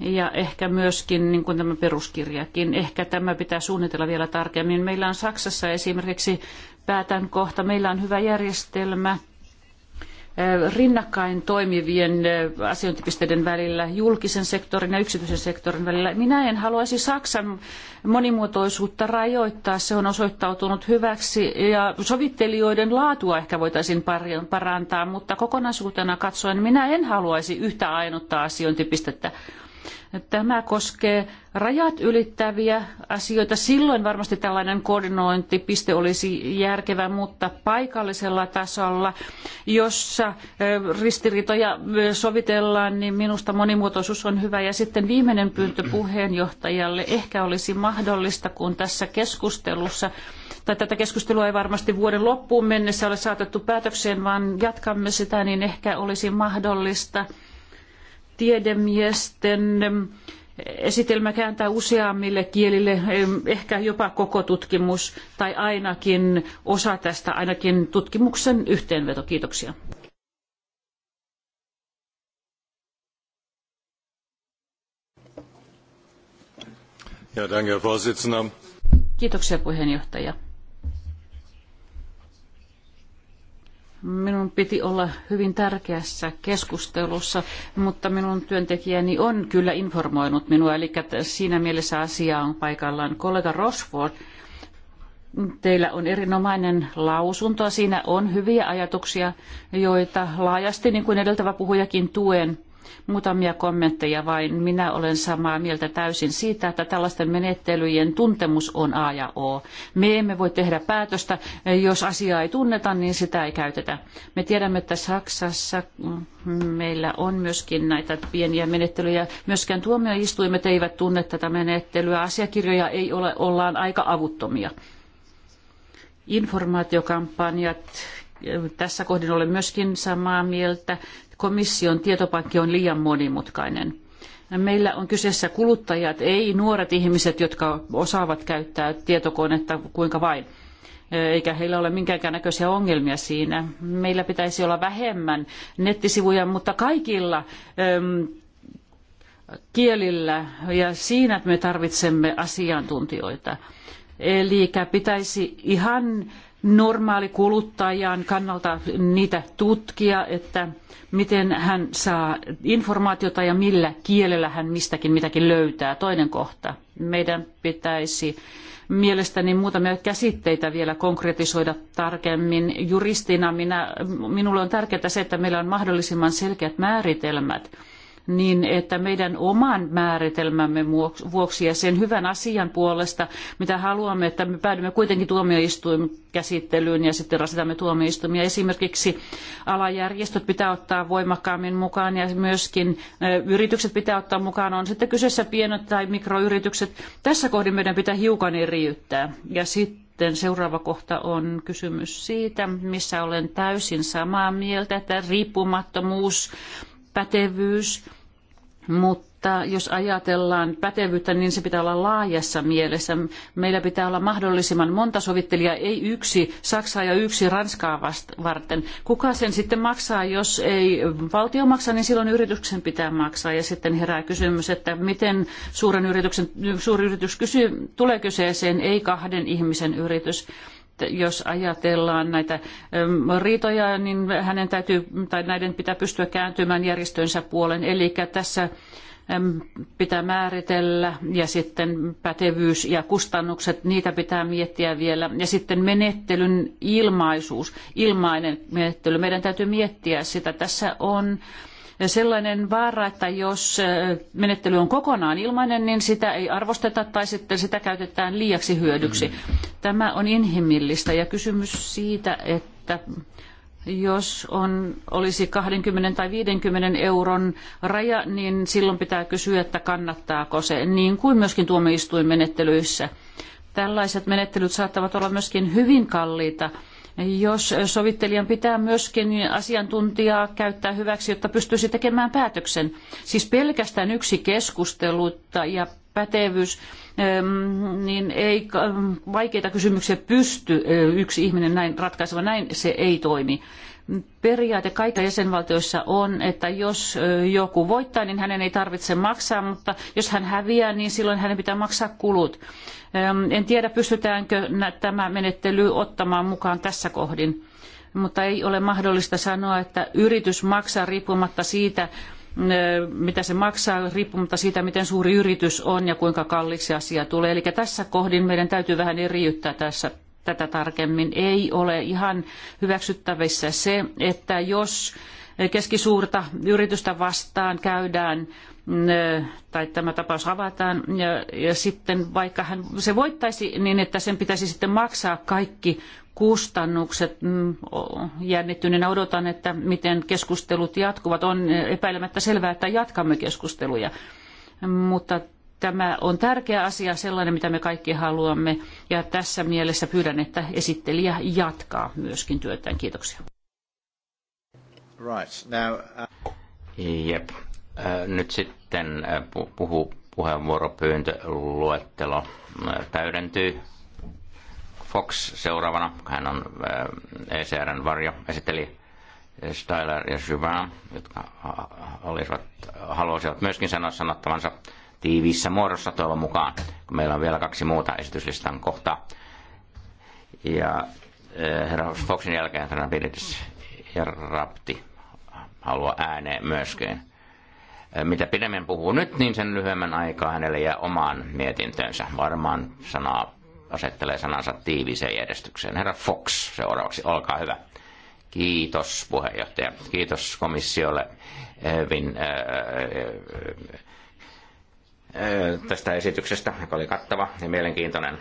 Ja ehkä myöskin niin kuin tämä peruskirjakin, ehkä tämä pitää suunnitella vielä tarkemmin. Meillä on Saksassa esimerkiksi päätän kohta. Meillä on hyvä järjestelmä eh, rinnakkain toimivien eh, asiointipisteiden välillä, julkisen sektorin ja yksityisen sektorin välillä. Minä en haluaisi Saksan monimuotoisuutta rajoittaa, se on osoittautunut hyväksi ja sovittelijoiden laatua ehkä voitaisiin parantaa, mutta kokonaisuutena katsoen minä en haluaisi yhtä ainutta asiointipistettä. Tämä koskee rajat ylittäviä asioita. Silloin varmasti tällainen koordinointipiste olisi järkevä, mutta paikallisella tasolla, jossa ristiriitoja sovitellaan, niin minusta monimuotoisuus on hyvä. Ja sitten viimeinen pyyntö puheenjohtajalle. Ehkä olisi mahdollista, kun tässä keskustelussa tai tätä keskustelua ei varmasti vuoden loppuun mennessä ole saatettu päätökseen, vaan jatkamme sitä, niin ehkä olisi mahdollista tiedemiesten esitelmä kääntää useammille kielille, ehkä jopa koko tutkimus tai ainakin osa tästä, ainakin tutkimuksen yhteenveto. Kiitoksia. Kiitoksia puheenjohtaja. Minun piti olla hyvin tärkeässä keskustelussa, mutta minun työntekijäni on kyllä informoinut minua, eli siinä mielessä asia on paikallaan. Kollega Rosford, teillä on erinomainen lausunto. Siinä on hyviä ajatuksia, joita laajasti, niin kuin edeltävä puhujakin, tuen. Muutamia kommentteja vain. Minä olen samaa mieltä täysin siitä, että tällaisten menettelyjen tuntemus on A ja O. Me emme voi tehdä päätöstä, jos asiaa ei tunneta, niin sitä ei käytetä. Me tiedämme, että Saksassa mm, meillä on myöskin näitä pieniä menettelyjä. Myöskään tuomioistuimet eivät tunne tätä menettelyä. Asiakirjoja ei ole, ollaan aika avuttomia. Informaatiokampanjat tässä kohdin olen myöskin samaa mieltä komission tietopankki on liian monimutkainen. Meillä on kyseessä kuluttajat, ei nuoret ihmiset, jotka osaavat käyttää tietokonetta kuinka vain eikä heillä ole minkäänkään näköisiä ongelmia siinä. Meillä pitäisi olla vähemmän nettisivuja, mutta kaikilla äm, kielillä ja siinä me tarvitsemme asiantuntijoita. Eli pitäisi ihan normaali kuluttajan kannalta niitä tutkia, että miten hän saa informaatiota ja millä kielellä hän mistäkin mitäkin löytää. Toinen kohta. Meidän pitäisi mielestäni muutamia käsitteitä vielä konkretisoida tarkemmin. Juristina minä, minulle on tärkeää se, että meillä on mahdollisimman selkeät määritelmät – niin että meidän oman määritelmämme vuoksi ja sen hyvän asian puolesta, mitä haluamme, että me päädymme kuitenkin tuomioistuinkäsittelyyn ja sitten rasitamme tuomioistuimia. Esimerkiksi alajärjestöt pitää ottaa voimakkaammin mukaan ja myöskin yritykset pitää ottaa mukaan. On sitten kyseessä pienet tai mikroyritykset. Tässä kohdin meidän pitää hiukan eriyttää. Ja sitten sitten seuraava kohta on kysymys siitä, missä olen täysin samaa mieltä, että riippumattomuus pätevyys, mutta jos ajatellaan pätevyyttä, niin se pitää olla laajassa mielessä. Meillä pitää olla mahdollisimman monta sovittelijaa, ei yksi Saksaa ja yksi Ranskaa varten. Kuka sen sitten maksaa, jos ei valtio maksa, niin silloin yrityksen pitää maksaa. Ja sitten herää kysymys, että miten suuren yrityksen, suuri yritys kysyy, tulee kyseeseen, ei kahden ihmisen yritys jos ajatellaan näitä ähm, riitoja, niin hänen täytyy, tai näiden pitää pystyä kääntymään järjestönsä puolen. Eli tässä ähm, pitää määritellä ja sitten pätevyys ja kustannukset, niitä pitää miettiä vielä. Ja sitten menettelyn ilmaisuus, ilmainen menettely, meidän täytyy miettiä sitä. Tässä on sellainen vaara, että jos menettely on kokonaan ilmainen, niin sitä ei arvosteta tai sitten sitä käytetään liiaksi hyödyksi. Tämä on inhimillistä ja kysymys siitä, että jos on, olisi 20 tai 50 euron raja, niin silloin pitää kysyä, että kannattaako se, niin kuin myöskin tuomioistuinmenettelyissä. Tällaiset menettelyt saattavat olla myöskin hyvin kalliita jos sovittelijan pitää myöskin asiantuntijaa käyttää hyväksi, jotta pystyisi tekemään päätöksen. Siis pelkästään yksi keskustelu ja pätevyys, niin ei vaikeita kysymyksiä pysty yksi ihminen näin ratkaisemaan. Näin se ei toimi periaate kaikissa jäsenvaltioissa on, että jos joku voittaa, niin hänen ei tarvitse maksaa, mutta jos hän häviää, niin silloin hänen pitää maksaa kulut. En tiedä, pystytäänkö tämä menettely ottamaan mukaan tässä kohdin, mutta ei ole mahdollista sanoa, että yritys maksaa riippumatta siitä, mitä se maksaa, riippumatta siitä, miten suuri yritys on ja kuinka kalliiksi asia tulee. Eli tässä kohdin meidän täytyy vähän eriyttää tässä tätä tarkemmin. Ei ole ihan hyväksyttävissä se, että jos keskisuurta yritystä vastaan käydään mm, tai tämä tapaus avataan ja, ja sitten vaikka hän, se voittaisi, niin että sen pitäisi sitten maksaa kaikki kustannukset. Mm, jännittyneenä odotan, että miten keskustelut jatkuvat. On epäilemättä selvää, että jatkamme keskusteluja. Mutta Tämä on tärkeä asia, sellainen mitä me kaikki haluamme, ja tässä mielessä pyydän, että esittelijä jatkaa myöskin työtään. Kiitoksia. Right, now, uh... Jep. Äh, nyt sitten äh, puhu, puheenvuoropyyntöluettelo äh, täydentyy. Fox seuraavana, hän on ECRn varjo, esitteli Styler ja Juvin, jotka olisivat, haluaisivat myöskin sanoa sanottavansa tiiviissä muodossa toivon mukaan, kun meillä on vielä kaksi muuta esityslistan kohtaa. Ja eh, herra Foxin jälkeen tänään Piritis ja Rapti haluaa ääneen myöskin. Eh, mitä pidemmän puhuu nyt, niin sen lyhyemmän aikaa hänelle jää omaan mietintönsä. Varmaan sanaa asettelee sanansa tiiviseen järjestykseen. Herra Fox seuraavaksi, olkaa hyvä. Kiitos puheenjohtaja. Kiitos komissiolle hyvin eh, tästä esityksestä, joka oli kattava ja mielenkiintoinen.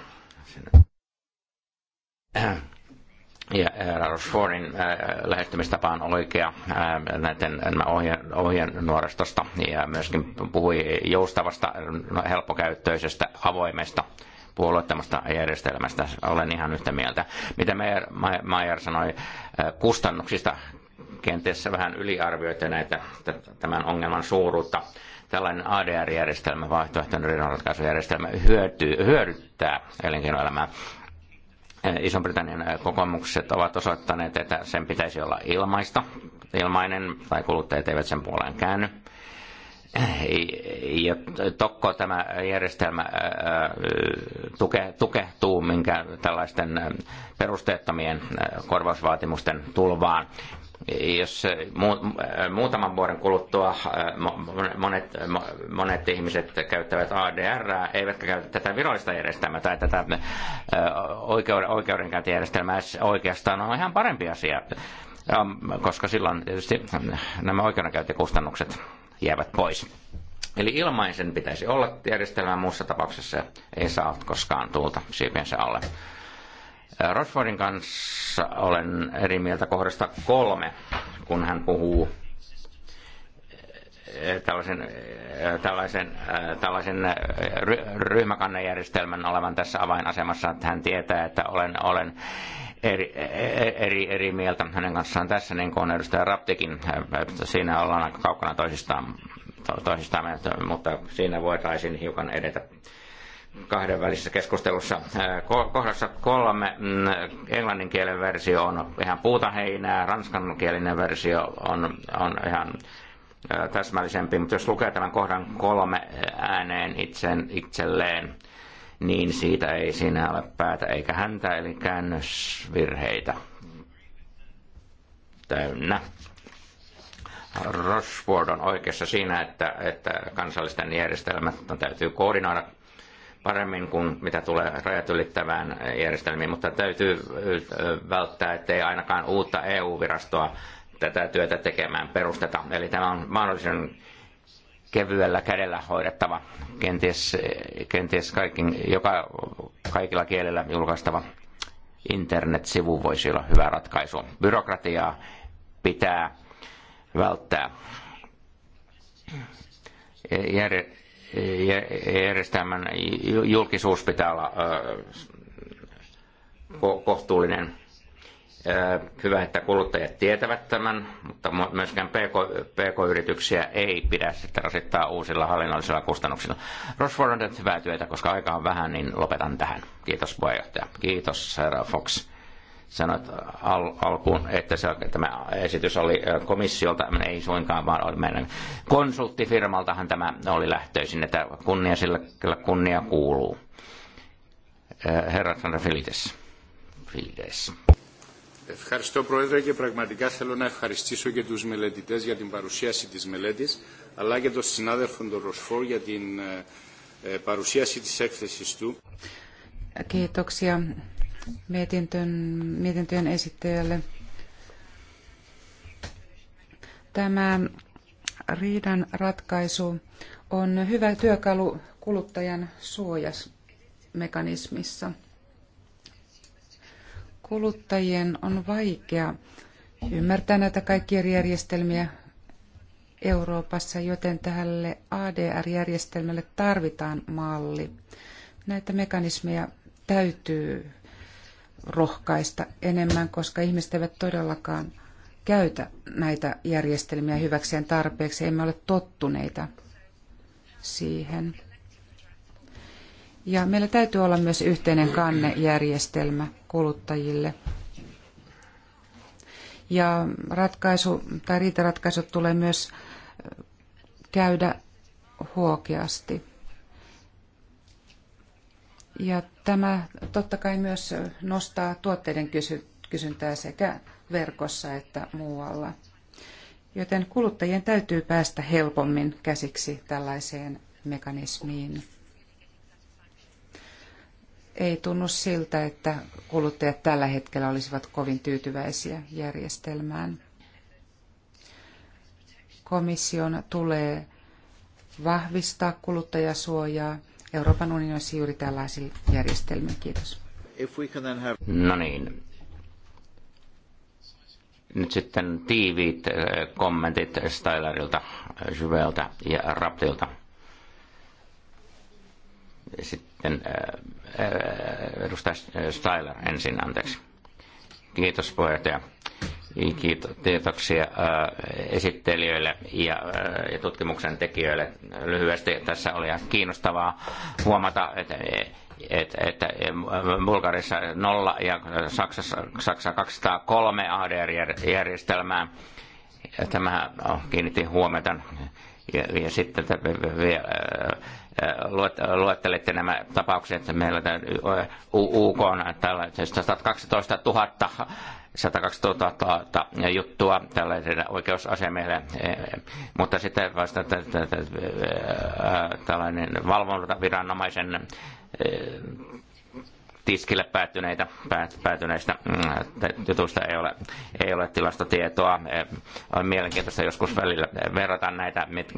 Ja Fordin lähestymistapa on oikea näiden nuorestosta ja myöskin puhui joustavasta, no, helppokäyttöisestä, avoimesta puolueettomasta järjestelmästä. Olen ihan yhtä mieltä. Mitä Maijer sanoi kustannuksista, kenties vähän yliarvioitte näitä, tämän ongelman suuruutta tällainen ADR-järjestelmä, vaihtoehtoinen rinnanratkaisujärjestelmä, hyötyy, hyödyttää elinkeinoelämää. iso britannian kokoomukset ovat osoittaneet, että sen pitäisi olla ilmaista, ilmainen, tai kuluttajat eivät sen puoleen käänny. Ja tokko tämä järjestelmä tuke, tukehtuu minkä tällaisten perusteettomien korvausvaatimusten tulvaan jos äh, äh, muutaman vuoden kuluttua äh, monet, monet ihmiset käyttävät ADR, eivätkä käytä tätä virallista järjestelmää tai tätä oikeuden, oikeudenkäyntijärjestelmää oikeastaan on ihan parempi asia, ähm, koska silloin tietysti nämä oikeudenkäyntikustannukset jäävät pois. Eli ilmaisen pitäisi olla järjestelmä, muussa tapauksessa ei saa koskaan tuulta siipiensä alle. Rashfordin kanssa olen eri mieltä kohdasta kolme, kun hän puhuu tällaisen, tällaisen, tällaisen ryhmäkannejärjestelmän olevan tässä avainasemassa, että hän tietää, että olen, olen eri, eri, eri mieltä hänen kanssaan tässä, niin kuin edustaja Raptikin. Siinä ollaan aika kaukana toisistaan, to, toisistaan mutta siinä voitaisiin hiukan edetä kahdenvälisessä keskustelussa. Äh, kohdassa kolme mm, englannin kielen versio on ihan puutaheinää, ranskan ranskankielinen versio on, on ihan äh, täsmällisempi, mutta jos lukee tämän kohdan kolme ääneen itsen, itselleen, niin siitä ei siinä ole päätä eikä häntä, eli käännösvirheitä täynnä. Rosford on oikeassa siinä, että, että kansallisten järjestelmät täytyy koordinoida paremmin kuin mitä tulee rajat ylittävään järjestelmiin, mutta täytyy välttää, ettei ainakaan uutta EU-virastoa tätä työtä tekemään perusteta. Eli tämä on mahdollisen kevyellä kädellä hoidettava, kenties, kenties kaikin, joka, kaikilla kielellä julkaistava internetsivu voisi olla hyvä ratkaisu. Byrokratiaa pitää välttää. E, Järje, järjestelmän julkisuus pitää olla kohtuullinen. Hyvä, että kuluttajat tietävät tämän, mutta myöskään PK, PK-yrityksiä ei pidä sitten rasittaa uusilla hallinnollisilla kustannuksilla. Rosford on hyvää työtä, koska aika on vähän, niin lopetan tähän. Kiitos puheenjohtaja. Kiitos, herra Fox sanoit al- alkuun, että se, tämä esitys oli komissiolta, ei suinkaan, vaan meidän konsulttifirmaltahan tämä oli lähtöisin, että kunnia sillä kyllä kunnia kuuluu. Herra Sandra Filides. Filides. Ευχαριστώ Πρόεδρε και πραγματικά θέλω να ευχαριστήσω και τους μελετητές για την παρουσίαση της μελέτης αλλά και τον συνάδελφο τον Ροσφόρ για την παρουσίαση της έκθεσης του. Kiitoksia mietintön, mietintöjen esittäjälle. Tämä riidan ratkaisu on hyvä työkalu kuluttajan suojasmekanismissa. Kuluttajien on vaikea ymmärtää näitä kaikkia järjestelmiä Euroopassa, joten tälle ADR-järjestelmälle tarvitaan malli. Näitä mekanismeja täytyy rohkaista enemmän, koska ihmiset eivät todellakaan käytä näitä järjestelmiä hyväkseen tarpeeksi. Emme ole tottuneita siihen. Ja meillä täytyy olla myös yhteinen kannejärjestelmä kuluttajille. Ja ratkaisu tai riitaratkaisut tulee myös käydä huokeasti. Ja tämä totta kai myös nostaa tuotteiden kysyntää sekä verkossa että muualla. Joten kuluttajien täytyy päästä helpommin käsiksi tällaiseen mekanismiin. Ei tunnu siltä, että kuluttajat tällä hetkellä olisivat kovin tyytyväisiä järjestelmään. Komission tulee vahvistaa kuluttajasuojaa Euroopan unionissa juuri tällaisilla järjestelmillä. Kiitos. Have... No niin. Nyt sitten tiiviit eh, kommentit Stylerilta, Juvelta ja Raptilta. Sitten eh, eh, edustaja Styler ensin, anteeksi. Kiitos puheenjohtaja niin, Kiitoksia esittelijöille ja tutkimuksen tekijöille. Lyhyesti tässä oli kiinnostavaa huomata, että että, että Bulgarissa nolla ja Saksassa, Saksa 203 ADR-järjestelmää. Tämä no, kiinnitti huomiota. Ja, ja sitten vielä luettelette nämä tapaukset, että meillä on UK on tällaisesta 112 000 102 000 000 juttua tällaiselle oikeusasemille, e, mutta sitten vasta tällainen valvontaviranomaisen e, tiskille päättyneitä, päät, päätyneistä mm, jutuista ei ole, ei ole tilastotietoa. Eh, on mielenkiintoista joskus välillä verrata näitä, mit,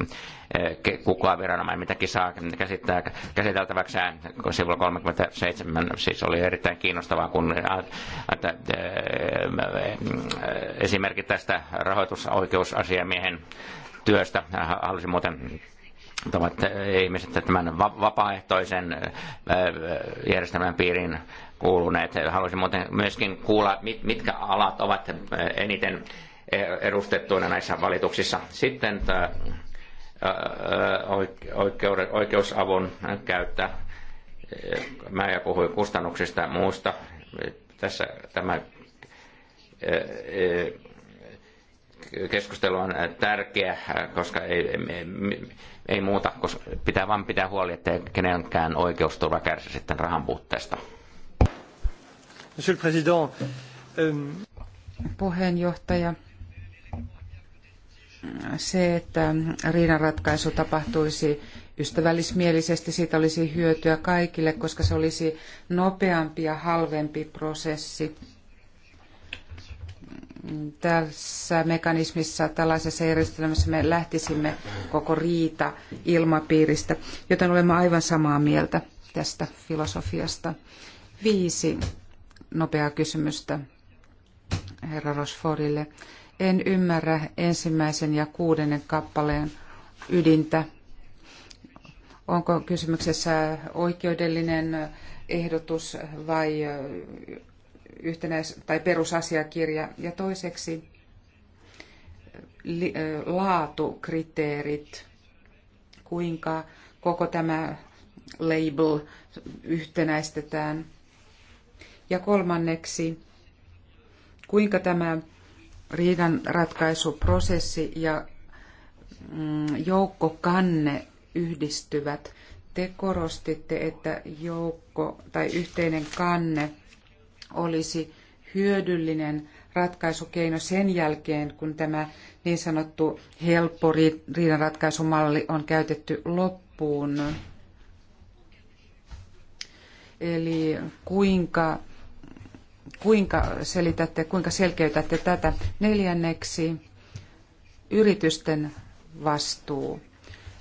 eh, kuka viranomainen mitäkin saa käsittää, käsiteltäväkseen. Sivulla 37 siis oli erittäin kiinnostavaa, kun eh, että, esimerkki tästä rahoitusoikeusasiamiehen työstä. Halusin muuten ovat ihmiset tämän vapaaehtoisen järjestelmän piiriin kuuluneet. Haluaisin muuten myöskin kuulla, mitkä alat ovat eniten edustettuina näissä valituksissa. Sitten oikeuden, oikeusavun käyttä, Mä ja puhuin kustannuksista ja muusta. Tässä tämä keskustelu on tärkeä, koska ei, ei muuta, koska pitää vain pitää huoli, ettei kenenkään oikeusturva kärsi sitten rahan puutteesta. Monsieur le Président, euh, Puheenjohtaja, se, että ratkaisu tapahtuisi ystävällismielisesti, siitä olisi hyötyä kaikille, koska se olisi nopeampi ja halvempi prosessi tässä mekanismissa, tällaisessa järjestelmässä me lähtisimme koko riita ilmapiiristä, joten olemme aivan samaa mieltä tästä filosofiasta. Viisi nopeaa kysymystä herra Rosfordille. En ymmärrä ensimmäisen ja kuudennen kappaleen ydintä. Onko kysymyksessä oikeudellinen ehdotus vai yhtenäis- tai perusasiakirja. Ja toiseksi li- laatukriteerit, kuinka koko tämä label yhtenäistetään. Ja kolmanneksi, kuinka tämä riidanratkaisuprosessi ja mm, joukkokanne yhdistyvät. Te korostitte, että joukko tai yhteinen kanne – olisi hyödyllinen ratkaisukeino sen jälkeen, kun tämä niin sanottu helppo riidanratkaisumalli on käytetty loppuun. Eli kuinka, kuinka selitätte, kuinka selkeytätte tätä? Neljänneksi yritysten vastuu.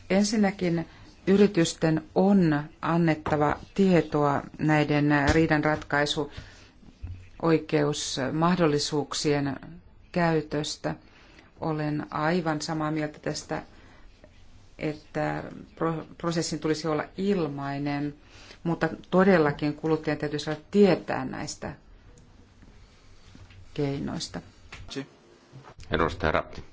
Ensinnäkin yritysten on annettava tietoa näiden riidanratkaisu oikeusmahdollisuuksien käytöstä. Olen aivan samaa mieltä tästä, että prosessin tulisi olla ilmainen, mutta todellakin kuluttajan täytyy saada tietää näistä keinoista. Edustaja Rapti.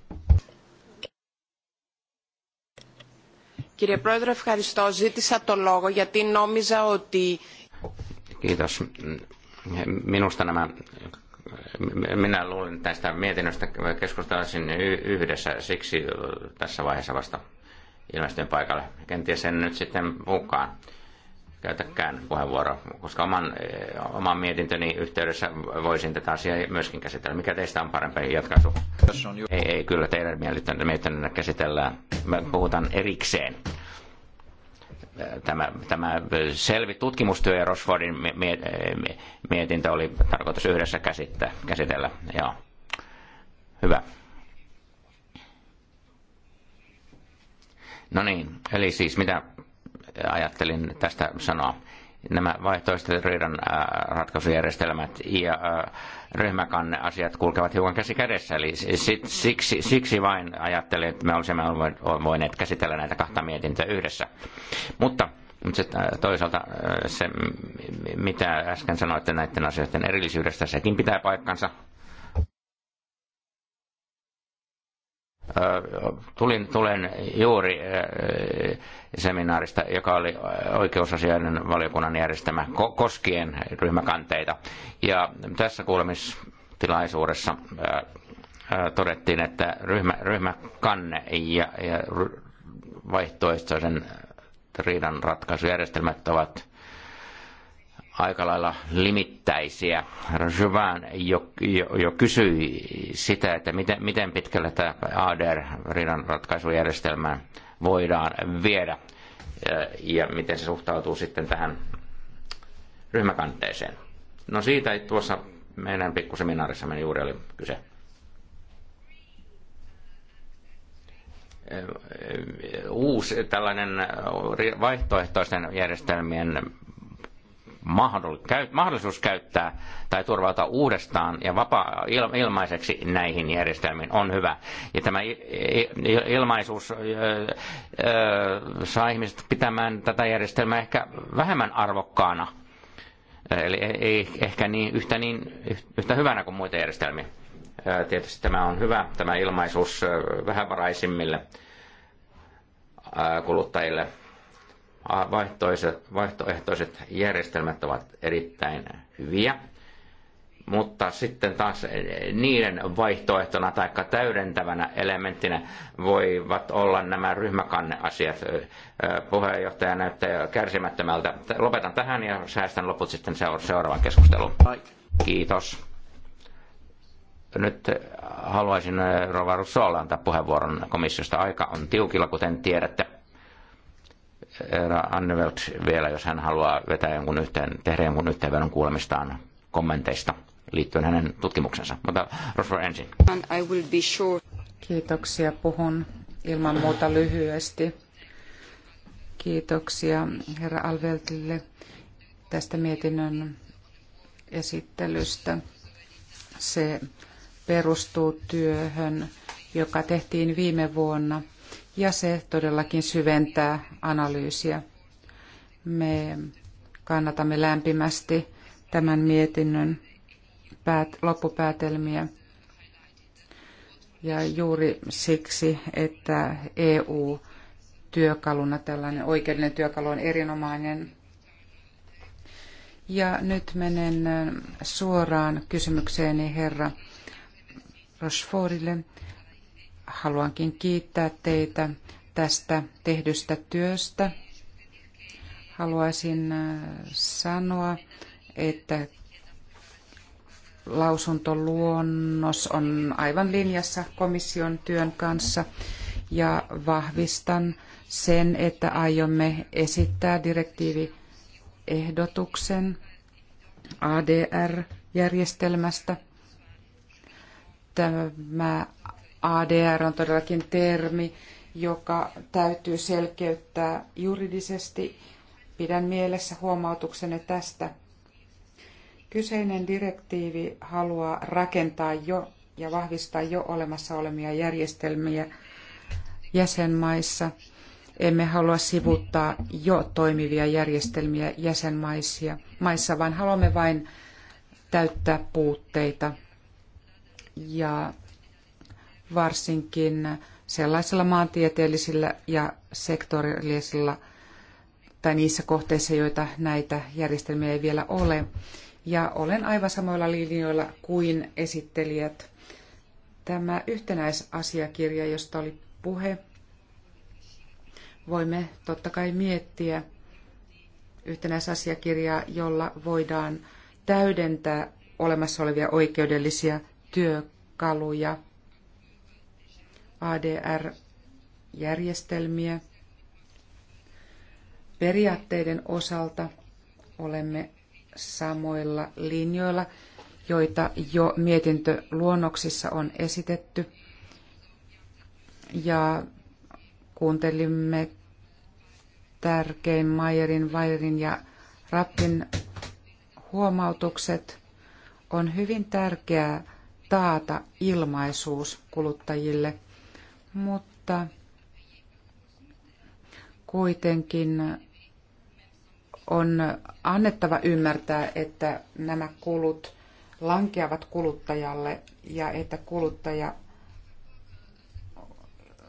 Kirja Πρόεδρε, ευχαριστώ. Ζήτησα το λόγο γιατί νόμιζα ότι... Kiitos. Minusta nämä minä luulen, tästä mietinnöstä keskustelisin yhdessä, siksi tässä vaiheessa vasta ilmestyn paikalle. Kenties sen nyt sitten mukaan käytäkään puheenvuoro, koska oman, oman mietintöni yhteydessä voisin tätä asiaa myöskin käsitellä. Mikä teistä on parempi jatkaisu? Ei, ei, kyllä teidän mietintönne käsitellään. Me puhutaan erikseen tämä, tämä selvi tutkimustyö ja Rosfordin mietintö oli tarkoitus yhdessä käsittää, käsitellä. Joo. Hyvä. No niin, eli siis mitä ajattelin tästä sanoa nämä vaihtoehtoiset riidan ratkaisujärjestelmät ja ryhmäkanneasiat kulkevat hiukan käsi kädessä. Eli siksi, siksi vain ajattelin, että me olisimme voineet käsitellä näitä kahta mietintöä yhdessä. Mutta mutta se, toisaalta se, mitä äsken sanoitte näiden asioiden erillisyydestä, sekin pitää paikkansa. Tulin, tulen juuri eh, seminaarista, joka oli oikeusasioiden valiokunnan järjestämä koskien ryhmäkanteita. Ja tässä kuulemistilaisuudessa eh, eh, todettiin, että ryhmä, ryhmäkanne ja, ja vaihtoehtoisen riidanratkaisujärjestelmät ovat aika lailla limittäisiä. Jovan jo, jo, jo kysyi sitä, että miten, miten pitkälle tämä ADR-riidan ratkaisujärjestelmään voidaan viedä ja miten se suhtautuu sitten tähän ryhmäkanteeseen. No siitä tuossa meidän meni juuri oli kyse. Uusi tällainen vaihtoehtoisten järjestelmien mahdollisuus käyttää tai turvautua uudestaan ja vapaa, ilmaiseksi näihin järjestelmiin on hyvä. Ja tämä ilmaisuus saa ihmiset pitämään tätä järjestelmää ehkä vähemmän arvokkaana. Eli e- ei ehkä niin, yhtä, niin, yhtä hyvänä kuin muita järjestelmiä. Tietysti tämä on hyvä, tämä ilmaisuus vähävaraisimmille kuluttajille – vaihtoehtoiset, vaihtoehtoiset järjestelmät ovat erittäin hyviä, mutta sitten taas eh, niiden vaihtoehtona tai täydentävänä elementtinä voivat olla nämä ryhmäkanneasiat. Eh, eh, puheenjohtaja näyttää kärsimättömältä. Lopetan tähän ja säästän loput sitten seuraavaan keskusteluun. Kiitos. Nyt haluaisin Rova Russolle antaa puheenvuoron komissiosta. Aika on tiukilla, kuten tiedätte. Annevelt vielä, jos hän haluaa vetää jonkun yhteen, tehdä jonkun yhteenvedon kuulemistaan kommenteista liittyen hänen tutkimuksensa. Mutta Rosvar ensin. Sure. Kiitoksia. Puhun ilman muuta lyhyesti. Kiitoksia herra Alveltille tästä mietinnön esittelystä. Se perustuu työhön, joka tehtiin viime vuonna – ja se todellakin syventää analyysiä. Me kannatamme lämpimästi tämän mietinnön päät, loppupäätelmiä. Ja juuri siksi, että EU-työkaluna tällainen oikeudellinen työkalu on erinomainen. Ja nyt menen suoraan kysymykseeni herra Rochefortille haluankin kiittää teitä tästä tehdystä työstä. Haluaisin äh, sanoa, että lausuntoluonnos on aivan linjassa komission työn kanssa ja vahvistan sen, että aiomme esittää direktiiviehdotuksen ADR-järjestelmästä. Tämä ADR on todellakin termi, joka täytyy selkeyttää juridisesti. Pidän mielessä huomautuksenne tästä. Kyseinen direktiivi haluaa rakentaa jo ja vahvistaa jo olemassa olemia järjestelmiä jäsenmaissa. Emme halua sivuttaa jo toimivia järjestelmiä jäsenmaissa, vaan haluamme vain täyttää puutteita ja varsinkin sellaisilla maantieteellisillä ja sektorillisilla tai niissä kohteissa, joita näitä järjestelmiä ei vielä ole. Ja olen aivan samoilla linjoilla kuin esittelijät. Tämä yhtenäisasiakirja, josta oli puhe, voimme totta kai miettiä yhtenäisasiakirjaa, jolla voidaan täydentää olemassa olevia oikeudellisia työkaluja – ADR-järjestelmiä. Periaatteiden osalta olemme samoilla linjoilla, joita jo mietintöluonnoksissa on esitetty. Ja kuuntelimme tärkein Mayerin, Weirin ja Rappin huomautukset. On hyvin tärkeää taata ilmaisuus kuluttajille mutta kuitenkin on annettava ymmärtää, että nämä kulut lankeavat kuluttajalle ja että kuluttaja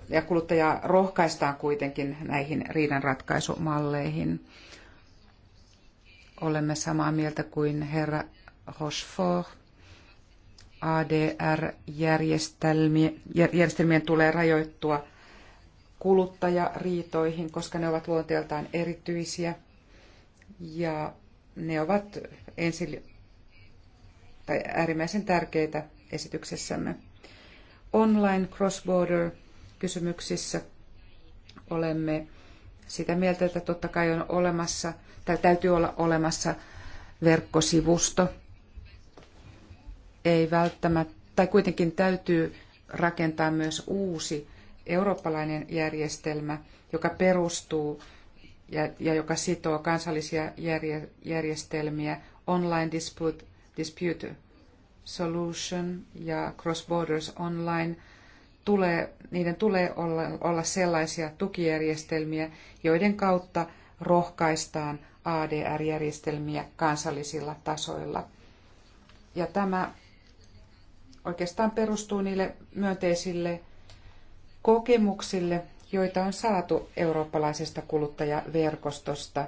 ja kuluttajaa rohkaistaan kuitenkin näihin riidanratkaisumalleihin. Olemme samaa mieltä kuin herra Rochefort ADR-järjestelmien tulee rajoittua kuluttajariitoihin, koska ne ovat luonteeltaan erityisiä ja ne ovat ensi, tai äärimmäisen tärkeitä esityksessämme. Online cross-border kysymyksissä olemme sitä mieltä, että totta kai on olemassa, tai täytyy olla olemassa verkkosivusto, ei välttämättä, tai kuitenkin täytyy rakentaa myös uusi eurooppalainen järjestelmä, joka perustuu ja, ja joka sitoo kansallisia järje, järjestelmiä Online Dispute, Dispute Solution ja Cross Borders Online tulee, niiden tulee olla, olla sellaisia tukijärjestelmiä, joiden kautta rohkaistaan ADR-järjestelmiä kansallisilla tasoilla. Ja tämä oikeastaan perustuu niille myönteisille kokemuksille, joita on saatu eurooppalaisesta kuluttajaverkostosta.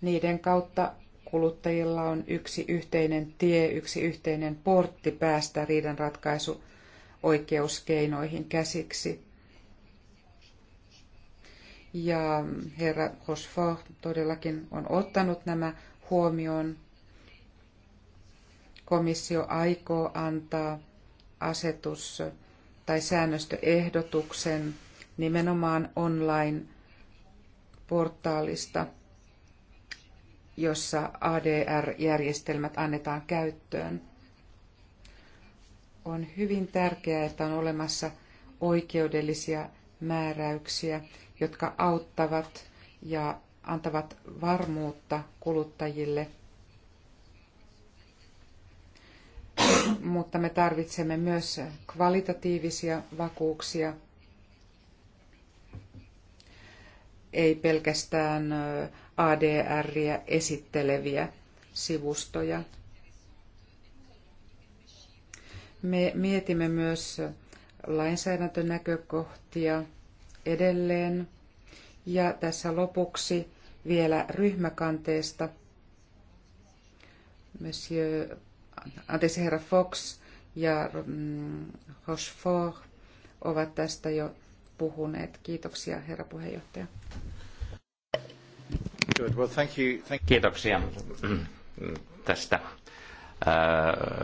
Niiden kautta kuluttajilla on yksi yhteinen tie, yksi yhteinen portti päästä riidanratkaisu oikeuskeinoihin käsiksi. Ja herra Rochefort todellakin on ottanut nämä huomioon komissio aikoo antaa asetus- tai säännöstöehdotuksen nimenomaan online-portaalista, jossa ADR-järjestelmät annetaan käyttöön. On hyvin tärkeää, että on olemassa oikeudellisia määräyksiä, jotka auttavat ja antavat varmuutta kuluttajille – mutta me tarvitsemme myös kvalitatiivisia vakuuksia, ei pelkästään ADRiä esitteleviä sivustoja. Me mietimme myös lainsäädäntönäkökohtia edelleen. Ja tässä lopuksi vielä ryhmäkanteesta. Monsieur anteeksi herra Fox ja mm, Rochefort ovat tästä jo puhuneet. Kiitoksia herra puheenjohtaja. Good. Well, thank you. Thank Kiitoksia mm, tästä äh,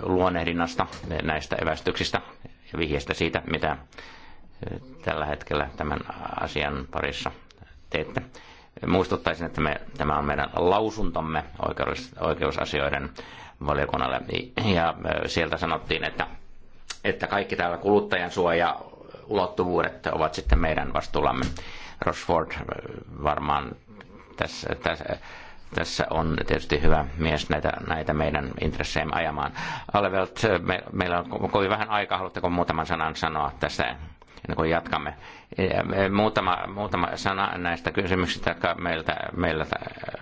luonehdinnasta, näistä evästyksistä ja vihjeistä siitä, mitä äh, tällä hetkellä tämän asian parissa teette. Muistuttaisin, että me, tämä on meidän lausuntomme oikeus, oikeusasioiden valiokunnalle. Ja sieltä sanottiin, että, että kaikki täällä kuluttajan suoja ulottuvuudet ovat sitten meidän vastuullamme. Rosford varmaan tässä, tässä, tässä on tietysti hyvä mies näitä, näitä meidän intressejä ajamaan. Alevelt, me, meillä on kovin vähän aikaa, haluatteko muutaman sanan sanoa tästä ennen kuin jatkamme. E, muutama, muutama sana näistä kysymyksistä, jotka meiltä, meiltä,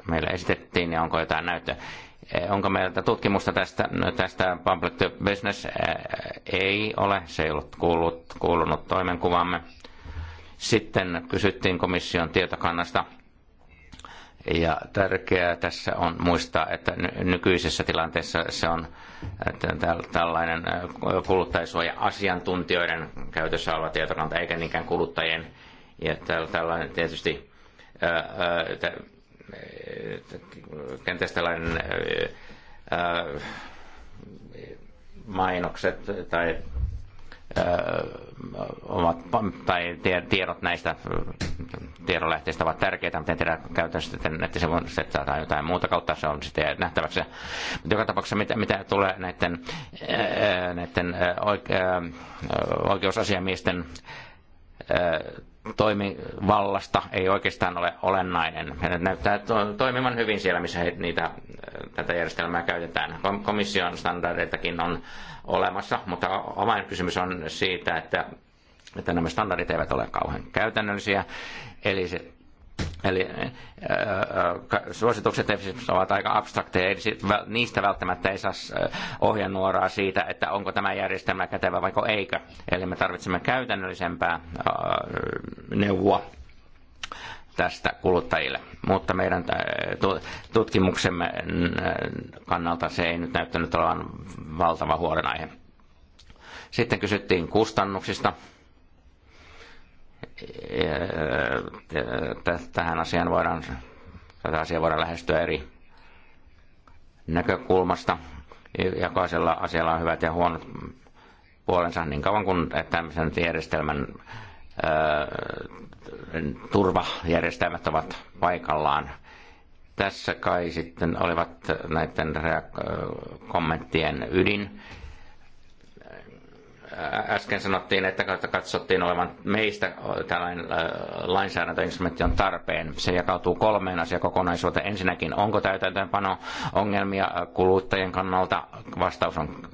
meillä esitettiin, ja onko jotain näyttöä. Eh, onko meiltä tutkimusta tästä, tästä public business? Eh, eh, ei ole, se ei ollut kuulunut, kuulunut toimenkuvamme. Sitten kysyttiin komission tietokannasta. Ja tärkeää tässä on muistaa, että nykyisessä tilanteessa se on tällainen kuluttajasuoja asiantuntijoiden käytössä oleva tietokanta, eikä niinkään kuluttajien. Ja tällainen tietysti kenties tällainen äh, äh, mainokset tai äh, omat tai tiedot näistä tiedonlähteistä ovat tärkeitä, mutta en tiedä käytännössä sitten nettisivuista tai jotain muuta kautta se on sitten nähtäväksi. Mutta joka tapauksessa mitä, mitä tulee näiden, näiden oike, oikeusasiamiesten toimivallasta ei oikeastaan ole olennainen. Ne näyttää toimivan hyvin siellä, missä he, niitä, äh, tätä järjestelmää käytetään. Komission standardeitakin on olemassa, mutta kysymys on siitä, että, että nämä standardit eivät ole kauhean käytännöllisiä. Eli se Eli äh, äh, suositukset ovat aika abstrakteja, eli niistä välttämättä ei saa äh, ohjenuoraa siitä, että onko tämä järjestelmä kätevä vai eikö. Eli me tarvitsemme käytännöllisempää neuvoa tästä kuluttajille. Mutta meidän tutkimuksemme kannalta se ei nyt näyttänyt olevan valtava huolenaihe. Sitten kysyttiin kustannuksista tähän asiaan voidaan, tätä asiaa voidaan lähestyä eri näkökulmasta. Jokaisella asialla on hyvät ja huonot puolensa niin kauan kuin tämmöisen järjestelmän turvajärjestelmät ovat paikallaan. Tässä kai sitten olivat näiden kommenttien ydin äsken sanottiin, että katsottiin olevan meistä tällainen lainsäädäntöinstrumentti on tarpeen. Se jakautuu kolmeen asiakokonaisuuteen. Ensinnäkin, onko täytäntöönpano ongelmia kuluttajien kannalta? Vastaus on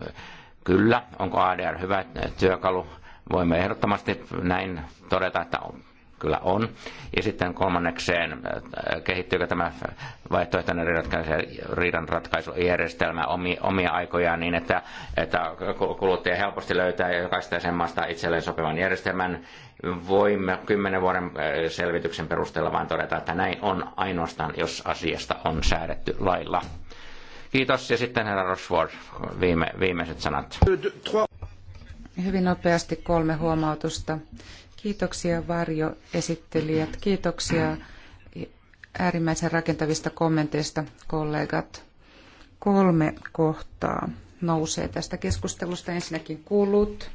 kyllä. Onko ADR hyvä työkalu? Voimme ehdottomasti näin todeta, että on kyllä on. Ja sitten kolmannekseen, äh, kehittyykö tämä vaihtoehtoinen riidanratkaisujärjestelmä omia aikojaan niin, että, että kuluttaja helposti löytää jokaista sen maasta itselleen sopivan järjestelmän. Voimme kymmenen vuoden äh, selvityksen perusteella vain todeta, että näin on ainoastaan, jos asiasta on säädetty lailla. Kiitos ja sitten herra Rosford, viime, viimeiset sanat. Hyvin nopeasti kolme huomautusta. Kiitoksia varjoesittelijät. Kiitoksia äärimmäisen rakentavista kommenteista, kollegat. Kolme kohtaa nousee tästä keskustelusta. Ensinnäkin kulut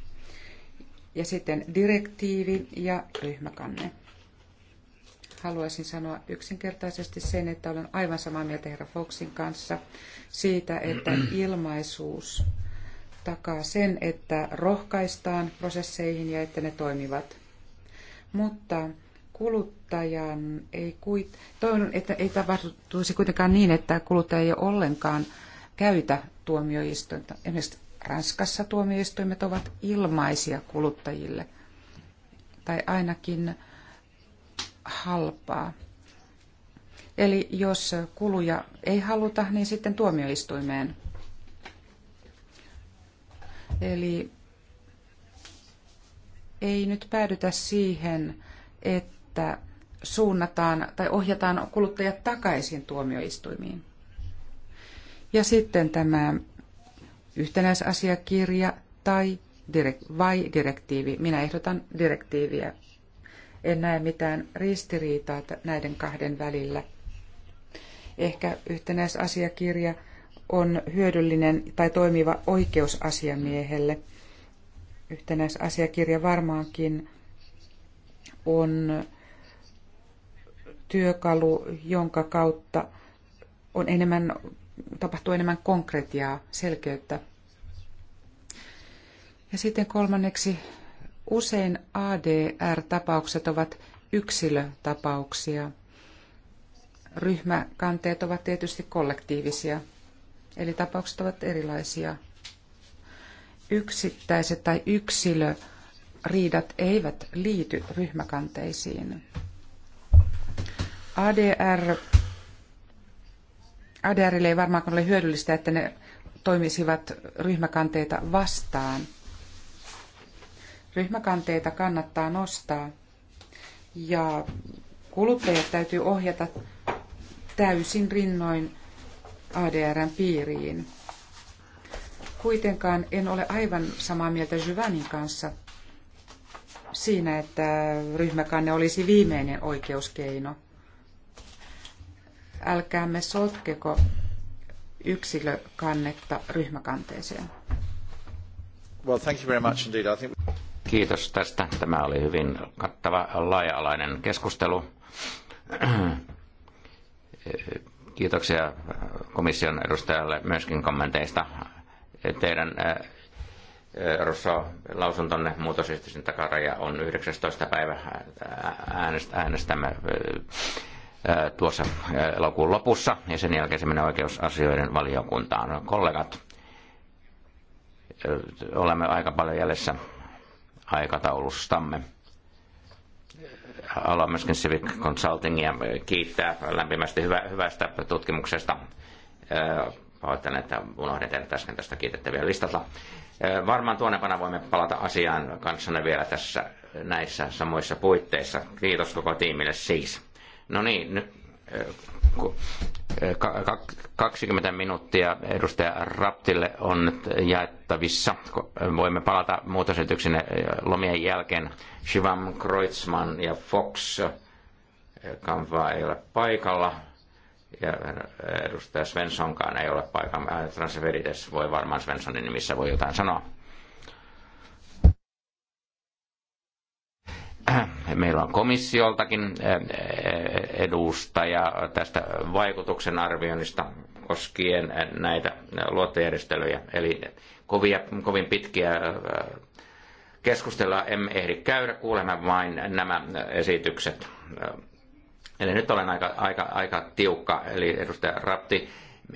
ja sitten direktiivi ja ryhmäkanne. Haluaisin sanoa yksinkertaisesti sen, että olen aivan samaa mieltä herra Foxin kanssa siitä, että ilmaisuus takaa sen, että rohkaistaan prosesseihin ja että ne toimivat mutta kuluttajan ei kuit... Toivon, että ei tapahtuisi kuitenkaan niin, että kuluttaja ei ollenkaan käytä tuomioistuinta. Esimerkiksi Ranskassa tuomioistuimet ovat ilmaisia kuluttajille tai ainakin halpaa. Eli jos kuluja ei haluta, niin sitten tuomioistuimeen. Eli ei nyt päädytä siihen, että suunnataan tai ohjataan kuluttajat takaisin tuomioistuimiin. Ja sitten tämä yhtenäisasiakirja tai direk- vai direktiivi. Minä ehdotan direktiiviä. En näe mitään ristiriitaa näiden kahden välillä. Ehkä yhtenäisasiakirja on hyödyllinen tai toimiva oikeusasiamiehelle – yhtenäisasiakirja varmaankin on työkalu, jonka kautta on enemmän, tapahtuu enemmän konkretiaa, selkeyttä. Ja sitten kolmanneksi, usein ADR-tapaukset ovat yksilötapauksia. Ryhmäkanteet ovat tietysti kollektiivisia, eli tapaukset ovat erilaisia – yksittäiset tai yksilöriidat eivät liity ryhmäkanteisiin. ADR, ADRille ei varmaankaan ole hyödyllistä, että ne toimisivat ryhmäkanteita vastaan. Ryhmäkanteita kannattaa nostaa ja kuluttajat täytyy ohjata täysin rinnoin ADRn piiriin kuitenkaan en ole aivan samaa mieltä Jyvänin kanssa siinä, että ryhmäkanne olisi viimeinen oikeuskeino. Älkäämme sotkeko yksilökannetta ryhmäkanteeseen. Well, thank you very much indeed. I think... Kiitos tästä. Tämä oli hyvin kattava laaja-alainen keskustelu. Kiitoksia komission edustajalle myöskin kommenteista teidän Rosso lausuntonne muutosyhteisön takaraja on 19. päivä äänestä, äänestämme tuossa elokuun lopussa ja sen jälkeen se menee oikeusasioiden valiokuntaan. Kollegat, olemme aika paljon jäljessä aikataulustamme. Haluan myöskin Civic Consultingia kiittää lämpimästi hyvä, hyvästä tutkimuksesta Pahoittelen, että unohdin teidät äsken tästä kiitettäviä listalta. Varmaan tuonnepana voimme palata asiaan kanssanne vielä tässä näissä samoissa puitteissa. Kiitos koko tiimille siis. No niin, nyt 20 minuuttia edustaja Raptille on nyt jaettavissa. Voimme palata muutosetyksen lomien jälkeen. Shivam Kreutzmann ja Fox. kanva ei ole paikalla ja eh, edustaja Svenssonkaan ei ole paikan. Transferites voi varmaan Svenssonin nimissä voi jotain sanoa. Äh, meillä on komissioltakin eh, eh, edustaja tästä vaikutuksen arvioinnista koskien näitä luottojärjestelyjä. Eli kovia, kovin pitkiä keskustella emme ehdi käydä, kuulemme vain nämä esitykset Eli nyt olen aika, aika, aika tiukka, eli edustaja Rapti,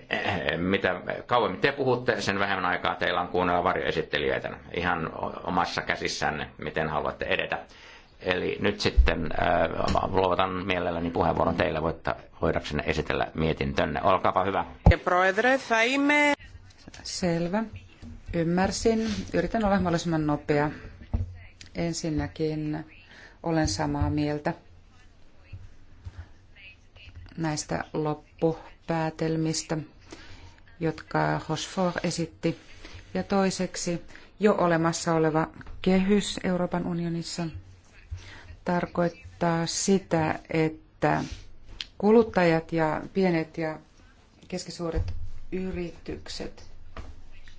eh, mitä kauemmin te puhutte, sen vähemmän aikaa teillä on kuunnella varjoesittelijöitä ihan omassa käsissänne, miten haluatte edetä. Eli nyt sitten äh, luovutan mielelläni puheenvuoron teille, voitta, voidaksenne esitellä mietintönne. Olkaapa hyvä. Selvä. Ymmärsin. Yritän olla mahdollisimman nopea. Ensinnäkin olen samaa mieltä näistä loppupäätelmistä, jotka Hosfor esitti. Ja toiseksi jo olemassa oleva kehys Euroopan unionissa tarkoittaa sitä, että kuluttajat ja pienet ja keskisuuret yritykset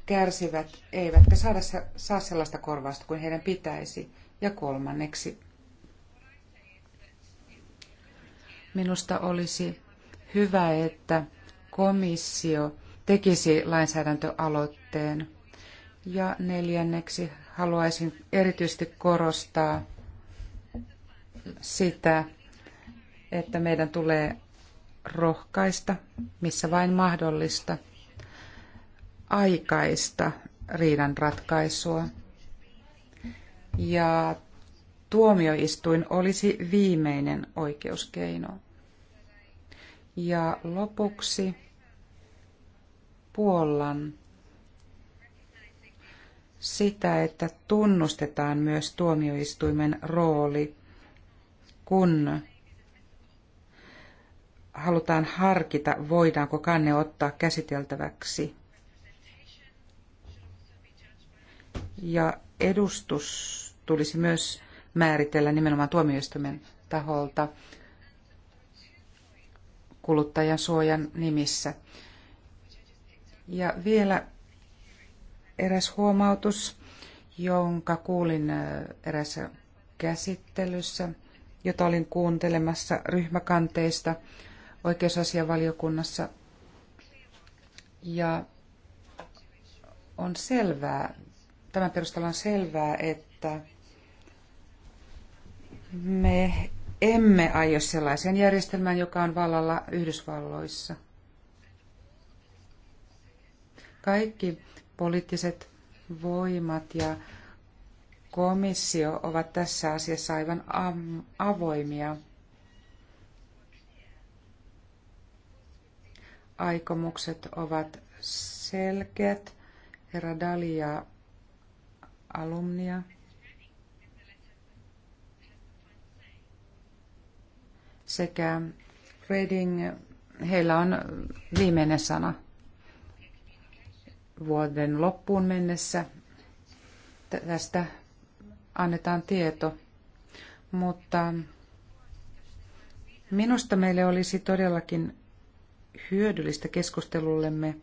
kärsivät, eivätkä saada, saa sellaista korvausta kuin heidän pitäisi. Ja kolmanneksi Minusta olisi hyvä, että komissio tekisi lainsäädäntöaloitteen. Ja neljänneksi haluaisin erityisesti korostaa sitä, että meidän tulee rohkaista, missä vain mahdollista, aikaista riidan ratkaisua. Ja tuomioistuin olisi viimeinen oikeuskeino. Ja lopuksi Puolan sitä, että tunnustetaan myös tuomioistuimen rooli, kun halutaan harkita, voidaanko kanne ottaa käsiteltäväksi. Ja edustus tulisi myös määritellä nimenomaan tuomioistuimen taholta kuluttajansuojan nimissä. Ja vielä eräs huomautus, jonka kuulin erässä käsittelyssä, jota olin kuuntelemassa ryhmäkanteista oikeusasiavaliokunnassa. Ja on selvää, tämän perusteella on selvää, että me emme aio sellaisen järjestelmään, joka on vallalla Yhdysvalloissa. Kaikki poliittiset voimat ja komissio ovat tässä asiassa aivan avoimia. Aikomukset ovat selkeät. Herra Dalia alumnia. sekä Reading, heillä on viimeinen sana vuoden loppuun mennessä. Tästä annetaan tieto, mutta minusta meille olisi todellakin hyödyllistä keskustelullemme,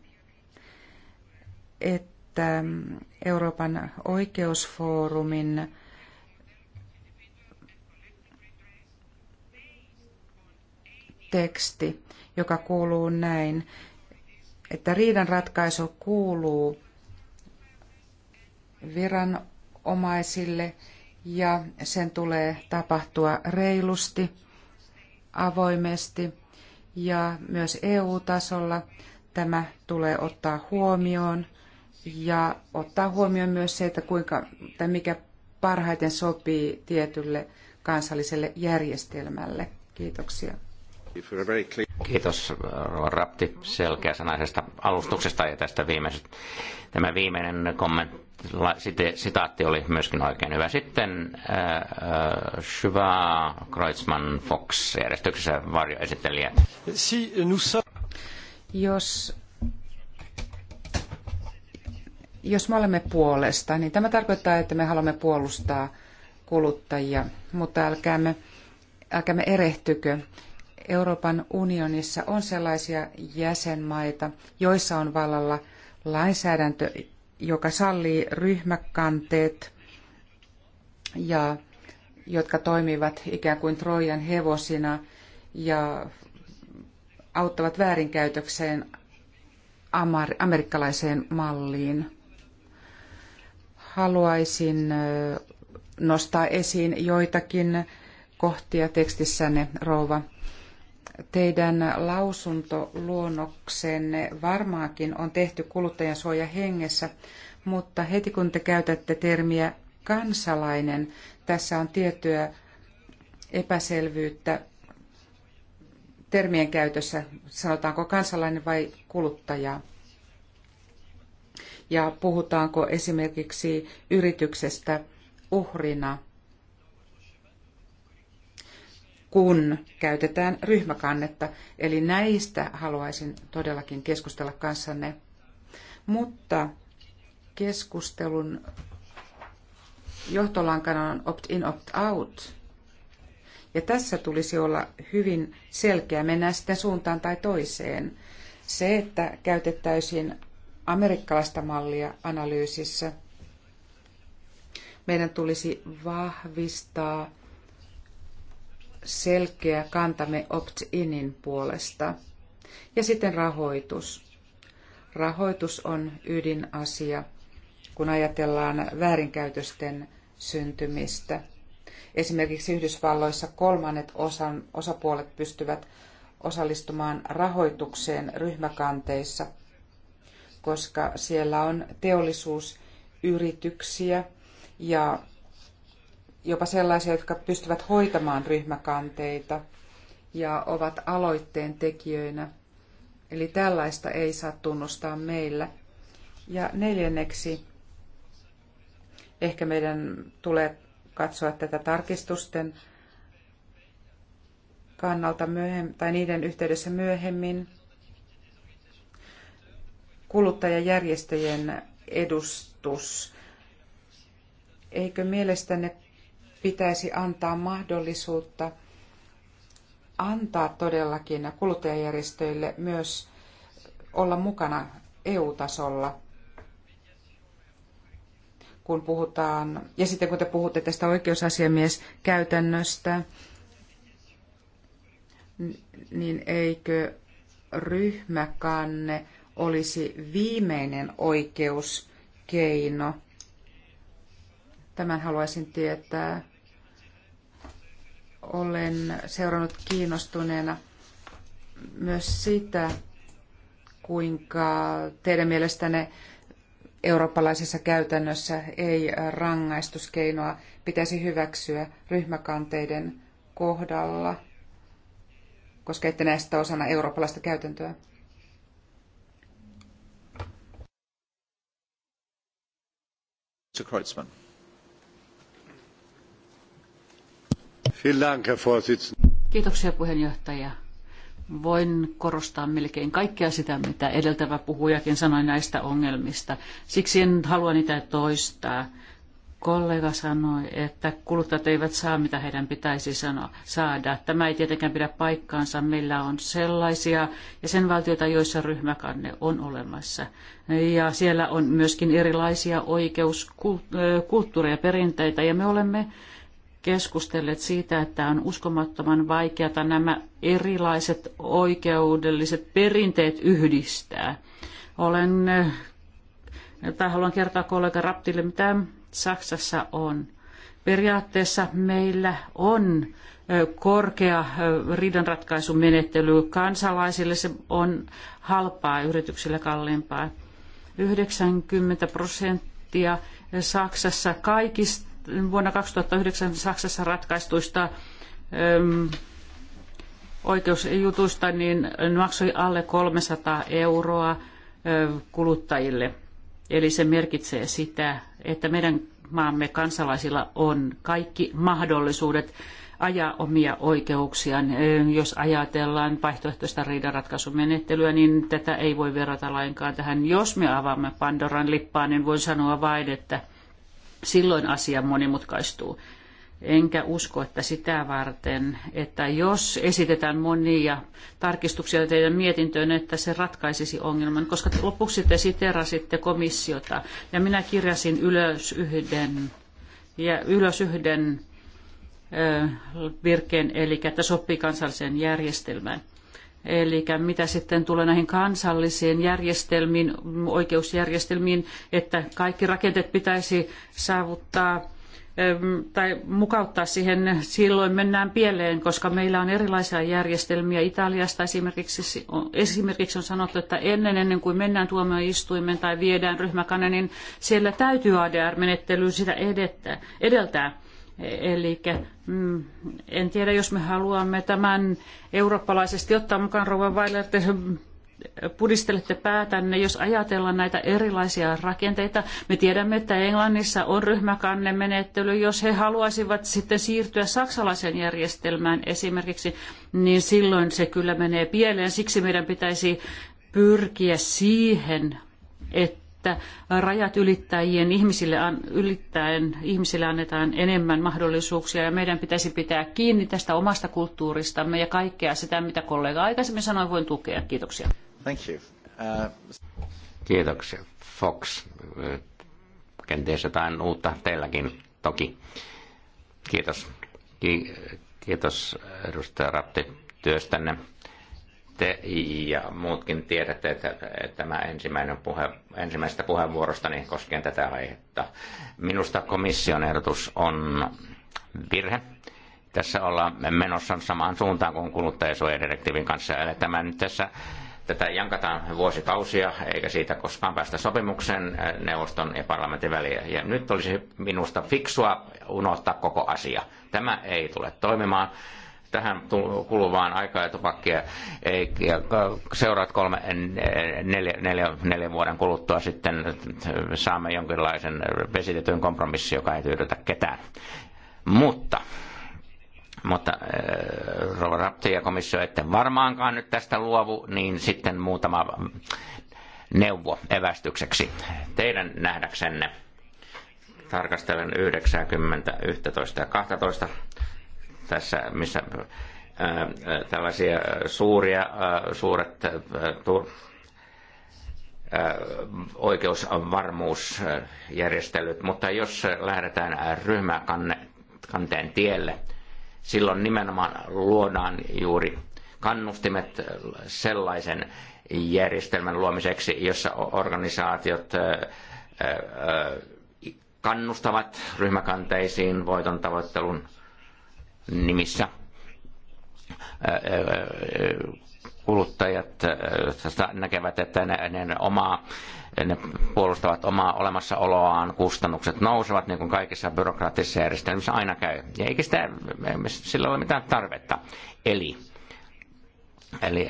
että Euroopan oikeusfoorumin teksti, joka kuuluu näin, että riidanratkaisu kuuluu viranomaisille ja sen tulee tapahtua reilusti, avoimesti ja myös EU-tasolla tämä tulee ottaa huomioon ja ottaa huomioon myös se, että kuinka, tai mikä parhaiten sopii tietylle kansalliselle järjestelmälle. Kiitoksia. Kiitos Rapti selkeäsanaisesta alustuksesta ja tästä viimeisestä. Tämä viimeinen kommentti, sitaatti oli myöskin oikein hyvä. Sitten äh, äh Shiva Kreutzmann Fox järjestyksessä varjoesittelijät. Si, Jos jos me olemme puolesta, niin tämä tarkoittaa, että me haluamme puolustaa kuluttajia, mutta älkäämme, älkäämme erehtykö. Euroopan unionissa on sellaisia jäsenmaita, joissa on vallalla lainsäädäntö, joka sallii ryhmäkanteet ja jotka toimivat ikään kuin Trojan hevosina ja auttavat väärinkäytökseen amerikkalaiseen malliin. Haluaisin nostaa esiin joitakin kohtia tekstissänne, rouva Teidän lausuntoluonnoksenne varmaankin on tehty kuluttajansuoja hengessä, mutta heti kun te käytätte termiä kansalainen, tässä on tiettyä epäselvyyttä termien käytössä, sanotaanko kansalainen vai kuluttaja. Ja puhutaanko esimerkiksi yrityksestä uhrina – kun käytetään ryhmäkannetta. Eli näistä haluaisin todellakin keskustella kanssanne. Mutta keskustelun johtolankana on opt-in, opt-out. Ja tässä tulisi olla hyvin selkeä, mennään sitten suuntaan tai toiseen. Se, että käytettäisiin amerikkalaista mallia analyysissä, meidän tulisi vahvistaa selkeä kantamme opt-inin puolesta. Ja sitten rahoitus. Rahoitus on ydinasia, kun ajatellaan väärinkäytösten syntymistä. Esimerkiksi Yhdysvalloissa kolmannet osan, osapuolet pystyvät osallistumaan rahoitukseen ryhmäkanteissa, koska siellä on teollisuusyrityksiä ja jopa sellaisia, jotka pystyvät hoitamaan ryhmäkanteita ja ovat aloitteen tekijöinä. Eli tällaista ei saa tunnustaa meillä. Ja neljänneksi, ehkä meidän tulee katsoa tätä tarkistusten kannalta myöhemmin, tai niiden yhteydessä myöhemmin kuluttajajärjestöjen edustus. Eikö mielestänne pitäisi antaa mahdollisuutta antaa todellakin kuluttajajärjestöille myös olla mukana EU-tasolla, kun puhutaan, ja sitten kun te puhutte tästä oikeusasiamieskäytännöstä, niin eikö ryhmäkanne olisi viimeinen oikeuskeino? Tämän haluaisin tietää olen seurannut kiinnostuneena myös sitä, kuinka teidän mielestänne eurooppalaisessa käytännössä ei rangaistuskeinoa pitäisi hyväksyä ryhmäkanteiden kohdalla, koska ette näe sitä osana eurooppalaista käytäntöä. Mr. Kreutzmann. Kiitoksia puheenjohtaja. Voin korostaa melkein kaikkea sitä, mitä edeltävä puhujakin sanoi näistä ongelmista. Siksi en halua niitä toistaa. Kollega sanoi, että kuluttajat eivät saa, mitä heidän pitäisi sanoa, saada. Tämä ei tietenkään pidä paikkaansa. Meillä on sellaisia jäsenvaltioita, joissa ryhmäkanne on olemassa. Ja siellä on myöskin erilaisia oikeuskulttuureja, perinteitä, ja me olemme keskustelleet siitä, että on uskomattoman vaikeata nämä erilaiset oikeudelliset perinteet yhdistää. Olen, tai haluan kertoa kollega Raptille, mitä Saksassa on. Periaatteessa meillä on korkea riidanratkaisumenettely kansalaisille. Se on halpaa yrityksille kalliimpaa. 90 prosenttia Saksassa kaikista vuonna 2009 Saksassa ratkaistuista ähm, oikeusjutuista niin maksoi alle 300 euroa äh, kuluttajille. Eli se merkitsee sitä, että meidän maamme kansalaisilla on kaikki mahdollisuudet ajaa omia oikeuksiaan. Ähm, jos ajatellaan vaihtoehtoista riidanratkaisumenettelyä, niin tätä ei voi verrata lainkaan tähän. Jos me avaamme Pandoran lippaan, niin voin sanoa vain, että silloin asia monimutkaistuu. Enkä usko, että sitä varten, että jos esitetään monia tarkistuksia teidän mietintöön, että se ratkaisisi ongelman, koska lopuksi te siterasitte komissiota. Ja minä kirjasin ylös yhden, ja ylös yhden ö, virkeen, eli että sopii kansalliseen järjestelmään. Eli mitä sitten tulee näihin kansallisiin järjestelmiin, oikeusjärjestelmiin, että kaikki rakenteet pitäisi saavuttaa tai mukauttaa siihen, silloin mennään pieleen, koska meillä on erilaisia järjestelmiä. Italiasta esimerkiksi, esimerkiksi on sanottu, että ennen, ennen kuin mennään tuomioistuimen tai viedään ryhmäkanne, niin siellä täytyy ADR-menettely sitä edettä, edeltää. Eli mm, en tiedä, jos me haluamme tämän eurooppalaisesti ottaa mukaan, Rouva Weiler, te pudistelette päätänne, jos ajatellaan näitä erilaisia rakenteita. Me tiedämme, että Englannissa on ryhmäkannemenettely. Jos he haluaisivat sitten siirtyä saksalaiseen järjestelmään esimerkiksi, niin silloin se kyllä menee pieleen. Siksi meidän pitäisi pyrkiä siihen, että että rajat ylittäjien ihmisille, ylittäen ihmisille annetaan enemmän mahdollisuuksia ja meidän pitäisi pitää kiinni tästä omasta kulttuuristamme ja kaikkea sitä, mitä kollega aikaisemmin sanoi, voin tukea. Kiitoksia. Thank you. Uh... Kiitoksia. Fox, kenties jotain uutta teilläkin toki. Kiitos. Kiitos edustaja Ratti työstänne te ja muutkin tiedätte, että tämä ensimmäinen puhe, ensimmäisestä puheenvuorostani koskien tätä aihetta. Minusta komission ehdotus on virhe. Tässä ollaan menossa samaan suuntaan kuin kuluttajasuojadirektiivin kanssa. Eli tämä nyt tässä tätä jankataan vuosikausia, eikä siitä koskaan päästä sopimuksen neuvoston ja parlamentin väliä. Ja nyt olisi minusta fiksua unohtaa koko asia. Tämä ei tule toimimaan tähän kuluvaan aikaa ja tupakkia ei, ja seuraat kolme, neljä, neljä, neljä, vuoden kuluttua sitten saamme jonkinlaisen vesitetyn kompromissin, joka ei tyydytä ketään. Mutta mutta äh, Rova Rapti ja komissio, että varmaankaan nyt tästä luovu, niin sitten muutama neuvo evästykseksi teidän nähdäksenne. Tarkastelen 90, 11 ja 12 tässä, missä äh, äh, tällaisia suuria, äh, suuret oikeusvarmuusjärjestelyt, mutta jos lähdetään ryhmäkanteen tielle, silloin nimenomaan luodaan juuri kannustimet sellaisen järjestelmän luomiseksi, jossa organisaatiot kannustavat ryhmäkanteisiin voiton tavoittelun nimissä kuluttajat näkevät, että ne, ne, omaa, ne puolustavat omaa olemassaoloaan, kustannukset nousevat, niin kuin kaikissa byrokraattisissa järjestelmissä aina käy. Ja eikä sitä, sillä ole mitään tarvetta. Eli, eli,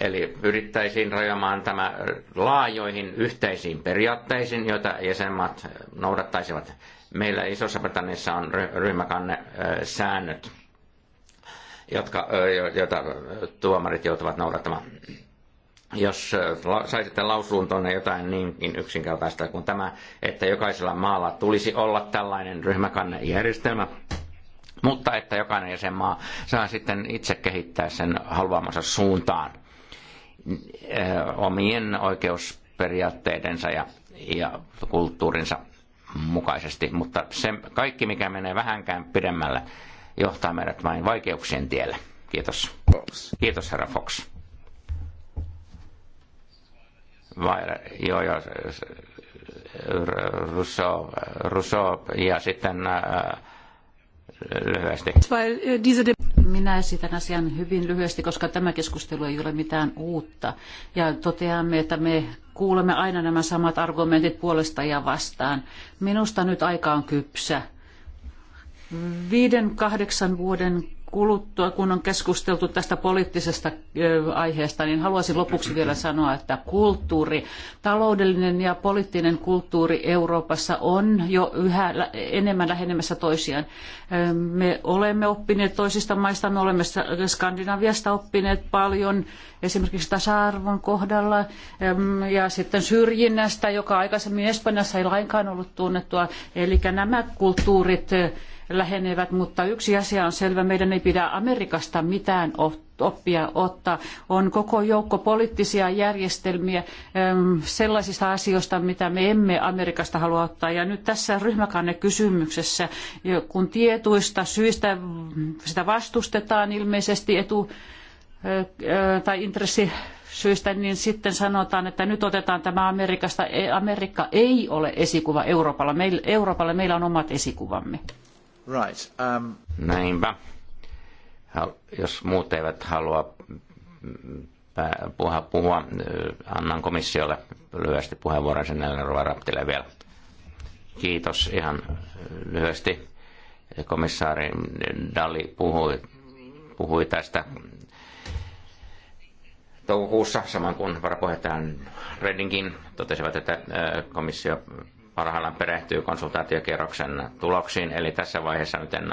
eli pyrittäisiin rajamaan tämä laajoihin yhteisiin periaatteisiin, joita jäsenmaat noudattaisivat Meillä Isossa Britanniassa on ryhmäkannesäännöt, säännöt, jotka, joita tuomarit joutuvat noudattamaan. Jos saisitte tuonne jotain niinkin yksinkertaista kuin tämä, että jokaisella maalla tulisi olla tällainen ryhmäkannejärjestelmä, mutta että jokainen jäsenmaa saa sitten itse kehittää sen haluamansa suuntaan omien oikeusperiaatteidensa ja, ja kulttuurinsa mukaisesti, mutta se kaikki, mikä menee vähänkään pidemmälle, johtaa meidät vain vaikeuksien tielle. Kiitos. Fox. Kiitos, herra Fox. Vai, joo, joo, Rousseau, Rousseau ja sitten Ää, äh, lyhyesti. Äh, Minä esitän asian hyvin lyhyesti, koska tämä keskustelu ei ole mitään uutta. Ja toteamme, että me kuulemme aina nämä samat argumentit puolesta ja vastaan. Minusta nyt aika on kypsä. Viiden, kahdeksan vuoden kuluttua, kun on keskusteltu tästä poliittisesta aiheesta, niin haluaisin lopuksi vielä sanoa, että kulttuuri, taloudellinen ja poliittinen kulttuuri Euroopassa on jo yhä enemmän lähenemässä toisiaan. Me olemme oppineet toisista maista, me olemme Skandinaviasta oppineet paljon esimerkiksi tasa-arvon kohdalla ja sitten syrjinnästä, joka aikaisemmin Espanjassa ei lainkaan ollut tunnettua. Eli nämä kulttuurit lähenevät, mutta yksi asia on selvä, meidän ei pidä Amerikasta mitään oppia ottaa. On koko joukko poliittisia järjestelmiä ähm, sellaisista asioista, mitä me emme Amerikasta halua ottaa. Ja nyt tässä ryhmäkannekysymyksessä, kun tietuista syistä sitä vastustetaan ilmeisesti etu äh, äh, tai intressisyistä, niin sitten sanotaan, että nyt otetaan tämä Amerikasta. E- Amerikka ei ole esikuva Euroopalla. Meillä, Euroopalle meillä on omat esikuvamme. Right, um... Näinpä. Jos muut eivät halua puhua, puhua annan komissiolle lyhyesti puheenvuoron sen Elena vielä. Kiitos ihan lyhyesti. Komissaari Dali puhui, puhui tästä toukokuussa, saman kuin varapuheenjohtaja Reddingin totesivat, että komissio parhaillaan perehtyy konsultaatiokierroksen tuloksiin, eli tässä vaiheessa nyt en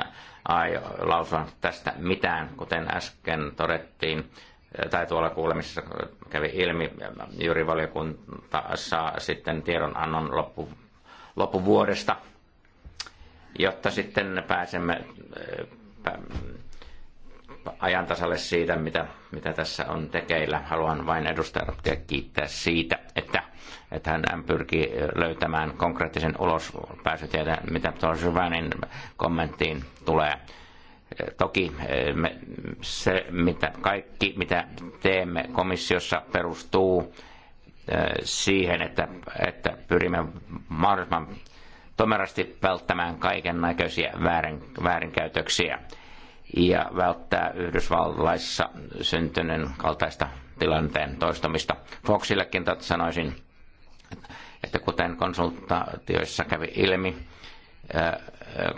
aio lausua tästä mitään, kuten äsken todettiin, eh, tai tuolla kuulemisessa kävi ilmi, eh, valiokunta saa sitten tiedonannon loppu, loppuvuodesta, jotta sitten pääsemme eh, ajan tasalle siitä, mitä, mitä tässä on tekeillä. Haluan vain edustaja kiittää siitä, että, että hän pyrkii löytämään konkreettisen ulospääsytiedon, mitä tuon Syvänin kommenttiin tulee. Toki eh, me, se, mitä, kaikki, mitä teemme komissiossa, perustuu eh, siihen, että, että pyrimme mahdollisimman tomerasti välttämään kaiken näköisiä väärin, väärinkäytöksiä ja välttää Yhdysvalloissa syntyneen kaltaista tilanteen toistamista. Foxillekin sanoisin, että kuten konsultaatioissa kävi ilmi, äh,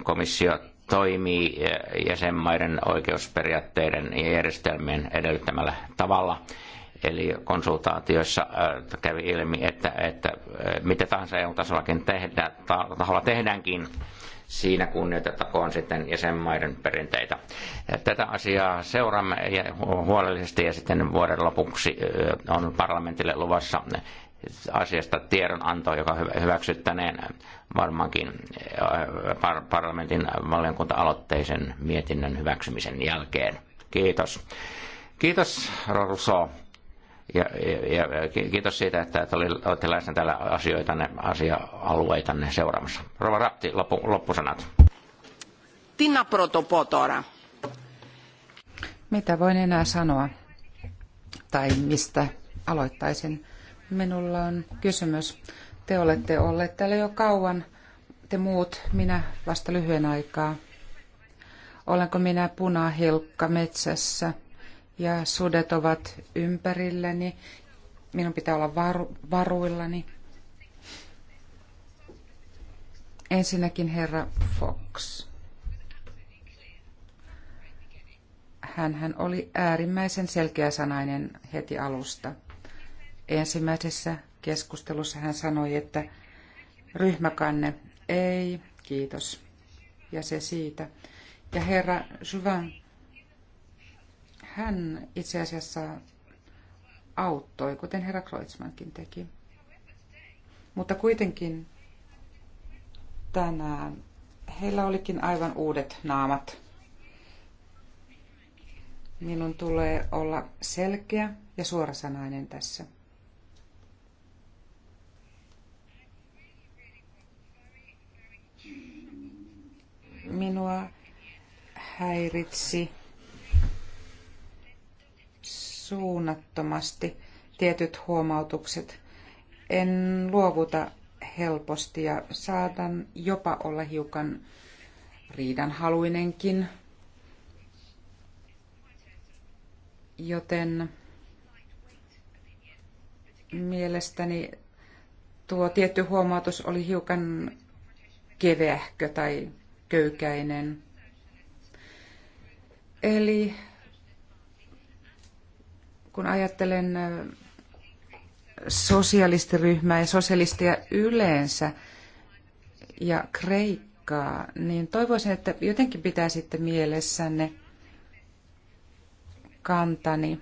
komissio toimii äh, jäsenmaiden oikeusperiaatteiden ja järjestelmien edellyttämällä tavalla. Eli konsultaatioissa äh, kävi ilmi, että, että mitä tahansa EU-tasollakin tehdä, taholla tehdäänkin, siinä kunnioitettakoon sitten jäsenmaiden perinteitä. Tätä asiaa seuraamme huolellisesti ja sitten vuoden lopuksi on parlamentille luvassa asiasta tiedonanto, joka hyväksyttäneen varmaankin parlamentin valiokunta-aloitteisen mietinnön hyväksymisen jälkeen. Kiitos. Kiitos, Rousseau ja, ja, ja kiitos siitä, että olette läsnä täällä asioita, asia alueita, seuraamassa. Rova Rapti, loppu, loppusanat. Tinna protopotora. Mitä voin enää sanoa? Tai mistä aloittaisin? Minulla on kysymys. Te olette olleet täällä jo kauan, te muut, minä vasta lyhyen aikaa. Olenko minä punahilkka metsässä? ja sudet ovat ympärilläni. Minun pitää olla varu- varuillani. Ensinnäkin herra Fox. hän hän oli äärimmäisen selkeäsanainen heti alusta. Ensimmäisessä keskustelussa hän sanoi, että ryhmäkanne ei, kiitos. Ja se siitä. Ja herra Juvan hän itse asiassa auttoi, kuten herra Kreutzmannkin teki. Mutta kuitenkin tänään heillä olikin aivan uudet naamat. Minun tulee olla selkeä ja suorasanainen tässä. Minua häiritsi suunnattomasti tietyt huomautukset. En luovuta helposti ja saatan jopa olla hiukan riidanhaluinenkin. Joten mielestäni tuo tietty huomautus oli hiukan keveähkö tai köykäinen. Eli kun ajattelen sosialistiryhmää ja sosialistia yleensä ja Kreikkaa, niin toivoisin, että jotenkin pitäisitte mielessänne kantani.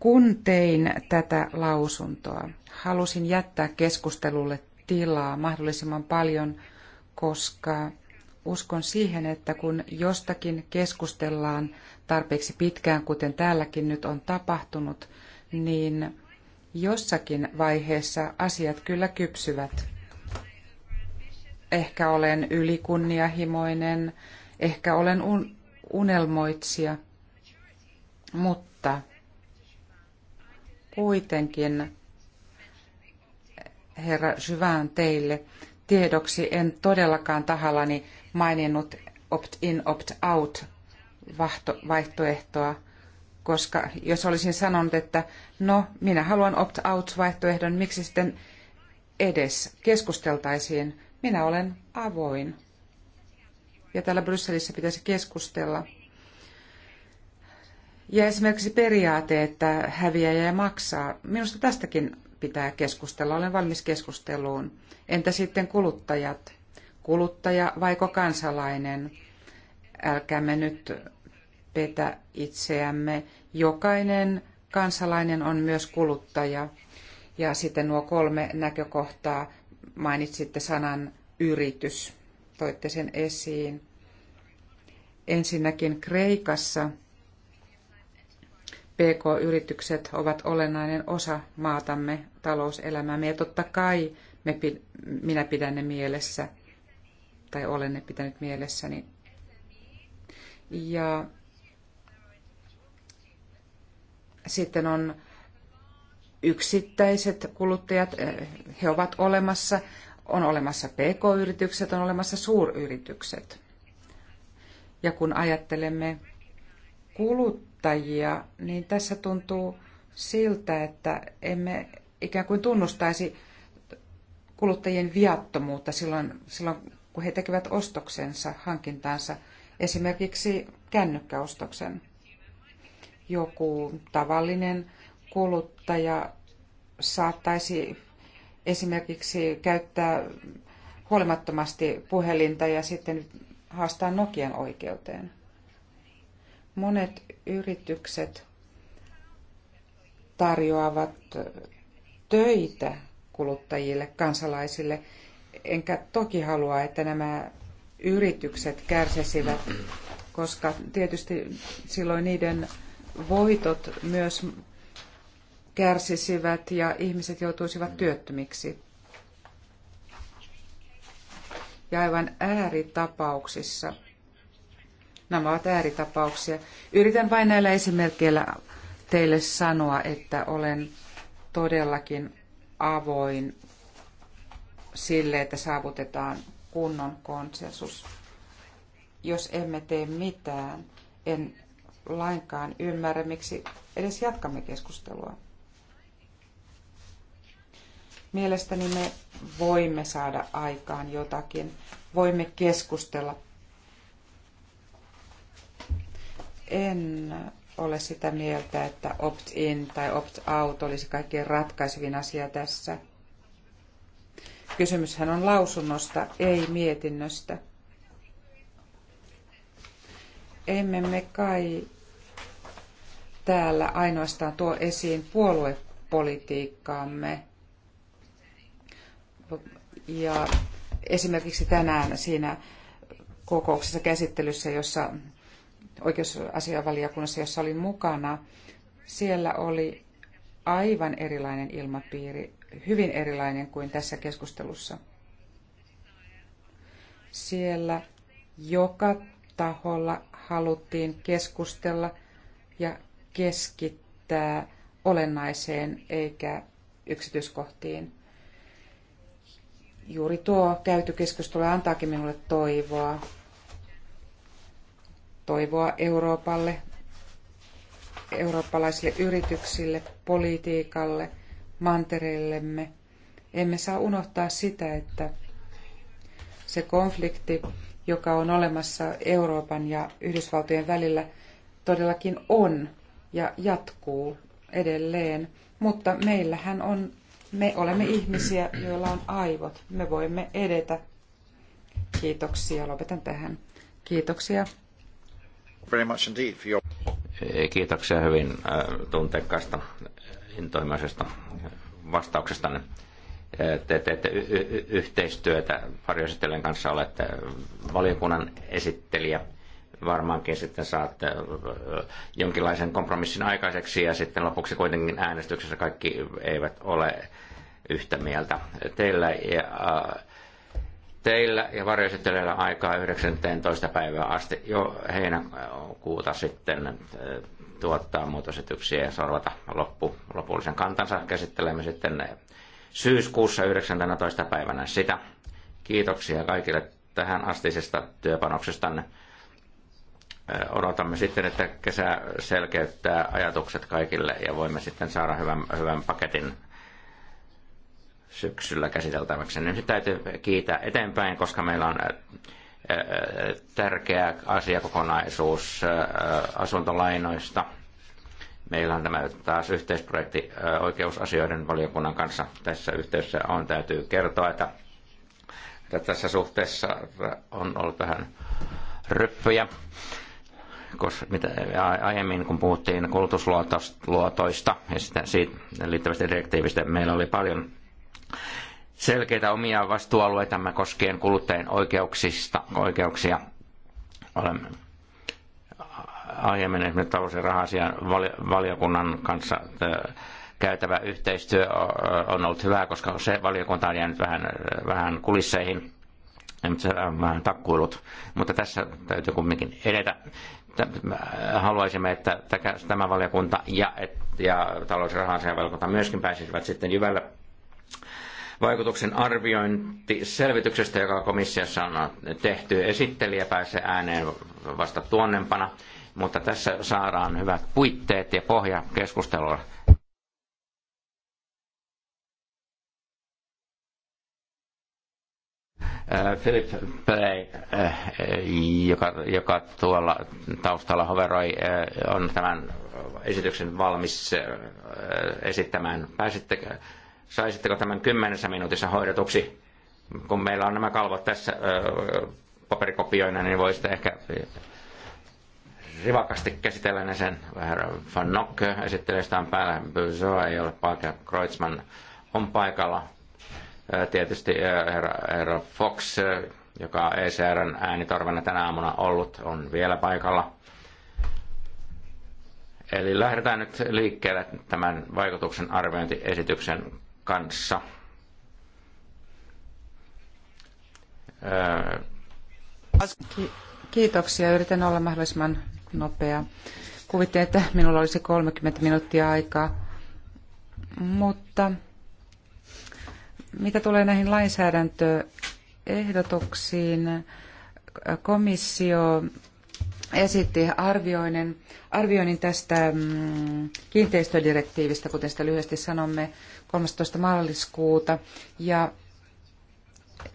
Kun tein tätä lausuntoa, halusin jättää keskustelulle tilaa mahdollisimman paljon, koska uskon siihen, että kun jostakin keskustellaan tarpeeksi pitkään, kuten täälläkin nyt on tapahtunut, niin jossakin vaiheessa asiat kyllä kypsyvät. Ehkä olen ylikunnianhimoinen, ehkä olen unelmoitsija, mutta kuitenkin, herra Syvään teille, tiedoksi en todellakaan tahallani maininnut opt-in, opt-out vaihtoehtoa, koska jos olisin sanonut, että no, minä haluan opt-out vaihtoehdon, miksi sitten edes keskusteltaisiin, minä olen avoin. Ja täällä Brysselissä pitäisi keskustella. Ja esimerkiksi periaate, että häviäjä maksaa. Minusta tästäkin pitää keskustella. Olen valmis keskusteluun. Entä sitten kuluttajat? kuluttaja vaiko kansalainen. Älkäämme nyt petä itseämme. Jokainen kansalainen on myös kuluttaja. Ja sitten nuo kolme näkökohtaa. Mainitsitte sanan yritys. Toitte sen esiin. Ensinnäkin Kreikassa PK-yritykset ovat olennainen osa maatamme talouselämäämme ja totta kai me, minä pidän ne mielessä – tai olen ne pitänyt mielessäni. Ja sitten on yksittäiset kuluttajat, eh, he ovat olemassa, on olemassa pk-yritykset, on olemassa suuryritykset. Ja kun ajattelemme kuluttajia, niin tässä tuntuu siltä, että emme ikään kuin tunnustaisi kuluttajien viattomuutta silloin, silloin kun he tekevät ostoksensa, hankintaansa, esimerkiksi kännykkäostoksen. Joku tavallinen kuluttaja saattaisi esimerkiksi käyttää huolimattomasti puhelinta ja sitten haastaa Nokian oikeuteen. Monet yritykset tarjoavat töitä kuluttajille, kansalaisille, enkä toki halua, että nämä yritykset kärsisivät, koska tietysti silloin niiden voitot myös kärsisivät ja ihmiset joutuisivat työttömiksi. Ja aivan ääritapauksissa. Nämä ovat ääritapauksia. Yritän vain näillä esimerkkeillä teille sanoa, että olen todellakin avoin sille, että saavutetaan kunnon konsensus. Jos emme tee mitään, en lainkaan ymmärrä, miksi edes jatkamme keskustelua. Mielestäni me voimme saada aikaan jotakin, voimme keskustella. En ole sitä mieltä, että opt-in tai opt-out olisi kaikkein ratkaisevin asia tässä – Kysymyshän on lausunnosta, ei mietinnöstä. Emme me kai täällä ainoastaan tuo esiin puoluepolitiikkaamme. Ja esimerkiksi tänään siinä kokouksessa käsittelyssä, jossa oikeusasiavaliokunnassa, jossa olin mukana, siellä oli aivan erilainen ilmapiiri hyvin erilainen kuin tässä keskustelussa. Siellä joka taholla haluttiin keskustella ja keskittää olennaiseen eikä yksityiskohtiin. Juuri tuo käyty keskustelu antaakin minulle toivoa. Toivoa Euroopalle, eurooppalaisille yrityksille, politiikalle – mantereellemme. Emme saa unohtaa sitä, että se konflikti, joka on olemassa Euroopan ja Yhdysvaltojen välillä, todellakin on ja jatkuu edelleen. Mutta meillähän on, me olemme ihmisiä, joilla on aivot. Me voimme edetä. Kiitoksia. Lopetan tähän. Kiitoksia. Very much indeed for your... Kiitoksia hyvin äh, tunteikkaasta intoimaisesta vastauksestanne. Te teette yhteistyötä varjoesittelijän kanssa, olette valiokunnan esittelijä. Varmaankin sitten saatte jonkinlaisen kompromissin aikaiseksi ja sitten lopuksi kuitenkin äänestyksessä kaikki eivät ole yhtä mieltä. Teillä ja, teillä ja varjoesittelijällä aikaa 19. päivää asti jo heinäkuuta sitten tuottaa muutosesityksiä ja sorvata loppu, lopullisen kantansa. Käsittelemme sitten syyskuussa 19. päivänä sitä. Kiitoksia kaikille tähän astisesta työpanoksestanne. Odotamme sitten, että kesä selkeyttää ajatukset kaikille ja voimme sitten saada hyvän, hyvän paketin syksyllä käsiteltäväksi. Nyt täytyy kiitä eteenpäin, koska meillä on tärkeä asiakokonaisuus asuntolainoista. Meillä on tämä taas yhteisprojekti oikeusasioiden valiokunnan kanssa tässä yhteydessä on. Täytyy kertoa, että, tässä suhteessa on ollut vähän ryppyjä. Koska mitä, aiemmin kun puhuttiin kulutusluotoista ja siitä liittyvästä direktiivistä, meillä oli paljon selkeitä omia vastuualueitamme koskien kuluttajien oikeuksista, oikeuksia. Olemme aiemmin esimerkiksi talous- ja rahasian valiokunnan kanssa käytävä yhteistyö on ollut hyvää, koska se valiokunta on jäänyt vähän, vähän kulisseihin, se on vähän takkuilut. Mutta tässä täytyy kumminkin edetä. Haluaisimme, että tämä valiokunta ja, ja talous- ja rahasian valiokunta myöskin pääsisivät sitten jyvälle vaikutuksen arviointiselvityksestä, joka komissiossa on tehty. Esittelijä pääsee ääneen vasta tuonnempana, mutta tässä saadaan hyvät puitteet ja pohja keskustelua. Äh, Philip Play, äh, joka, joka tuolla taustalla hoveroi, äh, on tämän esityksen valmis esittämään. Pääsittekö Saisitteko tämän kymmenessä minuutissa hoidetuksi? Kun meillä on nämä kalvot tässä paperikopioina, niin voisitte ehkä rivakasti käsitellä ne sen. Van Nock esittelystään päällä, Bözoa ei ole paikka. Kreutzmann on paikalla. Tietysti herra, herra Fox, joka on e ECRn äänitorvena tänä aamuna ollut, on vielä paikalla. Eli lähdetään nyt liikkeelle tämän vaikutuksen arviointiesityksen kanssa. Kiitoksia. Yritän olla mahdollisimman nopea. Kuvittelin, että minulla olisi 30 minuuttia aikaa, mutta mitä tulee näihin lainsäädäntöehdotuksiin, komissio esitti arvioinnin tästä mm, kiinteistödirektiivistä, kuten sitä lyhyesti sanomme. 13. maaliskuuta. Ja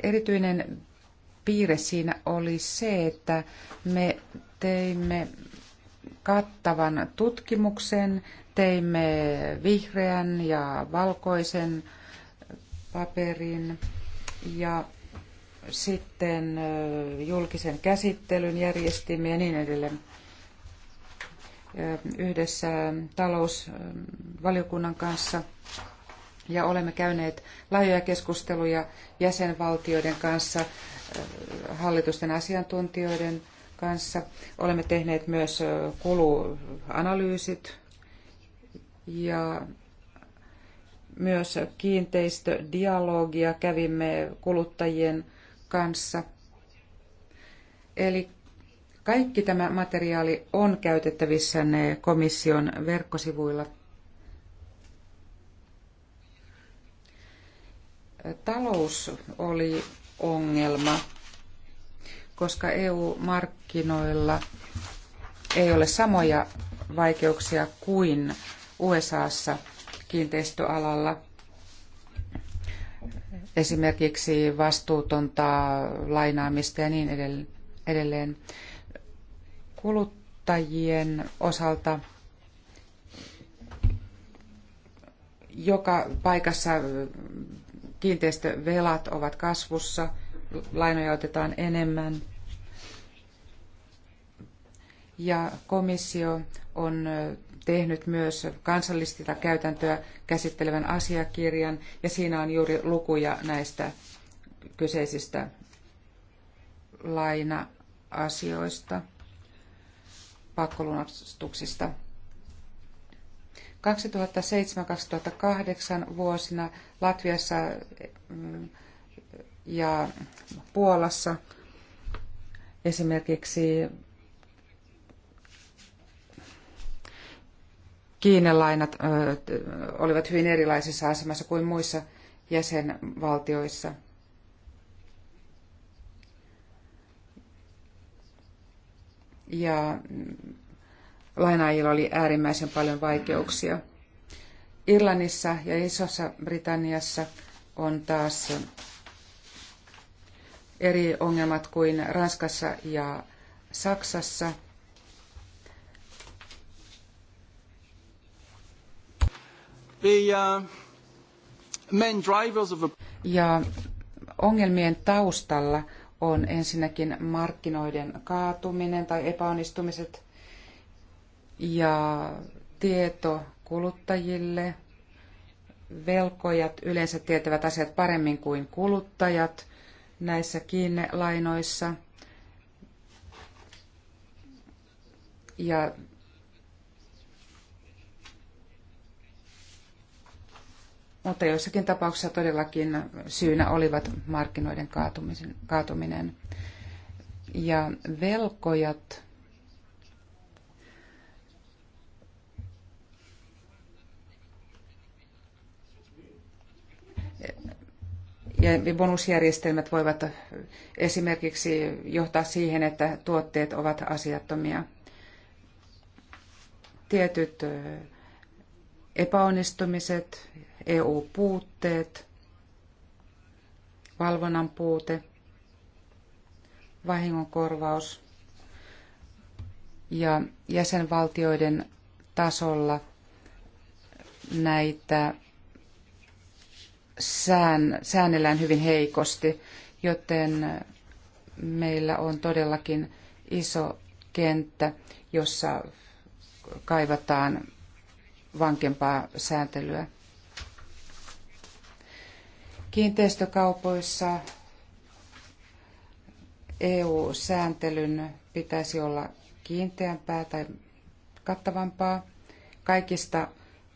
erityinen piirre siinä oli se, että me teimme kattavan tutkimuksen, teimme vihreän ja valkoisen paperin ja sitten julkisen käsittelyn järjestimme ja niin edelleen yhdessä talousvaliokunnan kanssa – ja olemme käyneet laajoja keskusteluja jäsenvaltioiden kanssa, äh, hallitusten asiantuntijoiden kanssa. Olemme tehneet myös äh, kuluanalyysit ja myös kiinteistödialogia kävimme kuluttajien kanssa. Eli kaikki tämä materiaali on käytettävissä komission verkkosivuilla – talous oli ongelma, koska EU-markkinoilla ei ole samoja vaikeuksia kuin USAssa kiinteistöalalla. Esimerkiksi vastuutonta lainaamista ja niin edelleen. Kuluttajien osalta joka paikassa kiinteistövelat ovat kasvussa, lainoja otetaan enemmän. Ja komissio on tehnyt myös kansallista käytäntöä käsittelevän asiakirjan, ja siinä on juuri lukuja näistä kyseisistä laina-asioista, pakkolunastuksista. 2007-2008 vuosina Latviassa mm, ja Puolassa esimerkiksi Kiinalainat olivat hyvin erilaisessa asemassa kuin muissa jäsenvaltioissa. Ja mm, lainaajilla oli äärimmäisen paljon vaikeuksia. Irlannissa ja Isossa Britanniassa on taas eri ongelmat kuin Ranskassa ja Saksassa. Uh, ja ongelmien taustalla on ensinnäkin markkinoiden kaatuminen tai epäonnistumiset – ja tieto kuluttajille. Velkojat yleensä tietävät asiat paremmin kuin kuluttajat näissä lainoissa. Ja mutta joissakin tapauksissa todellakin syynä olivat markkinoiden kaatumisen, kaatuminen. Ja velkojat ja bonusjärjestelmät voivat esimerkiksi johtaa siihen, että tuotteet ovat asiattomia. Tietyt epäonnistumiset, EU-puutteet, valvonnan puute, vahingonkorvaus ja jäsenvaltioiden tasolla näitä sään, säännellään hyvin heikosti, joten meillä on todellakin iso kenttä, jossa kaivataan vankempaa sääntelyä. Kiinteistökaupoissa EU-sääntelyn pitäisi olla kiinteämpää tai kattavampaa. Kaikista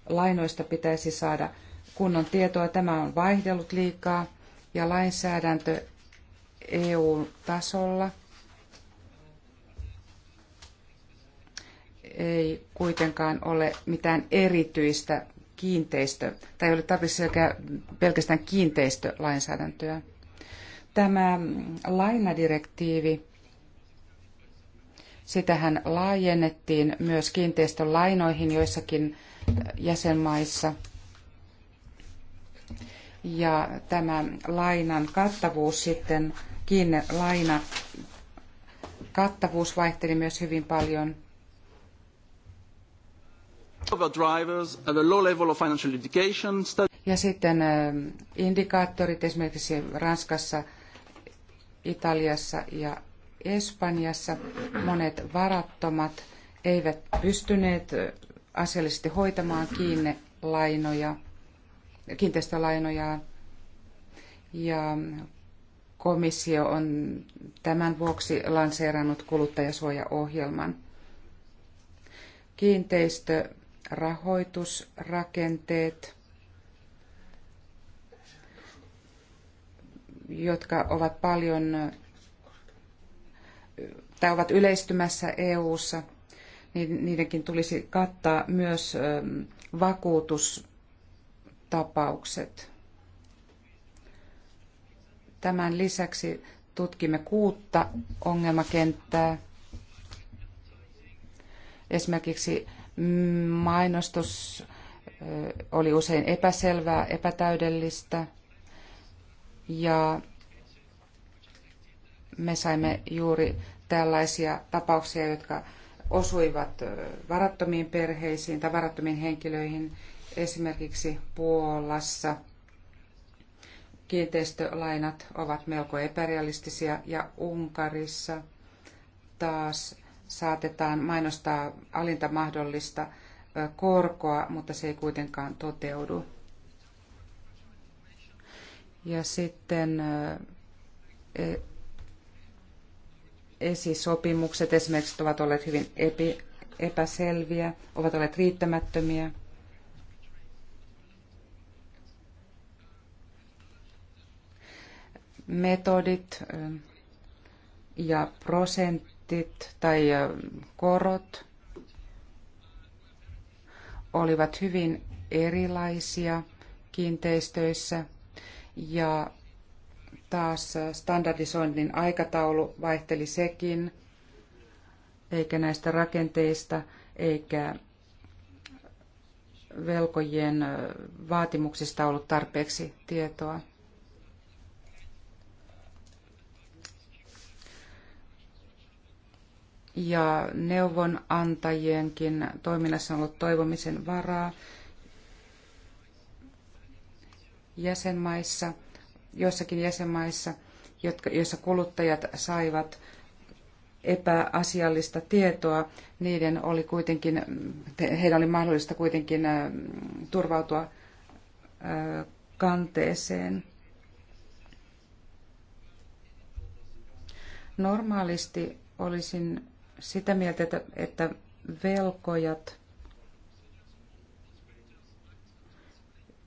lainoista pitäisi saada kun on tietoa, tämä on vaihdellut liikaa ja lainsäädäntö EU-tasolla ei kuitenkaan ole mitään erityistä kiinteistö, tai ei ole tarvitse pelkästään kiinteistölainsäädäntöä. Tämä lainadirektiivi, sitähän laajennettiin myös kiinteistölainoihin joissakin jäsenmaissa – ja tämä lainan kattavuus sitten, kiinne laina kattavuus vaihteli myös hyvin paljon. Ja sitten indikaattorit esimerkiksi Ranskassa, Italiassa ja Espanjassa monet varattomat eivät pystyneet asiallisesti hoitamaan kiinne lainoja kiinteistölainojaan. Ja komissio on tämän vuoksi lanseerannut kuluttajasuojaohjelman. Kiinteistörahoitusrakenteet, jotka ovat paljon tai ovat yleistymässä EU:ssa, niin niidenkin tulisi kattaa myös vakuutus tapaukset. Tämän lisäksi tutkimme kuutta ongelmakenttää. Esimerkiksi mainostus oli usein epäselvää, epätäydellistä ja me saimme juuri tällaisia tapauksia, jotka osuivat varattomiin perheisiin tai varattomiin henkilöihin Esimerkiksi Puolassa kiinteistölainat ovat melko epärealistisia ja Unkarissa taas saatetaan mainostaa alinta mahdollista korkoa, mutta se ei kuitenkaan toteudu. Ja sitten e, esisopimukset esimerkiksi ovat olleet hyvin epäselviä, ovat olleet riittämättömiä – metodit ja prosentit tai korot olivat hyvin erilaisia kiinteistöissä ja taas standardisoinnin aikataulu vaihteli sekin, eikä näistä rakenteista eikä velkojien vaatimuksista ollut tarpeeksi tietoa. ja neuvonantajienkin toiminnassa on ollut toivomisen varaa jäsenmaissa, joissakin jäsenmaissa, jotka, joissa kuluttajat saivat epäasiallista tietoa, niiden oli kuitenkin, heidän oli mahdollista kuitenkin äh, turvautua äh, kanteeseen. Normaalisti olisin sitä mieltä, että, että velkojat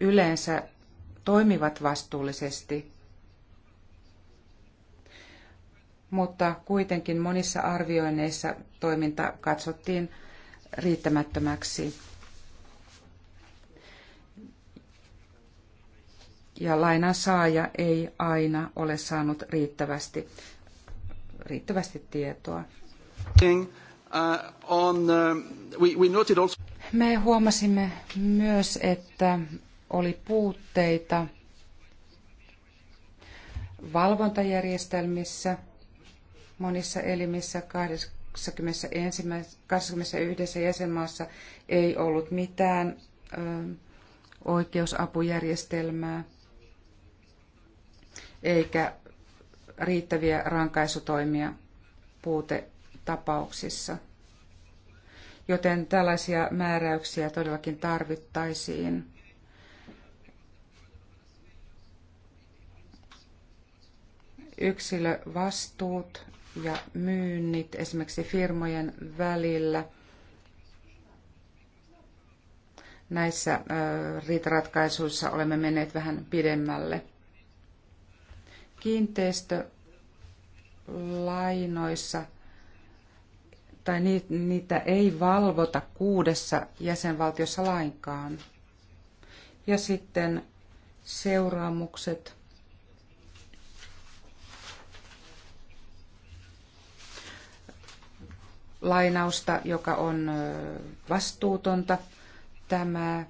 yleensä toimivat vastuullisesti, mutta kuitenkin monissa arvioinneissa toiminta katsottiin riittämättömäksi. Ja lainan saaja ei aina ole saanut riittävästi, riittävästi tietoa. Uh, uh, Me huomasimme myös, että oli puutteita valvontajärjestelmissä monissa elimissä 21, 21 jäsenmaassa ei ollut mitään ö, oikeusapujärjestelmää eikä riittäviä rankaisutoimia puute tapauksissa. Joten tällaisia määräyksiä todellakin tarvittaisiin. Yksilövastuut ja myynnit esimerkiksi firmojen välillä – näissä riitaratkaisuissa olemme menneet vähän pidemmälle. Kiinteistölainoissa tai niitä ei valvota kuudessa jäsenvaltiossa lainkaan. Ja sitten seuraamukset. Lainausta, joka on vastuutonta. Tämä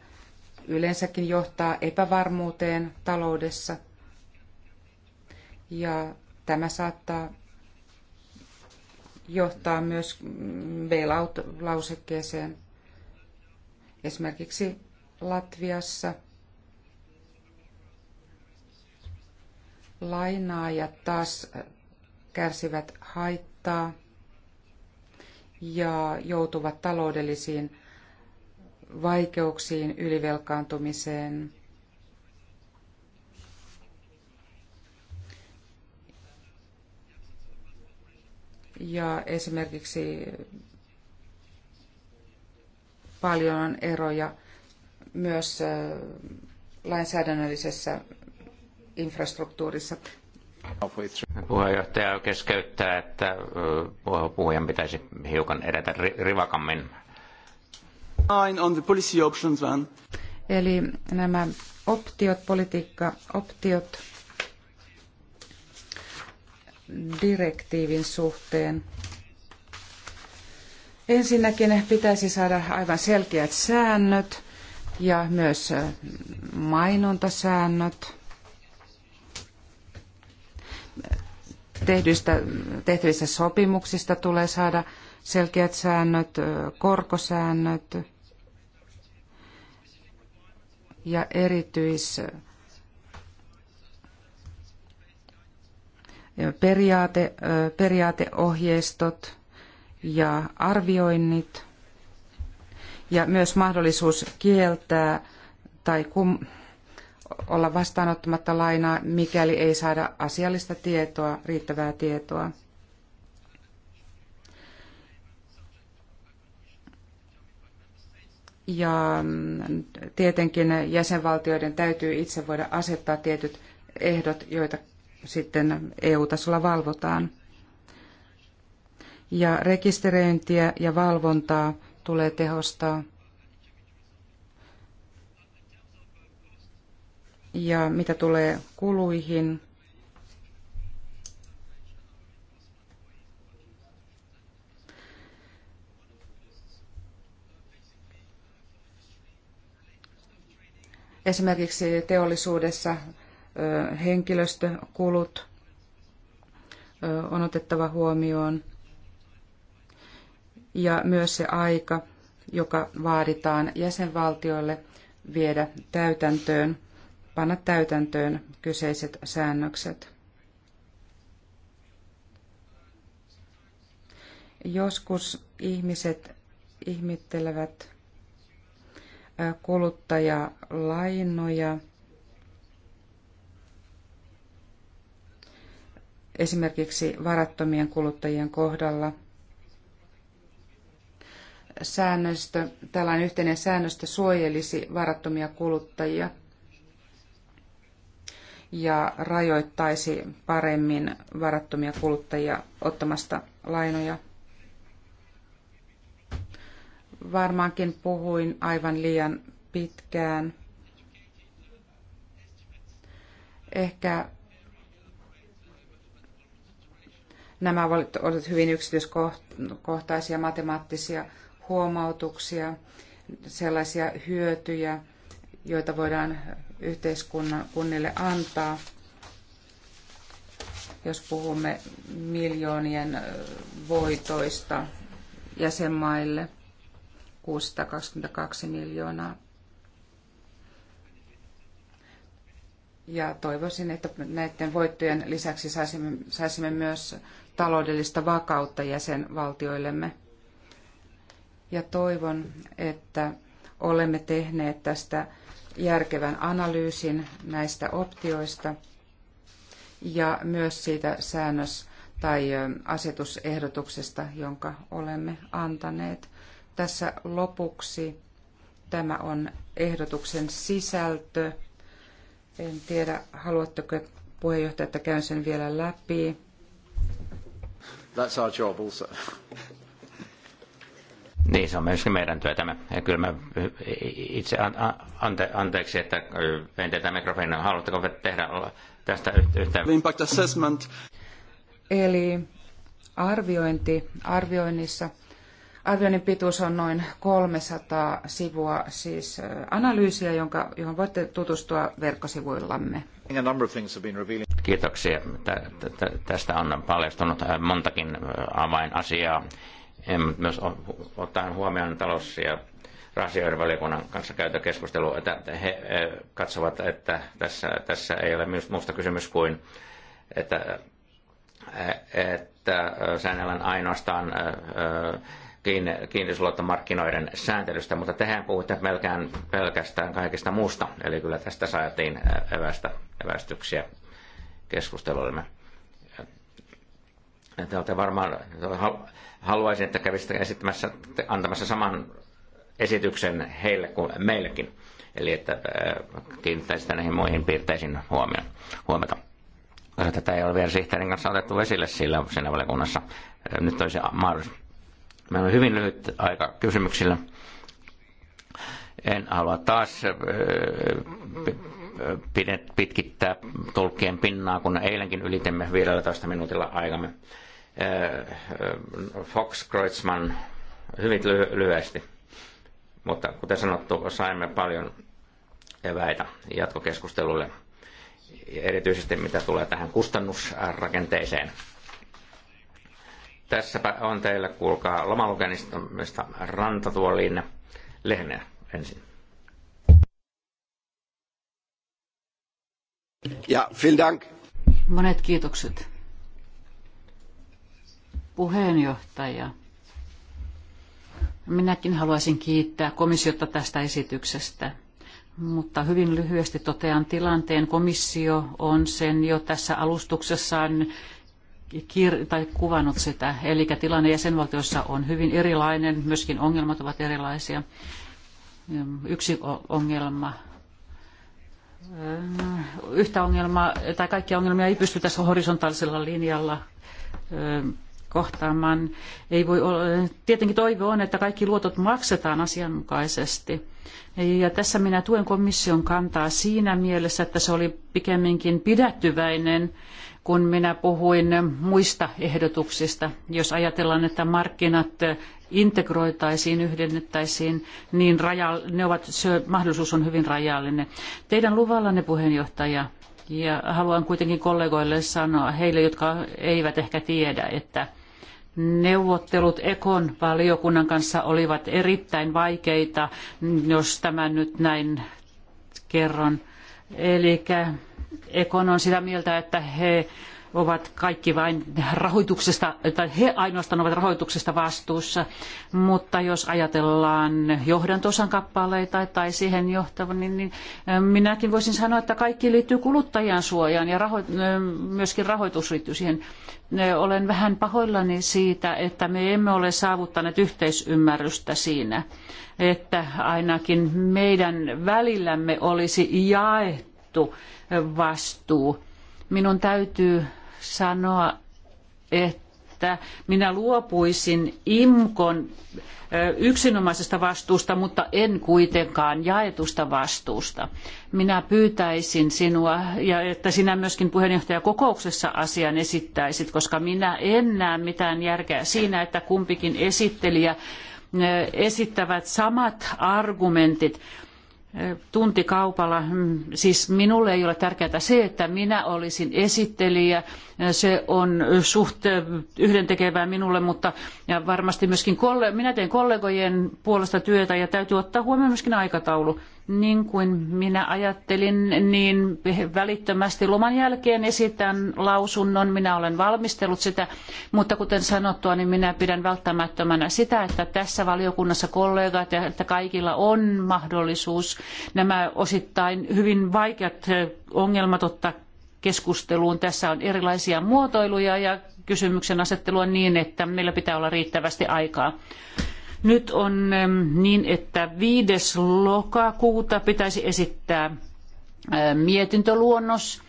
yleensäkin johtaa epävarmuuteen taloudessa ja tämä saattaa johtaa myös bailout-lausekkeeseen. Esimerkiksi Latviassa lainaajat taas kärsivät haittaa ja joutuvat taloudellisiin vaikeuksiin, ylivelkaantumiseen Ja esimerkiksi paljon on eroja myös lainsäädännöllisessä infrastruktuurissa. Puheenjohtaja keskeyttää, että puhujan pitäisi hiukan edetä rivakammin. On the policy options, Eli nämä optiot, politiikka-optiot, direktiivin suhteen. Ensinnäkin pitäisi saada aivan selkeät säännöt ja myös mainontasäännöt tehdyistä, tehtävistä sopimuksista tulee saada selkeät säännöt, korkosäännöt ja erityissäännöt. periaate, periaateohjeistot ja arvioinnit ja myös mahdollisuus kieltää tai kum, olla vastaanottamatta lainaa, mikäli ei saada asiallista tietoa, riittävää tietoa. Ja mm, tietenkin jäsenvaltioiden täytyy itse voida asettaa tietyt ehdot, joita sitten EU-tasolla valvotaan. Ja rekisteröintiä ja valvontaa tulee tehostaa. Ja mitä tulee kuluihin, Esimerkiksi teollisuudessa henkilöstökulut on otettava huomioon ja myös se aika, joka vaaditaan jäsenvaltioille viedä täytäntöön, panna täytäntöön kyseiset säännökset. Joskus ihmiset ihmittelevät kuluttajalainoja, esimerkiksi varattomien kuluttajien kohdalla. Säännöstö, tällainen yhteinen säännöstö suojelisi varattomia kuluttajia ja rajoittaisi paremmin varattomia kuluttajia ottamasta lainoja. Varmaankin puhuin aivan liian pitkään. Ehkä Nämä olivat hyvin yksityiskohtaisia matemaattisia huomautuksia, sellaisia hyötyjä, joita voidaan yhteiskunnan kunnille antaa, jos puhumme miljoonien voitoista jäsenmaille, 622 miljoonaa. Ja toivoisin, että näiden voittojen lisäksi saisimme, saisimme myös taloudellista vakautta jäsenvaltioillemme. Ja toivon, että olemme tehneet tästä järkevän analyysin näistä optioista ja myös siitä säännös- tai asetusehdotuksesta, jonka olemme antaneet. Tässä lopuksi tämä on ehdotuksen sisältö. En tiedä, haluatteko puheenjohtaja, että käyn sen vielä läpi. That's our job also. Niin, se on myöskin meidän työtämme. Ja kyllä mä itse an, ante, anteeksi, että vein teitä mikrofonia. Haluatteko tehdä tästä yhtä? Impact assessment. Eli arviointi, arvioinnissa, arvioinnin pituus on noin 300 sivua, siis analyysiä, jonka, johon voitte tutustua verkkosivuillamme. Kiitoksia. Tästä on paljastunut äh, montakin äh, avainasiaa, myös ottaen huomioon talous- ja asioiden valiokunnan kanssa käytä keskustelua. että he äh, katsovat, että tässä, tässä ei ole muusta kysymys kuin, että, että säännellään ainoastaan kiinnitysluottomarkkinoiden sääntelystä, mutta tehän puhutte melkään, pelkästään kaikesta muusta, eli kyllä tästä saatiin evästä, evästyksiä keskustelullemme. Te olette varmaan, haluaisin, että kävisitte esittämässä, antamassa saman esityksen heille kuin meillekin. Eli että äh, kiinnittäisitte näihin muihin piirteisiin huomioon, huomiota. Koska tätä ei ole vielä sihteerin kanssa otettu esille sillä, siinä valiokunnassa. Äh, nyt olisi mahdollisuus. Meillä on hyvin lyhyt aika kysymyksillä. En halua taas äh, pitkittää tulkien pinnaa, kun eilenkin ylitimme 15 minuutilla aikamme. Äh, äh, Fox Kreutzmann, hyvin ly- lyhyesti, mutta kuten sanottu, saimme paljon eväitä jatkokeskustelulle, erityisesti mitä tulee tähän kustannusrakenteeseen. Tässäpä on teille, kuulkaa, lomalukemista rantatuoliin lehneä ensin. Ja, vielen Dank. Monet kiitokset. Puheenjohtaja. Minäkin haluaisin kiittää komissiota tästä esityksestä, mutta hyvin lyhyesti totean tilanteen. Komissio on sen jo tässä alustuksessaan kir- tai kuvannut sitä. Eli tilanne jäsenvaltioissa on hyvin erilainen, myöskin ongelmat ovat erilaisia. Yksi ongelma yhtä ongelmaa tai kaikkia ongelmia ei pysty tässä horisontaalisella linjalla kohtaamaan. Ei voi olla. Tietenkin toive on, että kaikki luotot maksetaan asianmukaisesti. Ja tässä minä tuen komission kantaa siinä mielessä, että se oli pikemminkin pidättyväinen kun minä puhuin muista ehdotuksista. Jos ajatellaan, että markkinat integroitaisiin, yhdennettäisiin, niin raja, ne ovat, se mahdollisuus on hyvin rajallinen. Teidän luvallanne puheenjohtaja, ja haluan kuitenkin kollegoille sanoa, heille, jotka eivät ehkä tiedä, että Neuvottelut Ekon valiokunnan kanssa olivat erittäin vaikeita, jos tämä nyt näin kerron. Eli Ekon on sitä mieltä, että he ovat kaikki vain rahoituksesta, tai he ainoastaan ovat rahoituksesta vastuussa, mutta jos ajatellaan johdantosan kappaleita tai siihen johtavan, niin, niin minäkin voisin sanoa, että kaikki liittyy kuluttajan suojaan ja raho, myöskin rahoitus liittyy siihen. Olen vähän pahoillani siitä, että me emme ole saavuttaneet yhteisymmärrystä siinä, että ainakin meidän välillämme olisi jaettu otettu vastuu. Minun täytyy sanoa, että minä luopuisin IMKON yksinomaisesta vastuusta, mutta en kuitenkaan jaetusta vastuusta. Minä pyytäisin sinua, ja että sinä myöskin kokouksessa asian esittäisit, koska minä en näe mitään järkeä siinä, että kumpikin esittelijä esittävät samat argumentit tuntikaupalla. Mm, siis minulle ei ole tärkeää se, että minä olisin esittelijä. Se on suht yhdentekevää minulle, mutta ja varmasti myöskin minä teen kollegojen puolesta työtä ja täytyy ottaa huomioon myöskin aikataulu. Niin kuin minä ajattelin, niin välittömästi loman jälkeen esitän lausunnon. Minä olen valmistellut sitä, mutta kuten sanottua, niin minä pidän välttämättömänä sitä, että tässä valiokunnassa kollegat ja että kaikilla on mahdollisuus nämä osittain hyvin vaikeat ongelmat ottaa keskusteluun. Tässä on erilaisia muotoiluja ja kysymyksen asettelua niin, että meillä pitää olla riittävästi aikaa. Nyt on ähm, niin, että 5. lokakuuta pitäisi esittää äh, mietintöluonnos,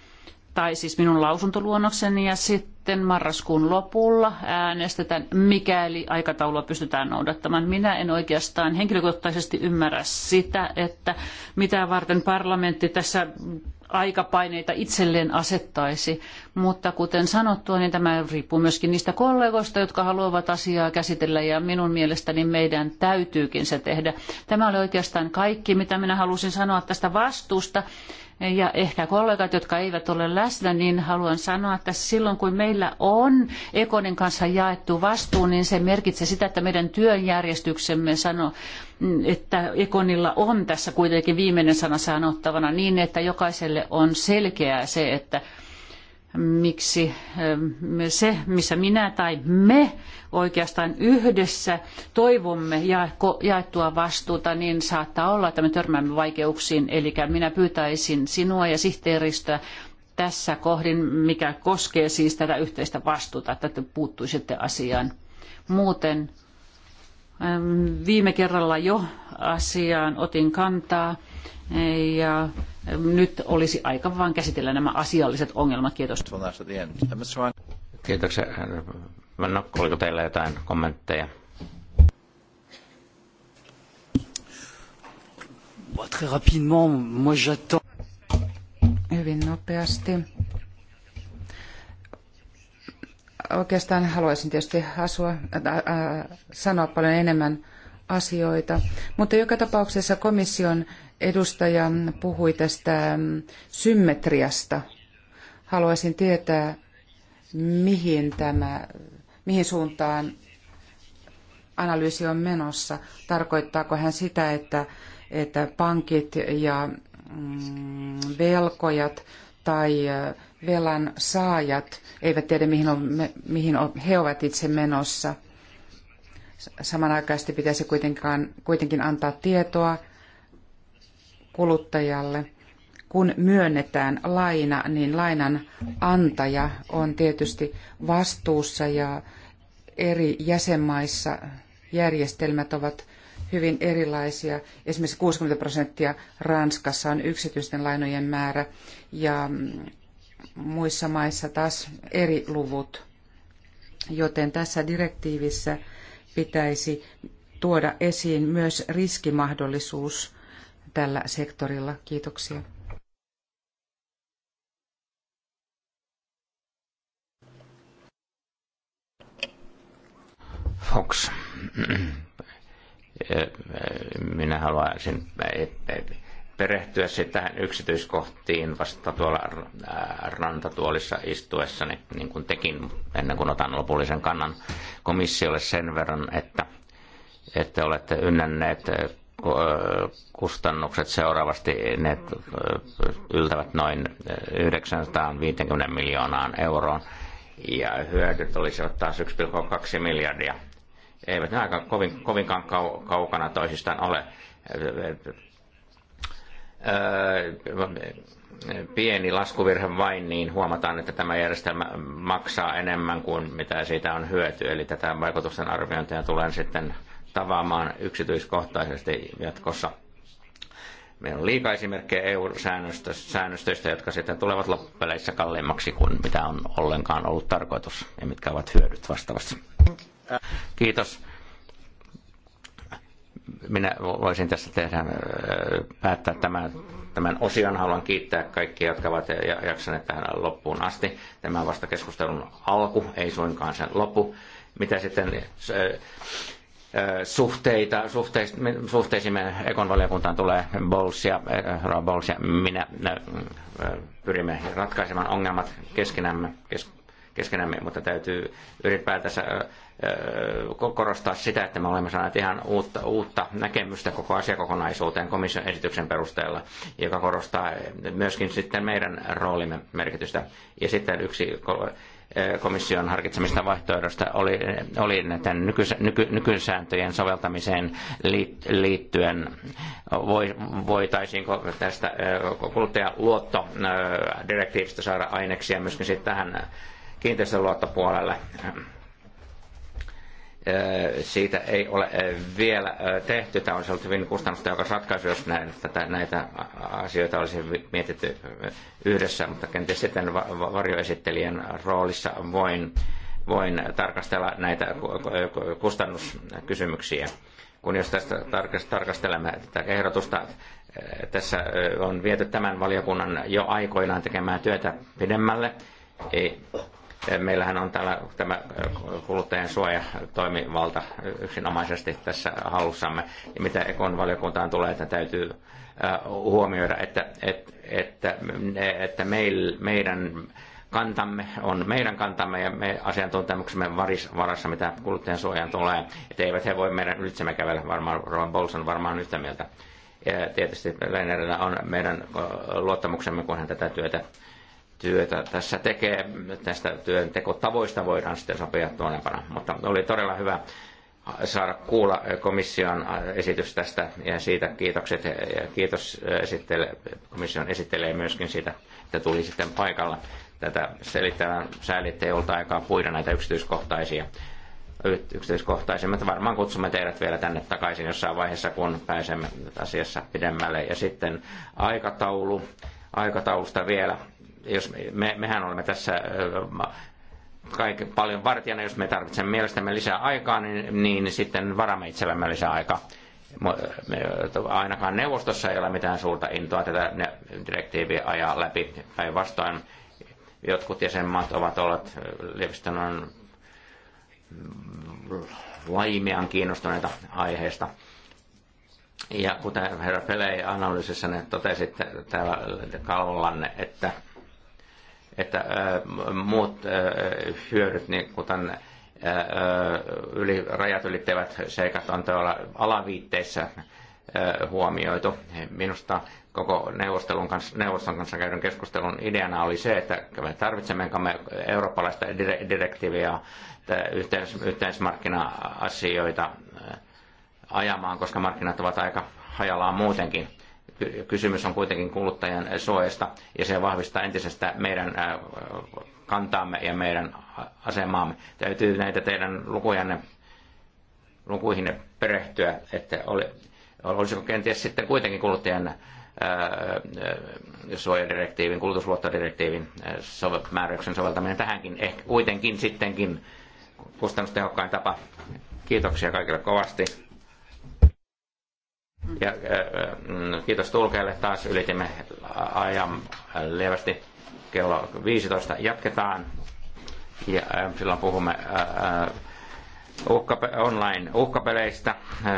tai siis minun lausuntoluonnokseni, ja sitten marraskuun lopulla äänestetään, mikäli aikataulua pystytään noudattamaan. Minä en oikeastaan henkilökohtaisesti ymmärrä sitä, että mitä varten parlamentti tässä aikapaineita itselleen asettaisi. Mutta kuten sanottua, niin tämä riippuu myöskin niistä kollegoista, jotka haluavat asiaa käsitellä ja minun mielestäni meidän täytyykin se tehdä. Tämä oli oikeastaan kaikki, mitä minä halusin sanoa tästä vastuusta. Ja ehkä kollegat, jotka eivät ole läsnä, niin haluan sanoa, että silloin kun meillä on Ekonin kanssa jaettu vastuu, niin se merkitsee sitä, että meidän työnjärjestyksemme sanoo, että Ekonilla on tässä kuitenkin viimeinen sana sanottavana niin, että jokaiselle on selkeää se, että miksi eh, se, missä minä tai me oikeastaan yhdessä toivomme jaettua vastuuta, niin saattaa olla, että me törmäämme vaikeuksiin. Eli minä pyytäisin sinua ja sihteeristöä tässä kohdin, mikä koskee siis tätä yhteistä vastuuta, että te puuttuisitte asiaan. Muuten Viime kerralla jo asiaan otin kantaa eh, ja nyt olisi aika vain käsitellä nämä asialliset ongelmat. Kiitos. Kiitoksia. No, oliko teillä jotain kommentteja? Hyvin nopeasti oikeastaan haluaisin tietysti asua, äh, äh, sanoa paljon enemmän asioita, mutta joka tapauksessa komission edustaja puhui tästä mm, symmetriasta. Haluaisin tietää, mihin, tämä, mihin suuntaan analyysi on menossa. Tarkoittaako hän sitä, että, että pankit ja mm, velkojat tai äh, velan saajat eivät tiedä, mihin, on, mihin on, he ovat itse menossa. Samanaikaisesti pitäisi kuitenkaan, kuitenkin antaa tietoa kuluttajalle. Kun myönnetään laina, niin lainan antaja on tietysti vastuussa ja eri jäsenmaissa järjestelmät ovat hyvin erilaisia. Esimerkiksi 60 prosenttia Ranskassa on yksityisten lainojen määrä ja mm, muissa maissa taas eri luvut. Joten tässä direktiivissä pitäisi tuoda esiin myös riskimahdollisuus tällä sektorilla. Kiitoksia. Fox. *clears throat* Minä haluaisin perehtyä sitten yksityiskohtiin vasta tuolla äh, rantatuolissa istuessani, niin kuin tekin, ennen kuin otan lopullisen kannan komissiolle sen verran, että, että olette ynnänneet äh, äh, kustannukset seuraavasti, ne yltävät noin 950 miljoonaan euroon ja hyödyt olisivat taas 1,2 miljardia. Eivät ne aika kovin, kovinkaan kaukana toisistaan ole pieni laskuvirhe vain, niin huomataan, että tämä järjestelmä maksaa enemmän kuin mitä siitä on hyöty. Eli tätä vaikutusten arviointia tulee sitten tavaamaan yksityiskohtaisesti jatkossa. Meillä on liikaa esimerkkejä EU-säännöstöistä, jotka sitten tulevat loppupeleissä kalliimmaksi kuin mitä on ollenkaan ollut tarkoitus ja mitkä ovat hyödyt vastaavasti. Kiitos minä voisin tässä tehdä, päättää tämän, tämän osion. Haluan kiittää kaikkia, jotka ovat jaksaneet tähän loppuun asti. Tämä on vasta keskustelun alku, ei suinkaan sen loppu. Mitä sitten suhteita, suhteisimme Ekon valiokuntaan tulee Bowles ja, Bowles ja minä pyrimme ratkaisemaan ongelmat keskenämme, keskenämme mutta täytyy ylipäätänsä korostaa sitä, että me olemme saaneet ihan uutta, uutta näkemystä koko asiakokonaisuuteen komission esityksen perusteella, joka korostaa myöskin sitten meidän roolimme merkitystä. Ja sitten yksi komission harkitsemista vaihtoehdosta oli, oli näiden nyky, nykysääntöjen soveltamiseen liittyen, voi, voitaisiinko tästä kuluttajaluottodirektiivistä saada aineksia myöskin sitten tähän kiinteistöluottopuolelle siitä ei ole vielä tehty. Tämä olisi ollut hyvin kustannustehokas ratkaisu, jos näitä asioita olisi mietitty yhdessä, mutta kenties sitten varjoesittelijän roolissa voin, voin tarkastella näitä kustannuskysymyksiä. Kun jos tästä tarkastelemme tätä ehdotusta, tässä on viety tämän valiokunnan jo aikoinaan tekemään työtä pidemmälle. Ei, Meillähän on täällä tämä kuluttajan suoja toimivalta yksinomaisesti tässä halussamme. Ja mitä Ekon valiokuntaan tulee, että täytyy huomioida, että, että, että, että meil, meidän kantamme on meidän kantamme ja me asiantuntemuksemme varassa, mitä kuluttajan suojaan tulee. Että eivät he voi meidän ylitsemme kävellä, varmaan Roman Bolson varmaan yhtä mieltä. Ja tietysti Leinerillä on meidän luottamuksemme, kun hän tätä työtä työtä tässä tekee. Tästä työntekotavoista voidaan sitten sopia tuonnepana. Mutta oli todella hyvä saada kuulla komission esitys tästä ja siitä kiitokset. Ja kiitos esittele, komission esittelee myöskin siitä, että tuli sitten paikalla tätä selittämään. Sääli, ei ollut aikaa puida näitä yksityiskohtaisia yksityiskohtaisemmat. Varmaan kutsumme teidät vielä tänne takaisin jossain vaiheessa, kun pääsemme asiassa pidemmälle. Ja sitten aikataulu, aikataulusta vielä jos me, mehän olemme tässä kaik, paljon vartijana, jos me tarvitsemme mielestämme lisää aikaa, niin, niin sitten varamme itsellemme lisää aikaa. Ainakaan neuvostossa ei ole mitään suurta intoa tätä direktiiviä ajaa läpi. Päinvastoin jotkut jäsenmaat ovat olleet Livistanon laimean kiinnostuneita aiheesta. Ja kuten herra Pelei analyysissa ne totesitte täällä kalvollanne, että – että muut hyödyt, niin kuten yli, rajat ylittävät seikat on tuolla alaviitteissä huomioitu. Minusta koko neuvostelun kanssa, neuvoston kanssa käydyn keskustelun ideana oli se, että me tarvitsemme me eurooppalaista direktiiviä yhteis- yhteismarkkina-asioita ajamaan, koska markkinat ovat aika hajallaan muutenkin. Kysymys on kuitenkin kuluttajan eh, suojasta ja se vahvistaa entisestä meidän eh, kantaamme ja meidän asemaamme. Täytyy näitä teidän lukujanne, lukuihin perehtyä, että oli, olisiko kenties sitten kuitenkin kuluttajan eh, suojadirektiivin, kulutusluottodirektiivin määräyksen soveltaminen tähänkin ehkä kuitenkin sittenkin kustannustehokkain tapa. Kiitoksia kaikille kovasti. Mm. Ja mm, kiitos tulkeille taas. Ylitimme ajan lievästi kello 15. Jatketaan. Ja silloin puhumme uhka, online uhkapeleistä.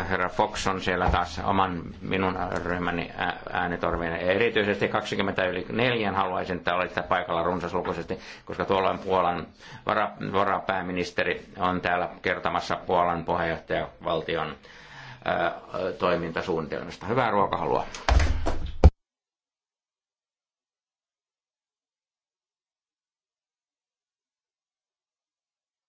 Herra Fox on siellä taas oman minun ryhmäni äänitorvien. Erityisesti 20 yli 4 haluaisin, että olette paikalla runsaslukuisesti, koska tuolla on Puolan vara, varapääministeri on täällä kertomassa Puolan puheenjohtajavaltion valtion toimintasuunnitelmista. Hyvää ruokahalua!